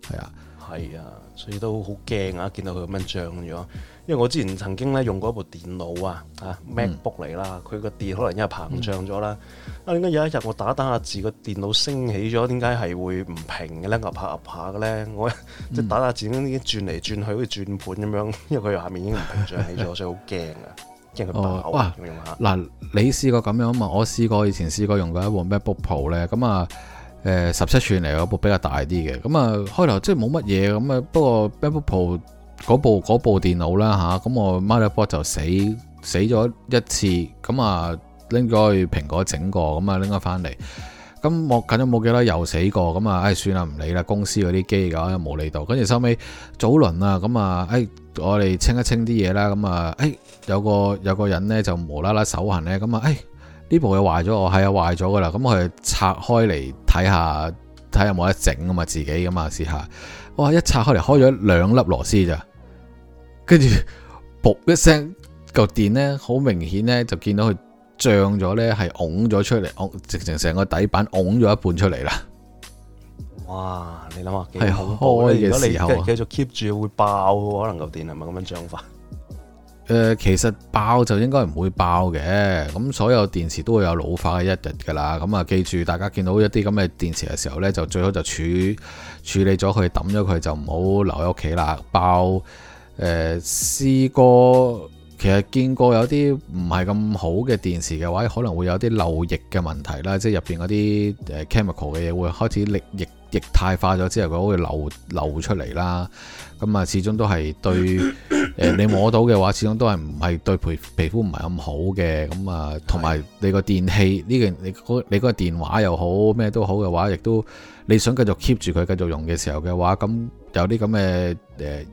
係啊。係啊，所以都好驚啊！見到佢咁樣漲咗，因為我之前曾經咧用過一部電腦、嗯、啊，啊 MacBook 嚟啦，佢個電可能因為膨脹咗啦。嗯、啊，點解有一日我打打下字個電腦升起咗？點解係會唔平嘅咧？牛爬牛爬嘅咧？我即係、嗯、打打字已經轉嚟轉去好似轉盤咁樣，因為佢下面已經唔平脹起咗，所以好驚啊！驚佢爆啊！嗱，你試過咁樣嘛？我試過，以前試過用過一部 MacBook Pro 咧，咁啊。誒，十七寸嚟，嗰部比較大啲嘅。咁啊，開頭即係冇乜嘢，咁啊不過 MacBook Pro 嗰部嗰部電腦啦吓，咁我 MacBook 就死死咗一次，咁啊拎咗去蘋果整過，咁啊拎咗翻嚟，咁我近咗冇幾多又死過，咁啊唉算啦唔理啦，公司嗰啲機嘅冇理到，跟住收尾早輪啊，咁啊唉我哋清一清啲嘢啦，咁啊唉有個有個人咧就無啦啦手痕咧，咁啊唉。呢部嘢壞咗，我、哦、係啊壞咗噶啦，咁佢、嗯、拆開嚟睇下，睇下有冇得整啊嘛，自己咁嘛。試下。哇，一拆開嚟，開咗兩粒螺絲咋，跟住，噗一聲，嚿、那個、電咧好明顯咧就見到佢脹咗咧，係拱咗出嚟，拱直情成個底板拱咗一半出嚟啦。哇，你諗下，係開嘅時候啊，繼續 keep 住會爆，可能嚿電係咪咁樣脹法？誒、呃，其實爆就應該唔會爆嘅。咁所有電池都會有老化嘅一日噶啦。咁啊，記住大家見到一啲咁嘅電池嘅時候呢，就最好就處處理咗佢，抌咗佢就唔好留喺屋企啦。爆誒、師、呃、哥其實見過有啲唔係咁好嘅電池嘅話，可能會有啲漏液嘅問題啦，即係入邊嗰啲誒 chemical 嘅嘢會開始瀝液。液態化咗之後，佢會流流出嚟啦。咁、嗯、啊，始終都係對誒、 呃、你摸到嘅話，始終都係唔係對皮皮膚唔係咁好嘅。咁、嗯、啊，同埋你個電器呢件、這個、你你嗰個電話又好咩都好嘅話，亦都你想繼續 keep 住佢繼續用嘅時候嘅話，咁有啲咁嘅誒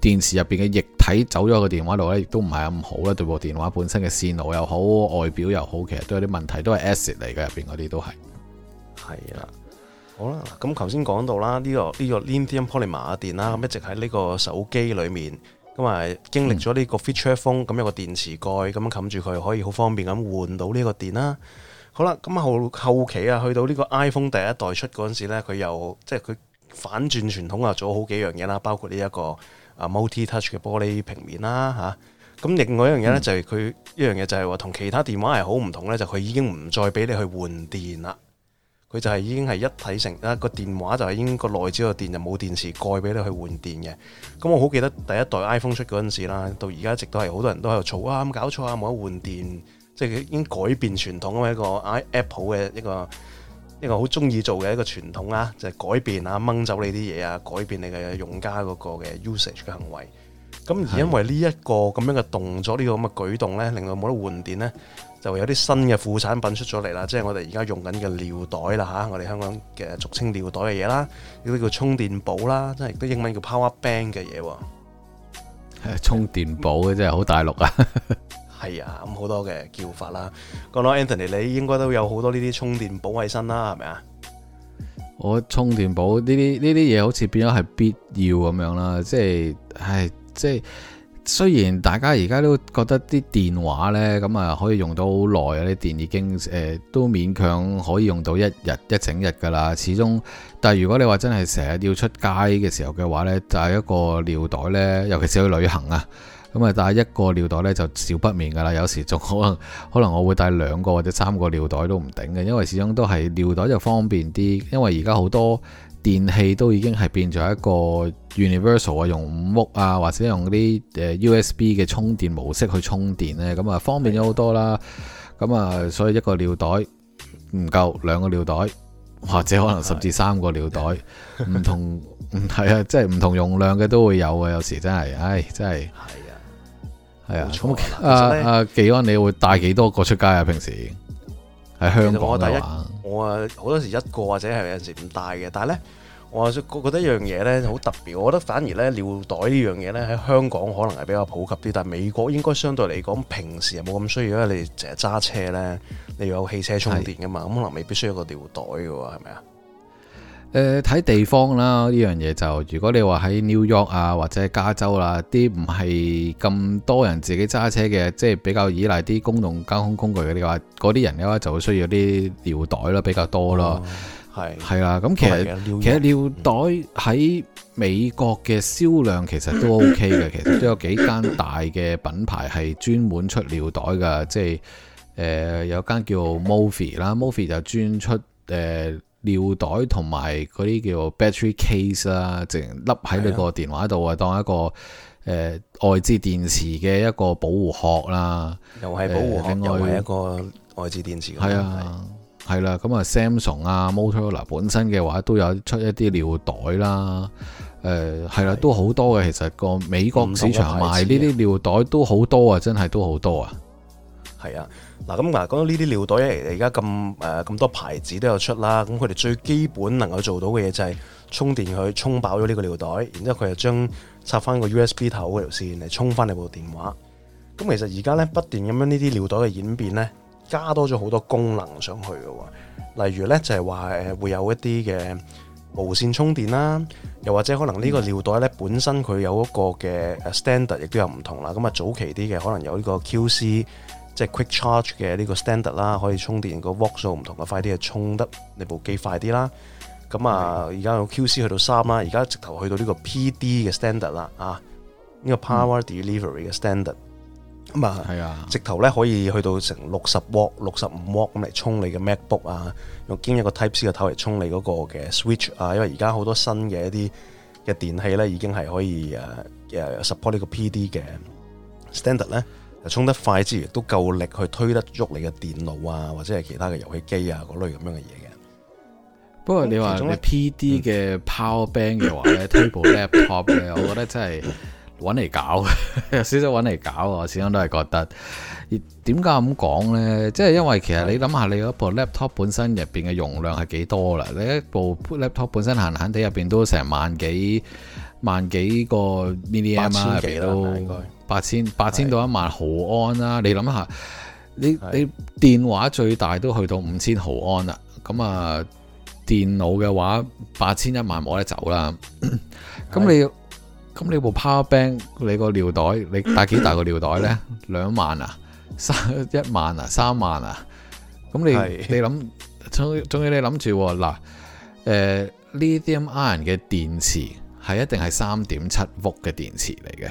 電視入邊嘅液體走咗去電話度咧，亦都唔係咁好啦。對部電話本身嘅線路又好，外表又好，其實都有啲問題，都係 acid 嚟嘅，入邊嗰啲都係係啦。好啦，咁頭先講到啦，呢、這個呢、這個 lithium polymer 嘅電啦，咁、嗯、一直喺呢個手機裏面，咁啊經歷咗呢個 feature phone 咁有個電池蓋咁冚住佢，可以好方便咁換到呢個電啦。好啦，咁後，後期啊，去到呢個 iPhone 第一代出嗰陣時咧，佢又即係佢反轉傳統啊，做好幾樣嘢啦，包括呢一個啊 multi touch 嘅玻璃平面啦咁，吓、另外一樣嘢咧就係佢一樣嘢就係話同其他電話係好唔同咧，就佢、是、已經唔再俾你去換電啦。佢就係已經係一體成啊，個電話就係已經個內置個電，就冇電池蓋俾你去換電嘅。咁我好記得第一代 iPhone 出嗰陣時啦，到而家一直都係好多人都喺度嘈啊，咁搞錯啊，冇得換電，即係已經改變傳統啊，一個 Apple 嘅一個一個好中意做嘅一個傳統啊，就係改變啊，掹走你啲嘢啊，改變你嘅用家嗰個嘅 usage 嘅行為。咁而因為呢一個咁樣嘅動作，呢個咁嘅舉動呢，令到冇得換電呢。就會有啲新嘅副產品出咗嚟啦，即係我哋而家用緊嘅尿袋啦嚇，我哋香港嘅俗稱尿袋嘅嘢啦，呢啲叫充電寶啦，即係都英文叫 power bank 嘅嘢喎。充電寶啊 真係好大陸啊！係 啊，咁好多嘅叫法啦。講到 Anthony，你應該都有好多呢啲充電寶喺身啦，係咪啊？我充電寶呢啲呢啲嘢好似變咗係必要咁樣啦，即係，唉，即係。雖然大家而家都覺得啲電話呢，咁啊可以用到好耐啊，啲電已經誒都勉強可以用到一日一整日㗎啦。始終，但係如果你話真係成日要出街嘅時候嘅話咧，帶一個尿袋呢，尤其是去旅行啊，咁啊帶一個尿袋呢，就少不免㗎啦。有時仲可能可能我會帶兩個或者三個尿袋都唔頂嘅，因為始終都係尿袋就方便啲。因為而家好多。電器都已經係變咗一個 universal 啊，用五伏啊，或者用嗰啲 USB 嘅充電模式去充電呢。咁啊方便咗好多啦。咁的啊，所以一個尿袋唔夠，兩個尿袋，或者可能甚至三個尿袋，唔的同唔係啊，即係唔同容量嘅都會有啊。有時真係，唉、哎，真係。係啊，係啊。咁啊啊，技安？你會帶幾多個出街啊？平時喺香港嘅話。我啊好多時一個，或者係有陣時唔帶嘅，但係咧我覺得一樣嘢咧好特別。我覺得反而咧尿袋這呢樣嘢咧喺香港可能係比較普及啲，但係美國應該相對嚟講平時又冇咁需要，因為你成日揸車咧，你要有汽車充電噶嘛，咁是的 可能未必需要一個尿袋嘅喎，係咪啊？誒睇地方啦，呢樣嘢就如果你話喺 New York 啊，或者加州啦，啲唔係咁多人自己揸車嘅，即係比較依賴啲公共交通工具嘅，話話嗰啲人嘅話就會需要啲尿袋啦，比較多咯，係係，咁其實其實尿袋喺美國嘅銷量其實都 OK 嘅，嗯、其實都有幾間大嘅品牌係專門出尿袋㗎。即係誒、呃、有間叫 MoFi 啦，MoFi 就專出誒。呃尿袋同埋嗰啲叫 battery case 啦、啊，直情笠喺你個電話度啊，當一個誒、呃、外置電池嘅一個保護殼啦，又係保護殼，呃、外又係一個外置電池。係啊，係啦、啊，咁啊、嗯、Samsung 啊，Motorola 本身嘅話都有出一啲尿袋啦，誒、呃，係啦、啊，啊、都好多嘅。其實個美國市場賣呢啲尿袋都好多啊，真係都好多啊。係啊。嗱，咁嗱，講到呢啲尿袋，而而家咁誒咁多牌子都有出啦。咁佢哋最基本能夠做到嘅嘢就係充電，佢充飽咗呢個尿袋，然之後佢就將插翻個 USB 頭嗰條線嚟充翻你部電話。咁其實而家呢，不斷咁樣呢啲尿袋嘅演變呢，加多咗好多功能上去嘅喎。例如呢，就係話誒會有一啲嘅無線充電啦，又或者可能呢個尿袋呢本身佢有一個嘅 standard 亦都有唔同啦。咁啊早期啲嘅可能有呢個 QC。即係 Quick Charge 嘅呢個 standard 啦，可以充電個 watt 數唔同嘅快啲，就充得你部機快啲啦。咁啊，而家用 QC 去到三啦、啊，而家直頭去到呢個 PD 嘅 standard 啦，啊呢、呢個 Power Delivery 嘅 standard。咁啊、嗯，係啊，直頭咧可以去到成六十 watt 六十五 watt 咁嚟充你嘅 MacBook 啊，用經一個 Type C 嘅頭嚟充你嗰個嘅 Switch 啊。因為而家好多新嘅一啲嘅電器咧，已經係可以誒、啊、誒、啊、support 呢個 PD 嘅 standard 咧。充得快之餘，都夠力去推得喐你嘅電腦啊，或者係其他嘅遊戲機啊，嗰類咁樣嘅嘢嘅。不過你話 PD 嘅 power bank 嘅話咧， 推部 laptop 咧， 我覺得真係搵嚟搞，少少搵嚟搞。我始終都係覺得。點解咁講咧？即係因為其實你諗下，你嗰部 laptop 本身入邊嘅容量係幾多啦？你一部 laptop 本身閒閒哋入邊都成萬幾萬幾個 mAh 啊，幾多應該？八千、八千到一萬毫安啦、啊，是的 你諗下，你是的 你電話最大都去到五千毫安啦、啊，咁啊，電腦嘅話八千一萬冇得走啦。咁 你，咁是的 你部 PowerBank，你個尿袋，你帶幾大個尿袋呢？兩 萬啊，三一萬啊，三萬啊？咁你，是的 你諗，終於，終於你諗住嗱，誒 Li-ion 嘅電池係一定係三點七伏嘅電池嚟嘅。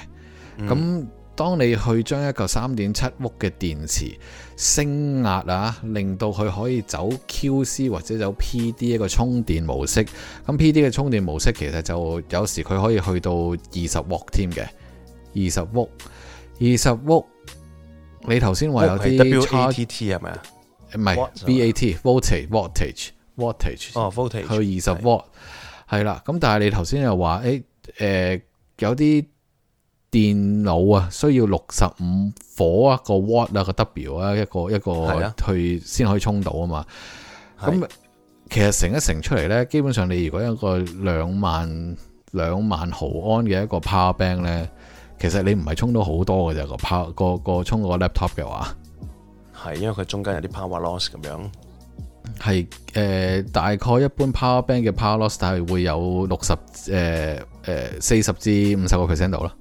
咁，嗯、當你去將一個三點七屋嘅電池升壓啊，令到佢可以走 QC 或者走 PD 一個充電模式。咁 PD 嘅充電模式其實就有時佢可以去到二十伏添嘅，二十伏，二十伏。你頭先話有啲 watt 係咪啊？唔係 bat，voltage，voltage，voltage。哦，voltage 去二十伏，係啦。咁但係你頭先又話，誒，誒，有啲。電腦啊，需要六十五火一個 watt 啊個 W 啊一個一個去先可以充到啊嘛。咁其實成一成出嚟呢，基本上你如果一個兩萬兩萬毫安嘅一個 power bank 呢，其實你唔係充到好多嘅啫，個 power 個、個充到個 laptop 嘅話，係因為佢中間有啲 power loss 咁樣。係，誒、呃，大概一般 power bank 嘅 power loss 但係會有六十誒誒四十至五十個 percent 度咯。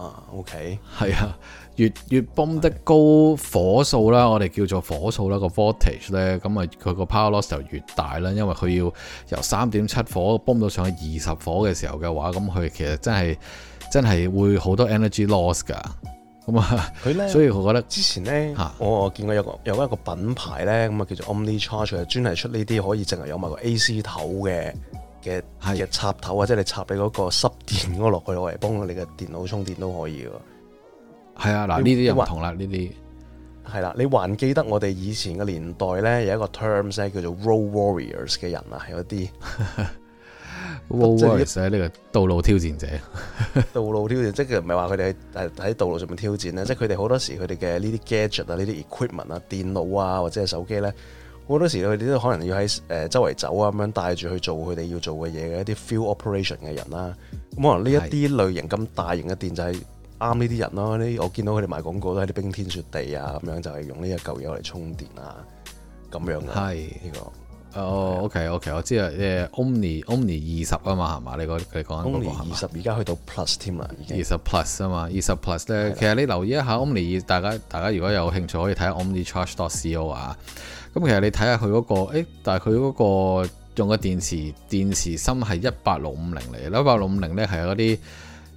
啊、ah，OK，係啊，越越泵得高火數啦，的我哋叫做火數啦、個 voltage 咧，咁啊佢個 power loss 就越大啦，因為佢要由三點七火泵到上去二十火嘅時候嘅話，咁佢其實真係真係會好多 energy loss 噶，咁啊佢咧， 所以我覺得之前咧，啊、我見過有個有一個品牌咧，咁啊叫做 Omni Charge，專係出呢啲可以淨係有埋個 AC 頭嘅。嘅嘅插頭或者的你插你嗰個濕電嗰個落去，我嚟幫你嘅電腦充電都可以喎。係啊，嗱呢啲又唔同啦，呢啲係啦。你還記得我哋以前嘅年代咧，有一個 terms 咧叫做 road warriors 嘅人啊，係嗰啲 road warriors 喺呢個道路挑戰者。 道路挑戰即係唔係話佢哋喺喺道路上面挑戰咧， 即係佢哋好多時佢哋嘅呢啲 gadget 啊、呢啲 equipment 啊、電腦啊或者係手機咧。好多時佢哋都可能要喺誒、呃、周圍走啊咁樣帶住去做佢哋要做嘅嘢嘅一啲 field operation 嘅人啦、啊。咁可能呢一啲類型咁是大型嘅電就係啱呢啲人咯、啊。呢我見到佢哋賣廣告都係啲冰天雪地啊咁樣，就係、是、用呢一嚿嘢嚟充電啊咁樣嘅、啊。係呢是、這個。哦、啊、，OK OK，我知啊。誒、嗯、，Omni o m i 二十啊嘛係嘛？你講你講嗰 Om ni 個係 o m n i 二十而家去到 Plus 添啦，已經。二十 Plus 啊嘛，二十 Plus 咧，的其實你留意一下 Omni 大家大家如果有興趣可以睇下 OmniCharge.co d 啊。咁其實你睇下佢嗰、嗰個，欸、但係佢嗰個用嘅電池電池芯係一八六五零嚟，一八六五零咧係嗰啲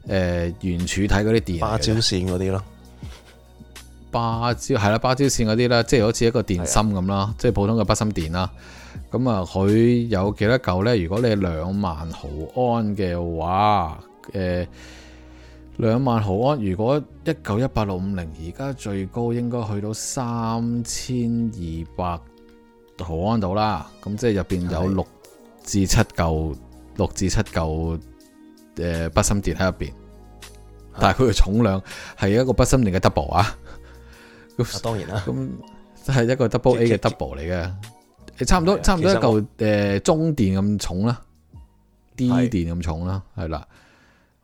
誒圓柱體嗰啲電，巴蕉線嗰啲咯，巴蕉係啦，巴蕉線嗰啲啦，即係好似一個電芯咁啦，的即係普通嘅筆芯電啦。咁啊，佢有幾多嚿咧？如果你兩萬毫安嘅話，誒、呃。兩萬毫安，如果一舊一八六五零，而家最高應該去到三千二百毫安度啦。咁即係入邊有六至七舊，六至七舊誒，筆、呃、芯電喺入邊，但係佢嘅重量係一個筆芯電嘅 double 啊。咁、啊、當然啦，咁係一個 double A 嘅 double 嚟嘅，差唔多是差唔多一舊誒、呃、中電咁重啦，D 電咁重啦，係啦是。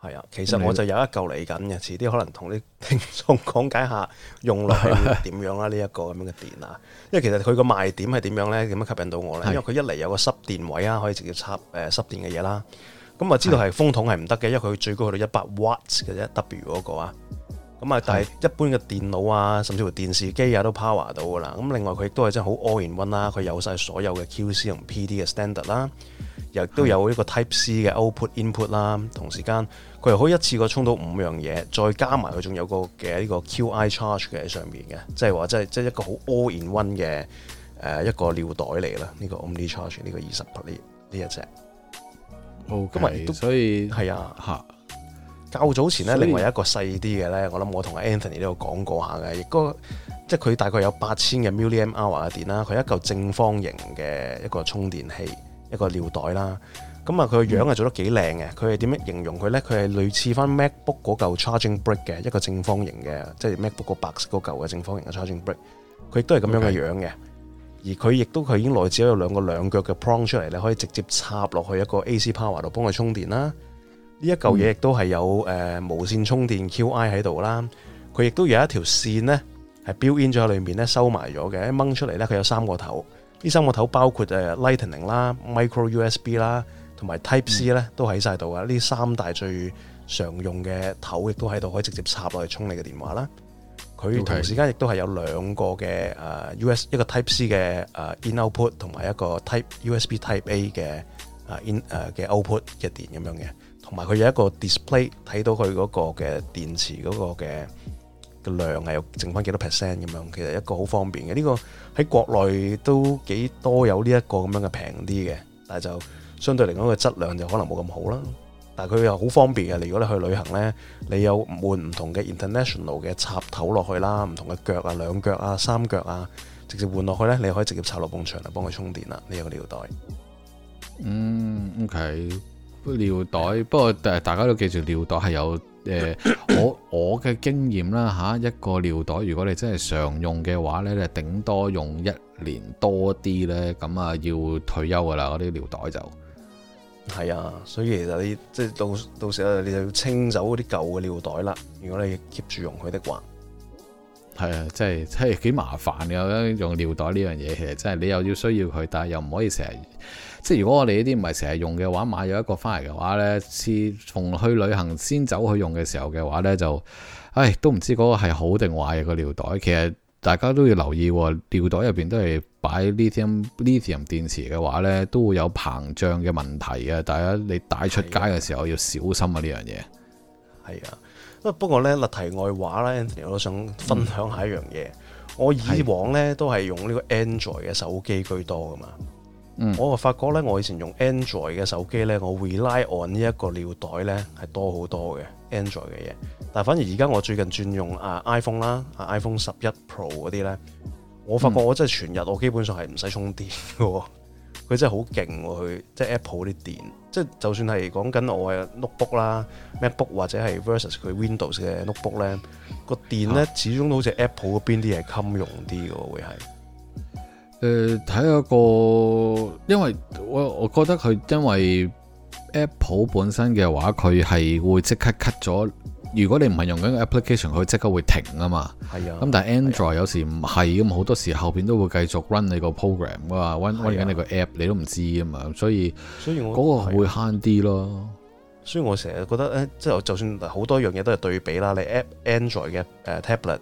係啊，其實我就有一嚿嚟緊嘅，遲啲可能同啲聽眾講解下用落去點樣啦，呢一個咁樣嘅電啊，因為其實佢個賣點係點樣咧，點樣吸引到我咧？因為佢一嚟有個濕電位啊，可以直接插誒濕電嘅嘢啦。咁啊，知道係風筒係唔得嘅，因為佢最高去到一百 watt 嘅啫，W 嗰個啊。咁啊，但係一般嘅電腦啊，甚至乎電視機啊都 power 到噶啦。咁另外佢亦都係真係好 all in one 啦，佢有晒所有嘅 QC 同 PD 嘅 standard 啦。亦都有呢個 Type C 嘅 Output Input 啦，同時間佢又可以一次過充到五樣嘢，再加埋佢仲有一個嘅呢個 Qi Charge 嘅喺上面嘅，即係話即係即係一個好 All In One 嘅誒一個尿袋嚟啦。呢、這個 Omnicharge 呢個二十 p 呢一隻。好 Okay, 都，日咪都所以係啊嚇。以較早前呢，以另外一個細啲嘅呢，我諗我同 Anthony 都有講過下嘅，亦都即係佢大概有八千嘅 Milliamp Hour 嘅電啦，佢一嚿正方形嘅一個充電器。一個尿袋啦，咁啊佢個樣係做得幾靚嘅，佢係點樣形容佢呢？佢係類似翻 MacBook 嗰嚿 charging brick 嘅一個正方形嘅，即係 MacBook 個白色嗰嚿嘅正方形嘅 charging brick，佢亦都係咁樣嘅樣嘅。而佢亦都佢已經內置咗有兩個兩腳嘅 prong 出嚟，你可以直接插落去一個 AC power 度幫佢充電啦。呢一嚿嘢亦都係有誒、嗯呃、無線充電 Qi 喺度啦。佢亦都有一條線呢，係 build in 咗喺裏面咧收埋咗嘅，一掹出嚟咧佢有三個頭。呢三個頭包括誒 Lightning 啦、Micro USB 啦，同埋 Type C 咧都喺晒度㗎。呢三大最常用嘅頭亦都喺度，可以直接插落去充你嘅電話啦。佢同時間亦都係有兩個嘅誒 u s, Okay . 一個 Type C 嘅誒 in output 同埋一個 Type USB Type A 嘅誒 in 誒嘅 output 嘅電咁樣嘅，同埋佢有一個 display 睇到佢嗰個嘅電池嗰個嘅。個量係有剩翻幾多 percent 咁樣，其實一個好方便嘅。呢個喺國內都幾多有呢一個咁樣嘅平啲嘅，但係就相對嚟講個質量就可能冇咁好啦，但係佢又好方便嘅。如果你去旅行呢，你有唔換唔同嘅 international 嘅插頭落去啦，唔同嘅腳啊，兩腳啊，三腳啊，直接換落去呢，你可以直接插落埲牆嚟幫佢充電啦。呢個尿袋。嗯，OK，尿袋，的不過大家都記住尿袋係有。誒、呃，我我嘅經驗啦，吓，一個尿袋，如果你真係常用嘅話咧，你頂多用一年多啲咧，咁啊要退休噶啦，嗰啲尿袋就係啊，所以其實你即係、即係、到到時候，你就要清走嗰啲舊嘅尿袋啦。如果你 keep 住用佢的話，係啊，即係真係幾麻煩嘅，用尿袋呢樣嘢，其實真係你又要需要佢，但係又唔可以成日。即係如果我哋呢啲唔係成日用嘅話，買咗一個翻嚟嘅話呢次從去旅行先走去用嘅時候嘅話呢，就唉都唔知嗰個係好定壞嘅尿袋。其實大家都要留意，尿袋入邊都係擺 lithium lithium 電池嘅話呢都會有膨脹嘅問題嘅。大家你帶出街嘅時候要小心啊！呢樣嘢係啊，不過呢，立題外話呢，嗯、我都想分享下一樣嘢。我以往呢，的都係用呢個 Android 嘅手機居多噶嘛。我又發覺咧，我以前用 Android 嘅手機咧，我 rely on 呢一個尿袋咧係多好多嘅 Android 嘅嘢。但反而而家我最近轉用啊 iPhone 啦，iPhone 十一 Pro 嗰啲咧，我發覺我真係全日我基本上係唔使充電嘅喎。佢、嗯、真係好勁喎，佢即係 Apple 啲電，即係就算係講緊我嘅 notebook 啦、啊、MacBook 或者係 versus 佢 Windows 嘅 notebook 咧，個電咧始終都好似 Apple 嗰邊啲嘢襟用啲嘅喎，會係。誒，睇下、呃、個，因為我我覺得佢因為 Apple 本身嘅話，佢係會即刻 cut 咗。如果你唔係用緊個 application，佢即刻會停啊嘛。係啊。咁但係 Android 有時唔係，咁好、啊、多時候後邊都會繼續 run 你個 program 的啊，run run 緊你個 app，你都唔知啊嘛。所以，那所以、啊，所以我嗰個會慳啲咯。所以我成日覺得即係就算好多樣嘢都係對比啦。你 App Android 嘅誒 tablet。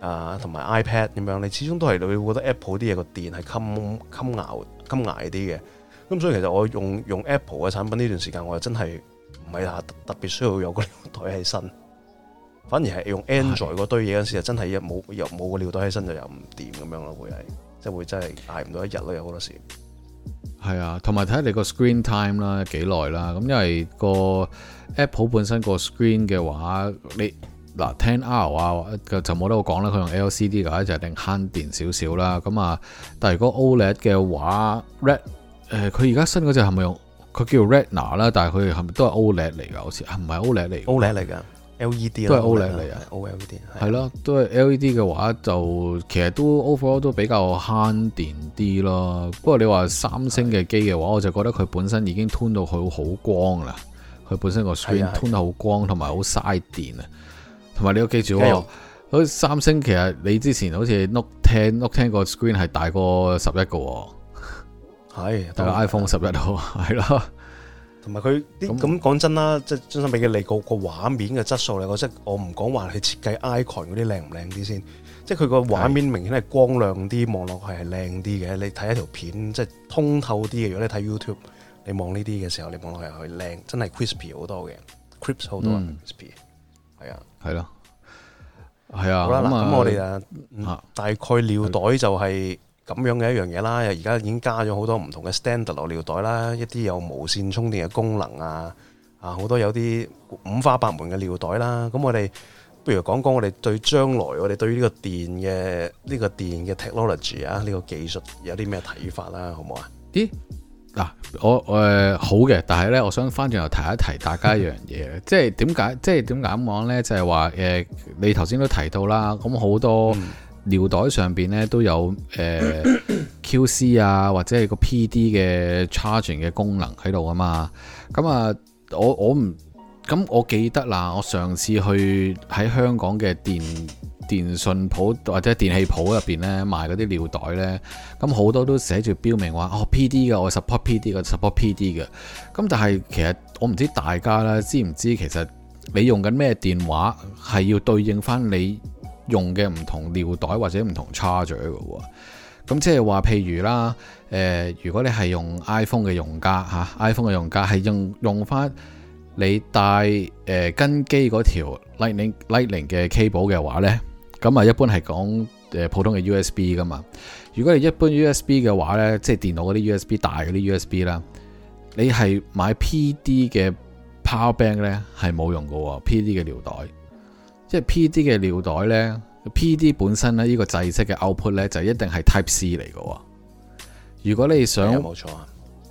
啊，同埋 iPad 咁樣，你始終都係你會覺得 Apple 啲嘢個電係襟襟熬襟捱啲嘅。咁所以其實我用用 Apple 嘅產品呢段時間，我又真係唔係話特別需要有個尿袋喺身，反而係用 Android 嗰堆嘢嗰陣時候，的真係又冇又冇個尿袋喺身就又唔掂咁樣咯，會係即係會真係捱唔到一日咯，有好多時。係啊，同埋睇下你個 screen time 啦，幾耐啦。咁因為個 Apple 本身個 screen 嘅話，你。嗱，Ten R 啊，就冇得我講啦。佢用 LCD 嘅話就一定慳電少少啦。咁啊，但係如果 OLED 嘅話，Red 誒佢而家新嗰隻係咪用？佢叫 Redna 啦，但係佢係咪都係 OLED 嚟㗎？好似係唔係 OLED 嚟？OLED 嚟㗎，LED 都係 OLED 嚟啊，OLED 係咯，都係 LED 嘅話就其實都 overall 都比較慳電啲咯。不過你話三星嘅機嘅話，我就覺得佢本身已經吞到佢好光啦，佢本身個 screen 吞得好光同埋好嘥電啊。同埋你要記住，好似的、哦、三星其實你之前好似 Note Ten Note Ten 個 screen 係大過十一個、哦，係大過 iPhone 十一都，係咯 I 的。同埋佢啲咁講真啦，即係真心畀嘅嚟個個畫面嘅質素嚟講，即係我唔講話佢設計 icon 嗰啲靚唔靚啲先，即係佢個畫面明顯係光亮啲，望落的去係靚啲嘅。你睇一條片即係通透啲嘅，如果你睇 YouTube，你望呢啲嘅時候，你望落去係靚，真係 crispy 好多嘅，crisps 好多，crisp 係啊。係咯，係啊。好啦，咁我哋啊，嗱，大概尿袋就係咁樣嘅一樣嘢啦。而家已經加咗好多唔同嘅 standard 尿袋啦，一啲有無線充電嘅功能啊，啊，好多有啲五花八門嘅尿袋啦。咁我哋不如講講我哋對將來，我哋對於呢個電嘅呢個電嘅 technology 啊，呢個技術有啲咩睇法啦，好唔好啊？啲嗱、啊，我誒、呃、好嘅，但係咧，我想翻轉頭提一提大家一樣嘢，即係點解？即係點解咁講咧？就係話誒，你頭先都提到啦，咁好多尿袋上邊咧都有誒、呃、QC 啊，或者係個 PD 嘅 charging 嘅功能喺度啊嘛。咁啊，我我唔咁我記得啦，我上次去喺香港嘅電電信鋪或者電器鋪入邊呢，賣嗰啲尿袋呢，咁好多都寫住標明話哦、oh, P.D. 嘅，我 support P.D. 嘅，support P.D. 嘅。咁但係其實我唔知大家咧知唔知，其實你用緊咩電話係要對應翻你用嘅唔同尿袋或者唔同叉嘴嘅喎。咁即係話，譬如啦，誒、呃，如果你係用 iPhone 嘅用家嚇、啊、iPhone 嘅用家係用用翻你帶誒、呃、跟機嗰條 Lightning Lightning 嘅 cable 嘅話呢。咁啊，一般係講誒普通嘅 USB 噶嘛。如果你一般 USB 嘅話咧，即係電腦嗰啲 USB 大嗰啲 USB 啦，你係買 PD 嘅 Power Bank 咧係冇用噶喎。PD 嘅尿袋，即係 PD 嘅尿袋咧，PD 本身咧呢個製式嘅 output 咧就一定係 Type C 嚟噶。如果你想，冇錯啊。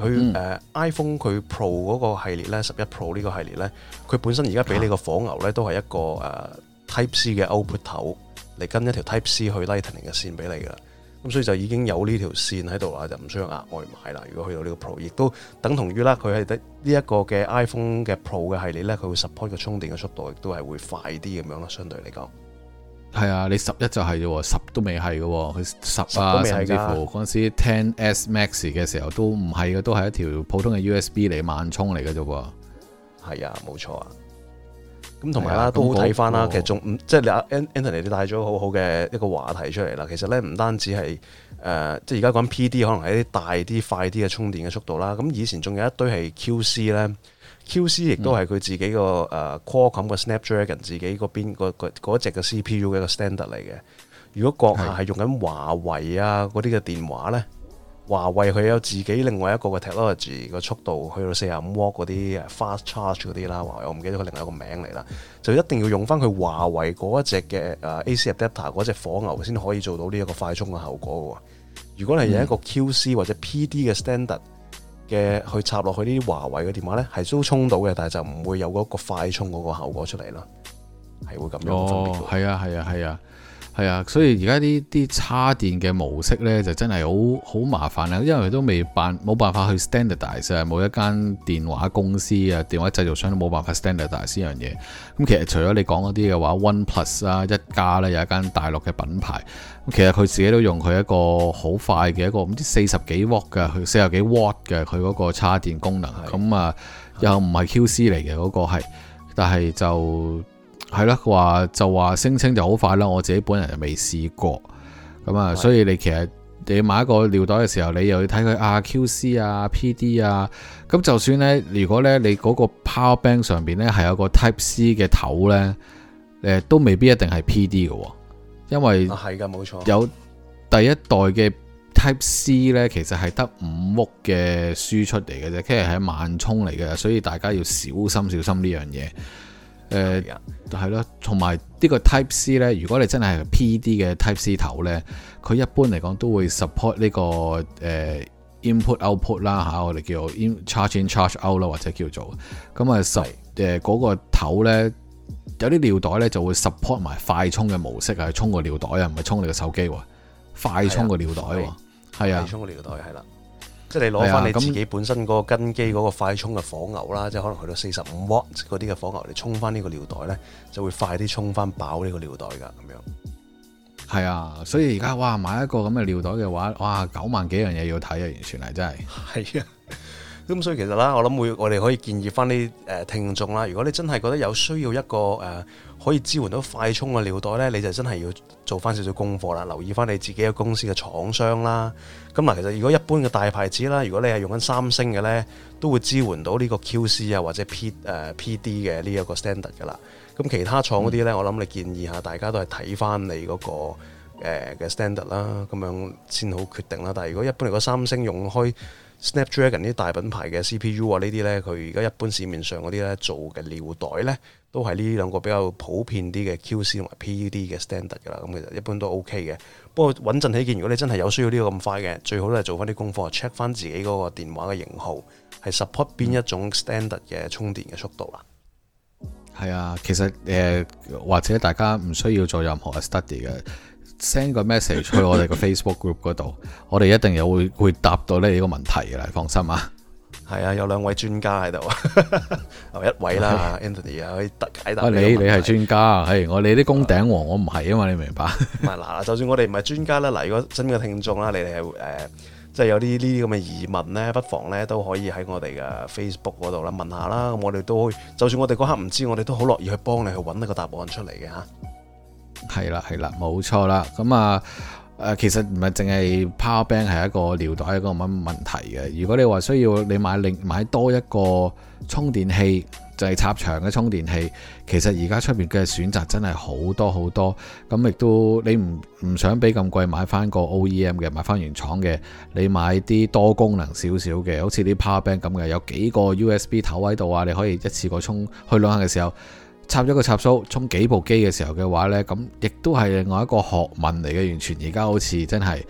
佢、嗯、iPhone 佢 Pro 嗰個系列咧，十一 Pro 呢個系列咧，佢本身而家俾你個火牛咧，都係一個誒、uh, Type C 嘅 output 頭嚟跟一條 Type C 去 Lightning 嘅線俾你噶啦，咁所以就已經有呢條線喺度啦，就唔需要額外買啦。如果去到呢個 Pro，亦都等同於啦，佢係得呢一個嘅 iPhone 嘅 Pro 嘅系列咧，佢會 support 個充電嘅速度，亦都係會快啲咁樣啦，相對嚟講。係啊，你十一就係，咋，喎，十都未係嘅喎，佢十啊，甚至乎嗰陣時 Ten S Max 嘅時候都唔係嘅，都係一條普通嘅 USB 嚟慢充嚟嘅啫喎。係啊，冇錯啊。咁同埋啦，啊，都好睇翻啦。那個，其實仲唔即係阿 Anthony 你帶咗好好嘅一個話題出嚟啦。其實咧唔單止係誒，呃，即係而家講 PD 可能係啲大啲快啲嘅充電嘅速度啦。咁以前仲有一堆係 QC 咧。Q.C. 亦都係佢自己個誒 Core、冚、uh, 個 Snapdragon 自己嗰邊嗰隻嘅 C.P.U. 嘅一個 standard 嚟嘅。如果閣下係用緊華為啊嗰啲嘅電話呢，華為佢有自己另外一個嘅 Technology 個速度去到四十五 W 嗰啲 fast charge 嗰啲啦，華為我唔記得佢另外一個名嚟啦。嗯、就一定要用翻佢華為嗰一隻嘅、uh, AC adapter 嗰隻火牛先可以做到呢一個快速嘅效果喎。如果係有一個 Q.C. 或者 P.D. 嘅 standard 嘅去插落去啲華為嘅電話呢，係都充到嘅，但係就唔會有嗰個快充嗰個效果出嚟咯，係會咁樣哦，係啊，係啊，係啊。係啊，所以而家呢啲插電嘅模式呢，就真係好好麻煩啦、啊。因為都未辦冇辦法去 standardize，冇一間電話公司啊、電話製造商都冇辦法 standardize 呢樣嘢。咁、嗯、其實除咗你講嗰啲嘅話，OnePlus 啊，One plus，一加呢有一間大陸嘅品牌，其實佢自己都用佢一個好快嘅一個唔知四十幾 W 嘅佢四十幾 W 嘅佢嗰個插電功能，咁啊又唔係 QC 嚟嘅嗰個係，但係就。係咯，話就話聲稱就好快啦。我自己本人就未試過，咁啊，是的 所以你其實你買一個尿袋嘅時候，你又要睇佢啊 QC 啊、PD 啊，咁就算呢，如果呢，你嗰個 Power Bank 上邊呢，係有個 Type C 嘅頭呢，誒、呃，都未必一定係 PD 嘅，因為係噶冇錯，有第一代嘅 Type C 呢，其實係得五伏嘅輸出嚟嘅啫，即係係慢充嚟嘅，所以大家要小心小心呢樣嘢。誒係咯，同埋呢個 Type C 咧，如果你真係 PD 嘅 Type C 頭咧，佢一般嚟講都會 support 呢、這個誒、呃、input output 啦、啊、吓，我哋叫 in charge in charge out 啦，或者叫做咁啊，實誒嗰個頭咧有啲尿袋咧就會 support 埋快充嘅模式啊，充個尿袋啊，唔係充你個手機喎、啊，快充個尿袋喎，係的啊，充個尿袋係啦。即係你攞翻你自己本身嗰個跟機嗰個快充嘅火牛啦，啊、即係可能去到四十五瓦嗰啲嘅火牛嚟沖翻呢個尿袋咧，就會快啲沖翻飽呢個尿袋噶咁樣。係啊，所以而家哇，買一個咁嘅尿袋嘅話，哇，九萬幾樣嘢要睇啊，完全係真係。係啊，咁所以其實啦，我諗會我哋可以建議翻啲誒聽眾啦，如果你真係覺得有需要一個誒。呃可以支援到快充嘅尿袋呢，你就真係要做翻少少功課啦，留意翻你自己嘅公司嘅廠商啦。咁嗱，其實如果一般嘅大牌子啦，如果你係用緊三星嘅呢，都會支援到呢個 QC 啊或者 P、呃、PD 嘅呢一個 standard 㗎啦。咁其他廠嗰啲呢，我諗你建議下大家都係睇翻你嗰、嗰個嘅、呃、standard 啦，咁樣先好決定啦。但如果一般嚟講三星用開 Snapdragon 呢啲大品牌嘅 CPU 啊呢啲呢，佢而家一般市面上嗰啲呢做嘅尿袋呢。都係呢兩個比較普遍啲嘅 QC 同埋 PED 嘅 standard 嘅啦，咁其實一般都 OK 嘅。不過穩陣起見，如果你真係有需要呢個咁快嘅，最好都係做翻啲功課，check 翻自己嗰個電話嘅型號係 support 邊一種 standard 嘅充電嘅速度啦。係啊，其實誒，或者大家唔需要做任何嘅 study 嘅，send 個 message 去我哋個 Facebook group 嗰度， 我哋一定又會會答到呢個問題嘅啦，放心啊！係啊，有兩位專家喺度， 一位啦，Anthony 啊，Anthony, 可以解答你你。你你係專家，係我哋啲工頂王，我唔係啊嘛，你明白？唔係嗱，就算我哋唔係專家啦，嚟如果真嘅聽眾啦，你哋係誒，即、呃、係、就是、有啲呢啲咁嘅疑問呢，不妨呢都可以喺我哋嘅 Facebook 嗰度啦問下啦，咁我哋都，就算我哋嗰刻唔知，我哋都好樂意去幫你去揾一個答案出嚟嘅吓。係啦係啦，冇錯啦，咁啊。是啊誒其實唔係淨係 PowerBank 係一個尿袋一個乜問題嘅。如果你話需要你買另買多一個充電器，就係插牆嘅充電器。其實而家出邊嘅選擇真係好多好多。咁亦都你唔唔想俾咁貴買翻個 OEM 嘅買翻原廠嘅，你買啲多功能少少嘅，好似啲 PowerBank 咁嘅，有幾個 USB 頭喺度啊，你可以一次過充去旅行嘅時候。插咗個插蘇充幾部機嘅時候嘅話呢，咁亦都係另外一個學問嚟嘅。完全而家好似真係，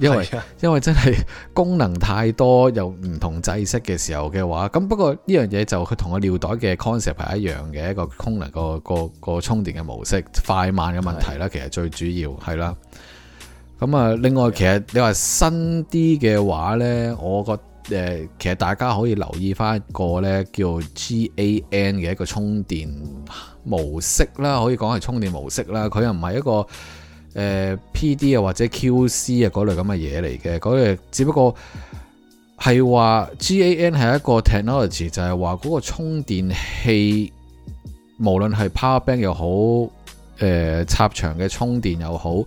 因為的因為真係功能太多又唔同制式嘅時候嘅話，咁不過呢樣嘢就佢同個尿袋嘅 concept 係一樣嘅一個功能個個個，個，個，個，個充電嘅模式快慢嘅問題啦，的其實最主要係啦。咁啊，另外的其實你新話新啲嘅話呢，我覺得。誒，其實大家可以留意翻一個咧，叫做 GaN 嘅一個充電模式啦，可以講係充電模式啦。佢又唔係一個誒 PD 啊或者 QC 啊嗰類咁嘅嘢嚟嘅，嗰類只不過係話 GaN 係一個 technology，就係話嗰個充電器無論係 power bank 又好，誒、呃、插牆嘅充電又好。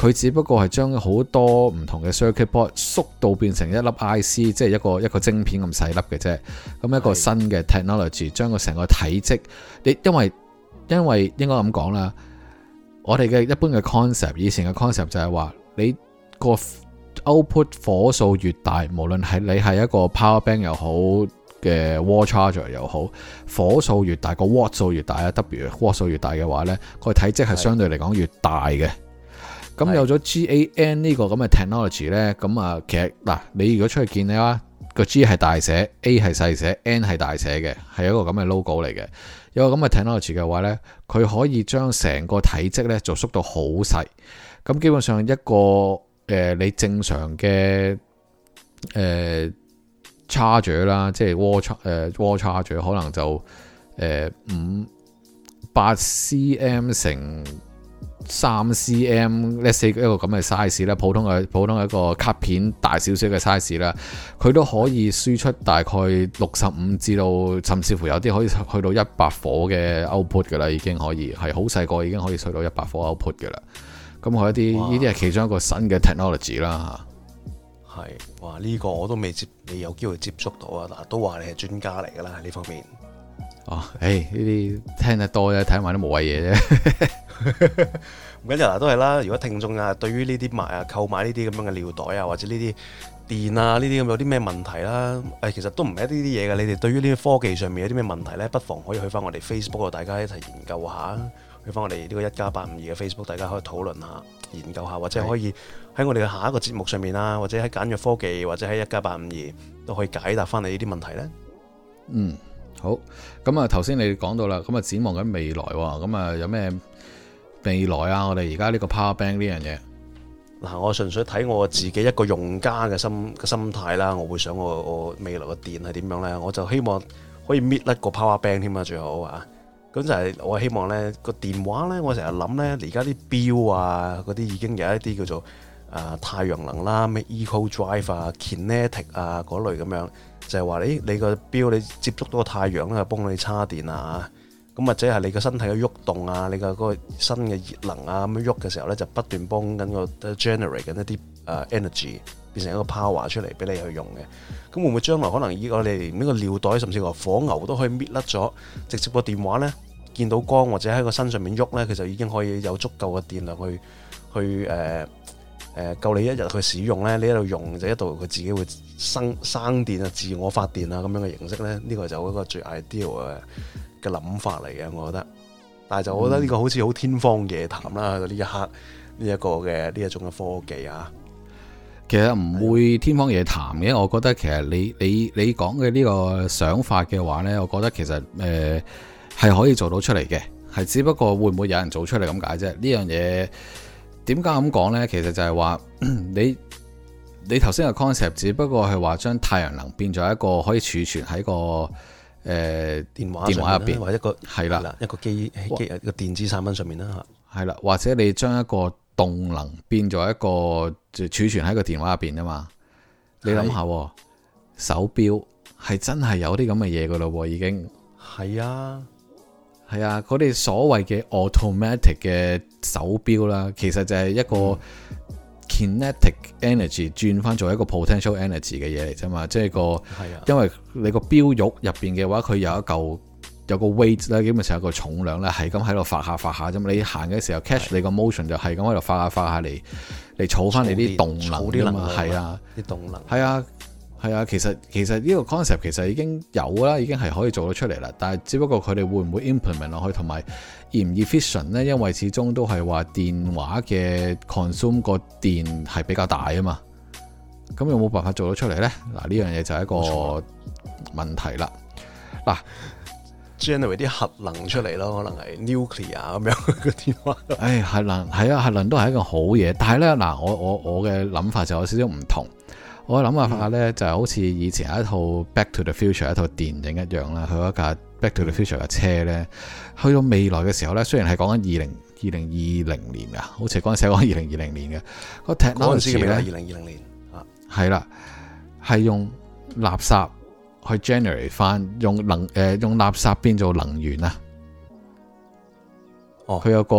佢只不過係將好多唔同嘅 circuit board 縮到變成一粒 IC，即係一個一個晶片咁細粒嘅啫。咁一個新嘅 technology 將個成個體積，你因為因為應該咁講啦，我哋嘅一般嘅 concept，以前嘅 concept 就係話你個 output 火數越大，無論係你係一個 power bank 又好嘅 wall charger 又好，火數越大個 watt 數越大啊，w watt 數越大嘅話呢個體積係相對嚟講越大嘅。咁有咗 GAN 呢個咁嘅 technology 咧，咁啊，其實嗱，你如果出去見你啦，個 G 係大寫，A 係細寫，N 係大寫嘅，係一個咁嘅 logo 嚟嘅。有個咁嘅 technology 嘅話咧，佢可以將成個體積咧就縮到好細。咁基本上一個誒、呃，你正常嘅誒 charger 啦，即、呃、係、呃、war charger 誒 war charger 可能就誒五八 cm 乘三 cm，let's say 一個咁嘅 size 咧，普通嘅普通一個卡片大小少少嘅 size 啦，佢都可以輸出大概六十五至到，甚至乎有啲可以去到一百火嘅 output 嘅啦，已經可以係好細個已經可以去到一百火 output 嘅啦。咁佢一啲呢啲係其中一個新嘅 technology 啦吓，係，哇！呢、這個我都未接，未有機會接觸到啊。嗱，都話你係專家嚟㗎啦呢方面。哦，誒，呢啲聽得多啫，睇埋 都冇謂嘢啫。咁今日都係啦，如果聽眾啊，對於呢啲買啊，購買呢啲咁樣嘅尿袋啊，或者呢啲電啊，呢啲咁有啲咩問題啦？誒、哎，其實都唔係一啲啲嘢嘅。你哋對於呢啲科技上面有啲咩問題呢？不妨可以去翻我哋 Facebook 度，大家一齊研究下、嗯、去翻我哋呢個一家八五二嘅 Facebook，大家可以討論下、研究下，或者可以喺我哋嘅下一個節目上面啦，的或者喺簡約科技，或者喺一家八五二都可以解答翻你呢啲問題呢。嗯。好，咁啊，頭先你講到啦，咁啊，展望緊未來，咁啊，有咩未來啊？我哋而家呢個 power bank 呢樣嘢，嗱，我純粹睇我自己一個用家嘅心嘅心態啦，我會想我我未來嘅電係點樣咧？我就希望可以搣甩個 power bank 添啊，最好啊，咁就係我希望咧、個電話咧，我成日諗咧，而家啲表啊，嗰啲已經有一啲叫做、呃、太陽能啦，咩 eco drive 啊，kinetic 啊嗰類咁樣。就係話，誒，你個錶你接觸到個太陽咧，就幫你叉電啊！咁或者係你個身體嘅喐動啊，你嘅嗰個身嘅熱能啊，咁樣喐嘅時候咧，就不斷幫緊個 generate 緊一啲誒 energy，變成一個 power 出嚟俾你去用嘅。咁會唔會將來可能以我哋呢個尿袋，甚至乎火牛都可以搣甩咗，直接個電話咧見到光或者喺個身上面喐咧，佢就已經可以有足夠嘅電量去去誒誒夠你一日去使用咧。你一度用就一度佢自己會。生生電啊，自我發電啊，咁樣嘅形式咧，呢個就一個最 ideal 嘅嘅諗法嚟嘅，我覺得。但係就我覺得呢個好似好天方夜譚啦，呢、嗯、一刻呢一個嘅呢一種嘅科技啊，其實唔會天方夜譚嘅的。我覺得其實你你你講嘅呢個想法嘅話咧，我覺得其實誒係可以做到出嚟嘅，係只不過會唔會有人做出嚟咁解啫？么么呢樣嘢點解咁講咧？其實就係話你。你頭先嘅 concept 只不過係話將太陽能變咗一個可以儲存喺個誒、呃、電話電話入邊，或者一個係啦，一個機個電子產品上面啦，係啦，或者你將一個動能變咗一個就儲存喺個電話入邊啊嘛。你諗下，喎手錶係真係有啲咁嘅嘢噶咯，已經係啊，係啊，佢哋所謂嘅 automatic 嘅手錶啦，其實就係一個。嗯 Kinetic energy 轉翻做一個 potential energy 嘅嘢嚟啫嘛，即係個，啊、因為你個標玉入邊嘅話，佢有一嚿有個 weight 咧，基本上有個重量咧，係咁喺度發下發下啫嘛。你行嘅時候、啊、catch 你個 motion 係、啊、就係咁喺度發下發下嚟嚟、嗯、儲翻你啲動能啊嘛，係點啊，啲、啊、動能係啊。係啊係啊，其實其實呢個 concept 其實已經有啦，已經係可以做得出嚟啦。但係只不過佢哋會唔會 implement 落去，同埋易唔易 efficient 呢？因為始終都係話電話嘅 consume 個電係比較大啊嘛。咁有冇辦法做得出嚟呢？嗱，呢樣嘢就係一個問題啦。嗱，generate 啲核能出嚟咯，可能係 nuclear 咁樣個電話。唉、哎，核能係啊，核能都係一個好嘢。但係呢，嗱，我我我嘅諗法就有少少唔同。我諗下下咧，就係、是、好似以前有一套《Back to the Future》一套電影一樣啦，佢一架《Back to the Future》嘅車咧，去到未來嘅時候咧，雖然係講緊二零二零二零年噶，好似嗰陣時我二零二零年嘅個 technology 二零二零年啊，係啦，係用垃圾去 generate 翻，用能誒、呃、用垃圾變做能源啊。佢、哦、有個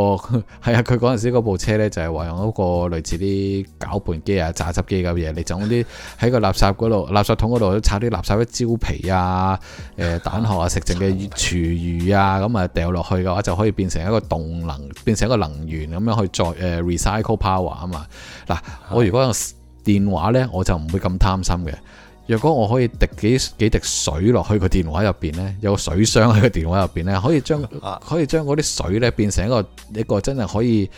係啊！佢嗰陣時嗰部車咧就係話用一個類似啲攪拌機啊、榨汁機咁嘢，你將啲喺個垃圾嗰度、垃圾桶嗰度拆啲垃圾，嘅蕉皮啊、誒、呃、蛋殼啊、食剩嘅廚餘啊，咁啊掉落去嘅話，就可以變成一個動能，變成一個能源咁樣去再誒、uh, recycle power 啊嘛。嗱、啊，我如果用電話咧，我就唔會咁貪心嘅。若果我可以滴幾幾滴水落去個電話入邊呢，有個水箱喺個電話入邊呢，可以將可以將嗰啲水咧變成一個一個真係可以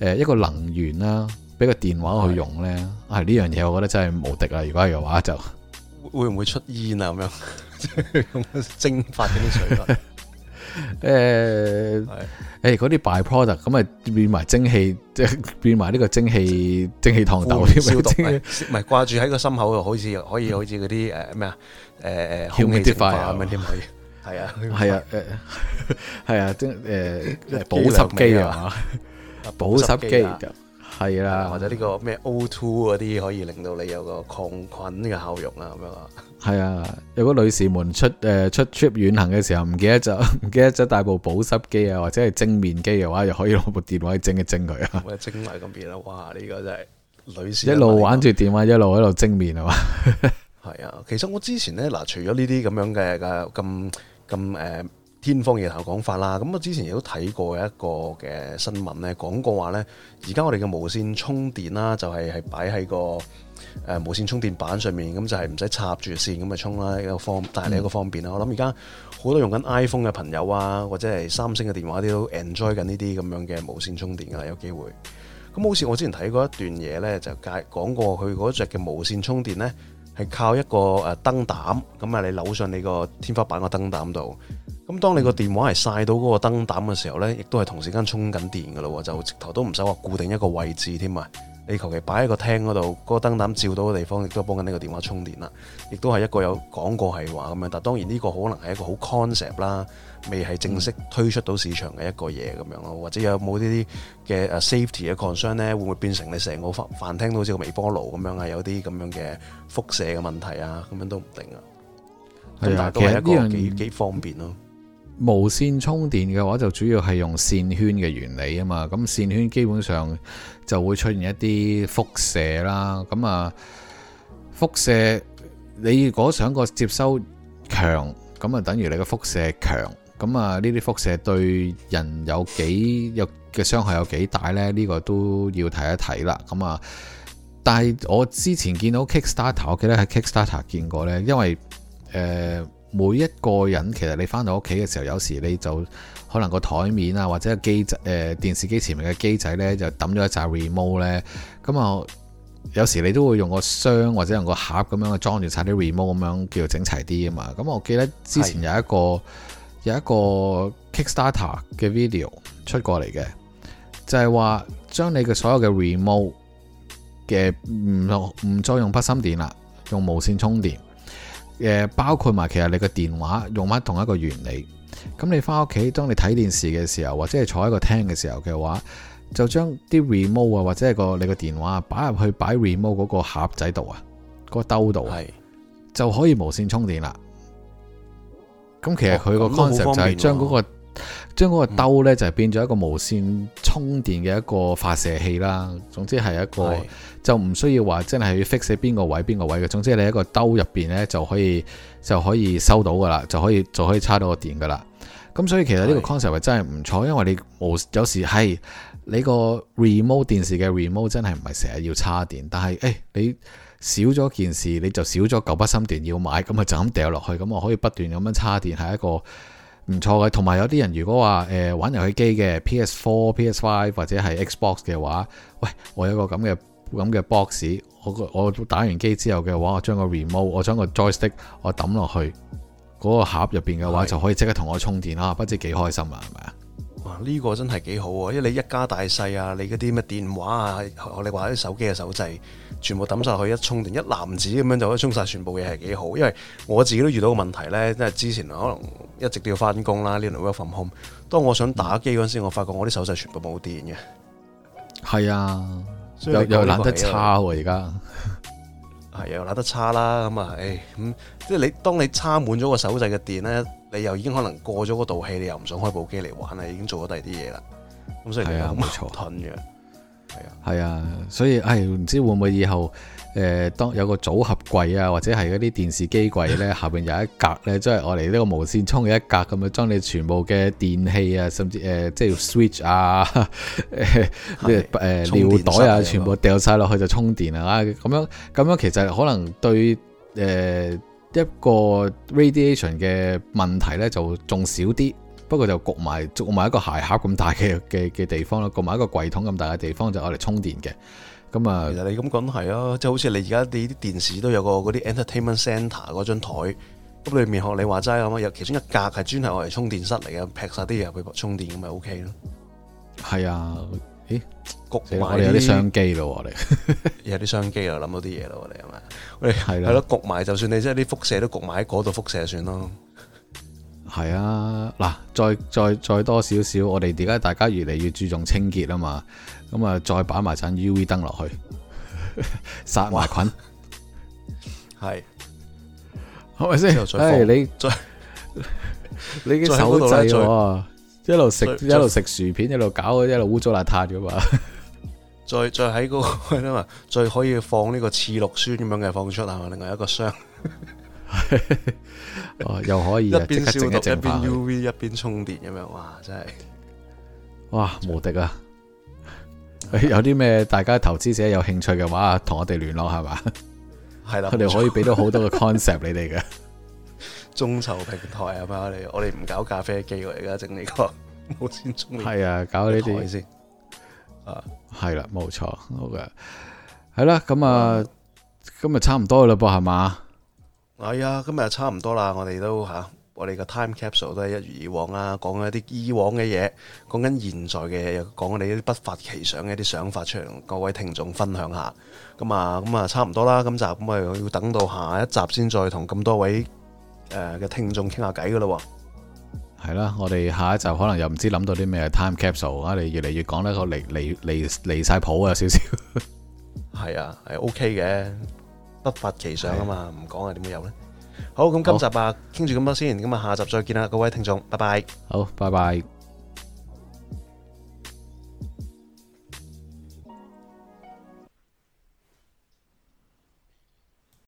誒，一個能源啦，俾個電話去用呢，係呢樣嘢我覺得真係無敵啦！如果係嘅話就會唔會出煙啊？咁樣蒸發嗰啲水啊。 誒，誒、欸，嗰啲 byproduct 咁啊，變埋蒸汽，即係變埋呢個蒸汽，蒸汽燙斗啲消毒，唔係掛住喺個心口度，好似可以，好似嗰啲誒咩啊，誒、呃、誒、呃，空氣淨化咁樣添可以，係啊，係啊，誒、欸，係啊，誒，誒，保濕機啊，吧保濕機。係啦，是，或者呢個咩 O two 嗰啲可以令到你有個抗菌嘅效用啊，咁樣啊。係啊，如果女士們出誒、呃、出 trip 遠行嘅時候唔記得就唔記得咗帶部保濕機啊，或者係蒸面機嘅話，又可以攞部電話去蒸一蒸佢啊。蒸埋個面啊！哇，呢、這個真係女士一路玩住電話，一路喺度蒸面啊嘛。係啊，其實我之前咧嗱，除咗呢啲咁樣嘅嘅咁咁誒。天方夜譚講法啦，咁我之前亦都睇過一個嘅新聞咧，講過話呢，而家我哋嘅無線充電啦，就係係擺喺個誒無線充電板上面，咁就係唔使插住線咁咪充啦，一個方，但係一個方便啦。嗯、我諗而家好多用緊 iPhone 嘅朋友啊，或者係三星嘅電話啲都 enjoy 緊呢啲咁樣嘅無線充電噶啦，有機會。咁好似我之前睇過一段嘢呢，就介講過佢嗰隻嘅無線充電呢。係靠一個誒燈膽，咁啊你扭上你個天花板個燈膽度，咁當你個電話係曬到嗰個燈膽嘅時候呢，亦都係同時間充緊電噶咯，就直頭都唔使話固定一個位置添嘛。你求其擺喺個廳嗰度，嗰個燈膽照到嘅地方，亦都幫緊呢個電話充電啦。亦都係一個有講過係話咁樣，但當然呢個可能係一個好 concept 啦，未係正式推出到市場嘅一個嘢咁樣咯。或者有冇呢啲嘅 safety 嘅 concern 咧？會唔會變成你成個飯廳都好似個微波爐咁樣，係有啲咁樣嘅輻射嘅問題啊？咁樣都唔定啊。係啊的，但一個其實呢樣幾幾方便咯。無線充電嘅話，就主要係用線圈嘅原理啊嘛。咁線圈基本上。就會出現一啲輻射啦，咁啊輻射，你如果想個接收強，咁啊等於你個輻射強，咁啊呢啲輻射對人有幾有嘅傷害有幾大呢？呢個都要睇一睇啦，咁啊，但係我之前見到 Kickstarter，我記得喺 Kickstarter 見過呢，因為、呃、每一個人其實你翻到屋企嘅時候，有時你就。可能個台面啊，或者個機仔誒電視機前面嘅機仔咧，就抌咗一紮 remote 咧。咁、嗯、啊，有時你都會用個箱或者用個盒咁樣裝住晒啲 remote 咁樣，叫整齊啲啊嘛。咁、嗯、我記得之前有一個是有一個 Kickstarter 嘅 video 出過嚟嘅，就係話將你嘅所有嘅 remote 嘅唔唔再用筆芯電啦，用無線充電。呃、包括埋其實你嘅電話用翻同一個原理。咁你翻屋企，當你睇電視嘅時候，或者係坐喺個廳嘅時候嘅話，就將啲 remote 啊，或者係個你個電話擺入去擺 remote 嗰個盒仔度啊，嗰個兜度啊，係就可以無線充電啦。咁其實佢個 concept 就係將嗰個。將嗰個兜呢，就變咗一個無線充電嘅一個發射器啦，總之係一個是就唔需要話真係要 fix 喺邊個位邊個位嘅，總之你一個兜入邊呢，就可以就可以收到噶啦，就可以就可以插到個電噶啦。咁所以其實呢個 concept 真係唔錯，是因為你無有時係、哎、你個 remote 電視嘅 remote 真係唔係成日要插電，但係誒、哎、你少咗件事，你就少咗九筆芯電要買，咁佢就咁掉落去，咁我可以不斷咁樣插電，係一個。唔錯嘅，同埋有啲人如果話誒、呃、玩遊戲機嘅 PS4、PS5 或者係 Xbox 嘅話，喂，我有個咁嘅咁嘅 box，我個我打完機之後嘅話，我將個 remote，我將個 joystick，我抌落去嗰個盒入邊嘅話，就可以即刻同我充電啦，是不知幾開心啊，係咪啊？呢個真係幾好啊！因為你一家大細啊，你嗰啲咩電話啊，你哋話啲手機嘅手掣，全部抌晒去一充電，一籃子咁樣就可以充晒全部嘢，係幾好。因為我自己都遇到個問題呢，即係之前可能一直都要翻工啦，呢輪 Work from Home，當我想打機嗰陣時，嗯、我發覺我啲手掣全部冇電嘅。係啊，又又懶得差喎、啊，而家係又懶得差啦，咁啊，誒、哎、咁、嗯。即係你，當你插滿咗個手掣嘅電呢，你又已經可能過咗嗰度氣，你又唔想開部機嚟玩啦，已經做咗第二啲嘢啦。咁所以係啊，冇錯，屯咗。係啊，係啊，所以唉，唔知會唔會以後誒、呃，當有個組合櫃啊，或者係嗰啲電視機櫃呢，下邊有一格呢，即係我哋呢個無線充嘅一格咁樣，將你全部嘅電器啊，甚至誒、呃，即係 switch 啊，誒，誒是，呃、尿袋電啊，全部掉晒落去就充電啊，咁樣咁樣，樣其實可能對誒。呃一個 radiation 嘅問題咧就仲少啲，不過就焗埋焗埋一個鞋盒咁大嘅嘅嘅地方咯，焗埋一個櫃桶咁大嘅地方就攞嚟充電嘅，咁啊其實你咁講都係咯，即係、啊、好似你而家你啲電視都有個嗰啲 Entertainment Centre 嗰張台，咁裏面學你話齋咁啊，有其中一格係專係攞嚟充電室嚟嘅，劈晒啲嘢入去充電咁咪 OK 咯，係啊。咦，哎、焗埋啲商機咯，我哋 有啲商機啊，諗到啲嘢咯，我哋係咪？我哋係咯，的焗埋就算你即係啲輻射都焗埋喺嗰度輻射算咯。係啊，嗱，再再再多少少，我哋而家大家越嚟越注重清潔啊嘛，咁啊再擺埋盞 UV 燈落去，殺埋菌，係 的，係咪先？誒、哎，你再， 你嘅手制。最啊一路食一路食薯片，一路搞，一路污糟邋遢噶嘛。再再喺嗰個，再可以放呢個次氯酸咁樣嘅放出啊，係嘛，另外一個箱， 哦，又可以一邊消毒一邊 U V 一邊充電咁樣，哇，真係，哇，無敵啊！有啲咩大家投資者有興趣嘅話同我哋聯絡係嘛，係啦，的 我哋可以俾到好多嘅 concept 你哋噶。 眾籌平台啊嘛，你我哋唔搞咖啡機，我而家整呢個冇線中意係啊，搞呢啲嘢先啊，係啦、啊，冇錯，好嘅，係啦，咁啊，今日差唔多啦，噃係嘛，係啊，嗯、今日差唔多啦、哎，我哋都吓、啊，我哋個 time capsule 都係一如以往啊，講一啲以往嘅嘢，講緊現在嘅嘢，又講我哋啲不發奇想嘅一啲想法出嚟，同各位聽眾分享下。咁啊，咁啊，差唔多啦，今集咁啊，要等到下一集先再同咁多位。誒嘅聽眾傾下偈噶咯，係啦，我哋下一集可能又唔知諗到啲咩啊，Time Capsule 啊，你越嚟越講得，個離離離離晒譜啊，少少，係啊，係 OK 嘅，不發其想啊嘛，唔講啊，點會有呢？好，咁今集啊，傾住咁多先，咁啊，下集再見啦，各位聽眾，拜拜，好，拜拜。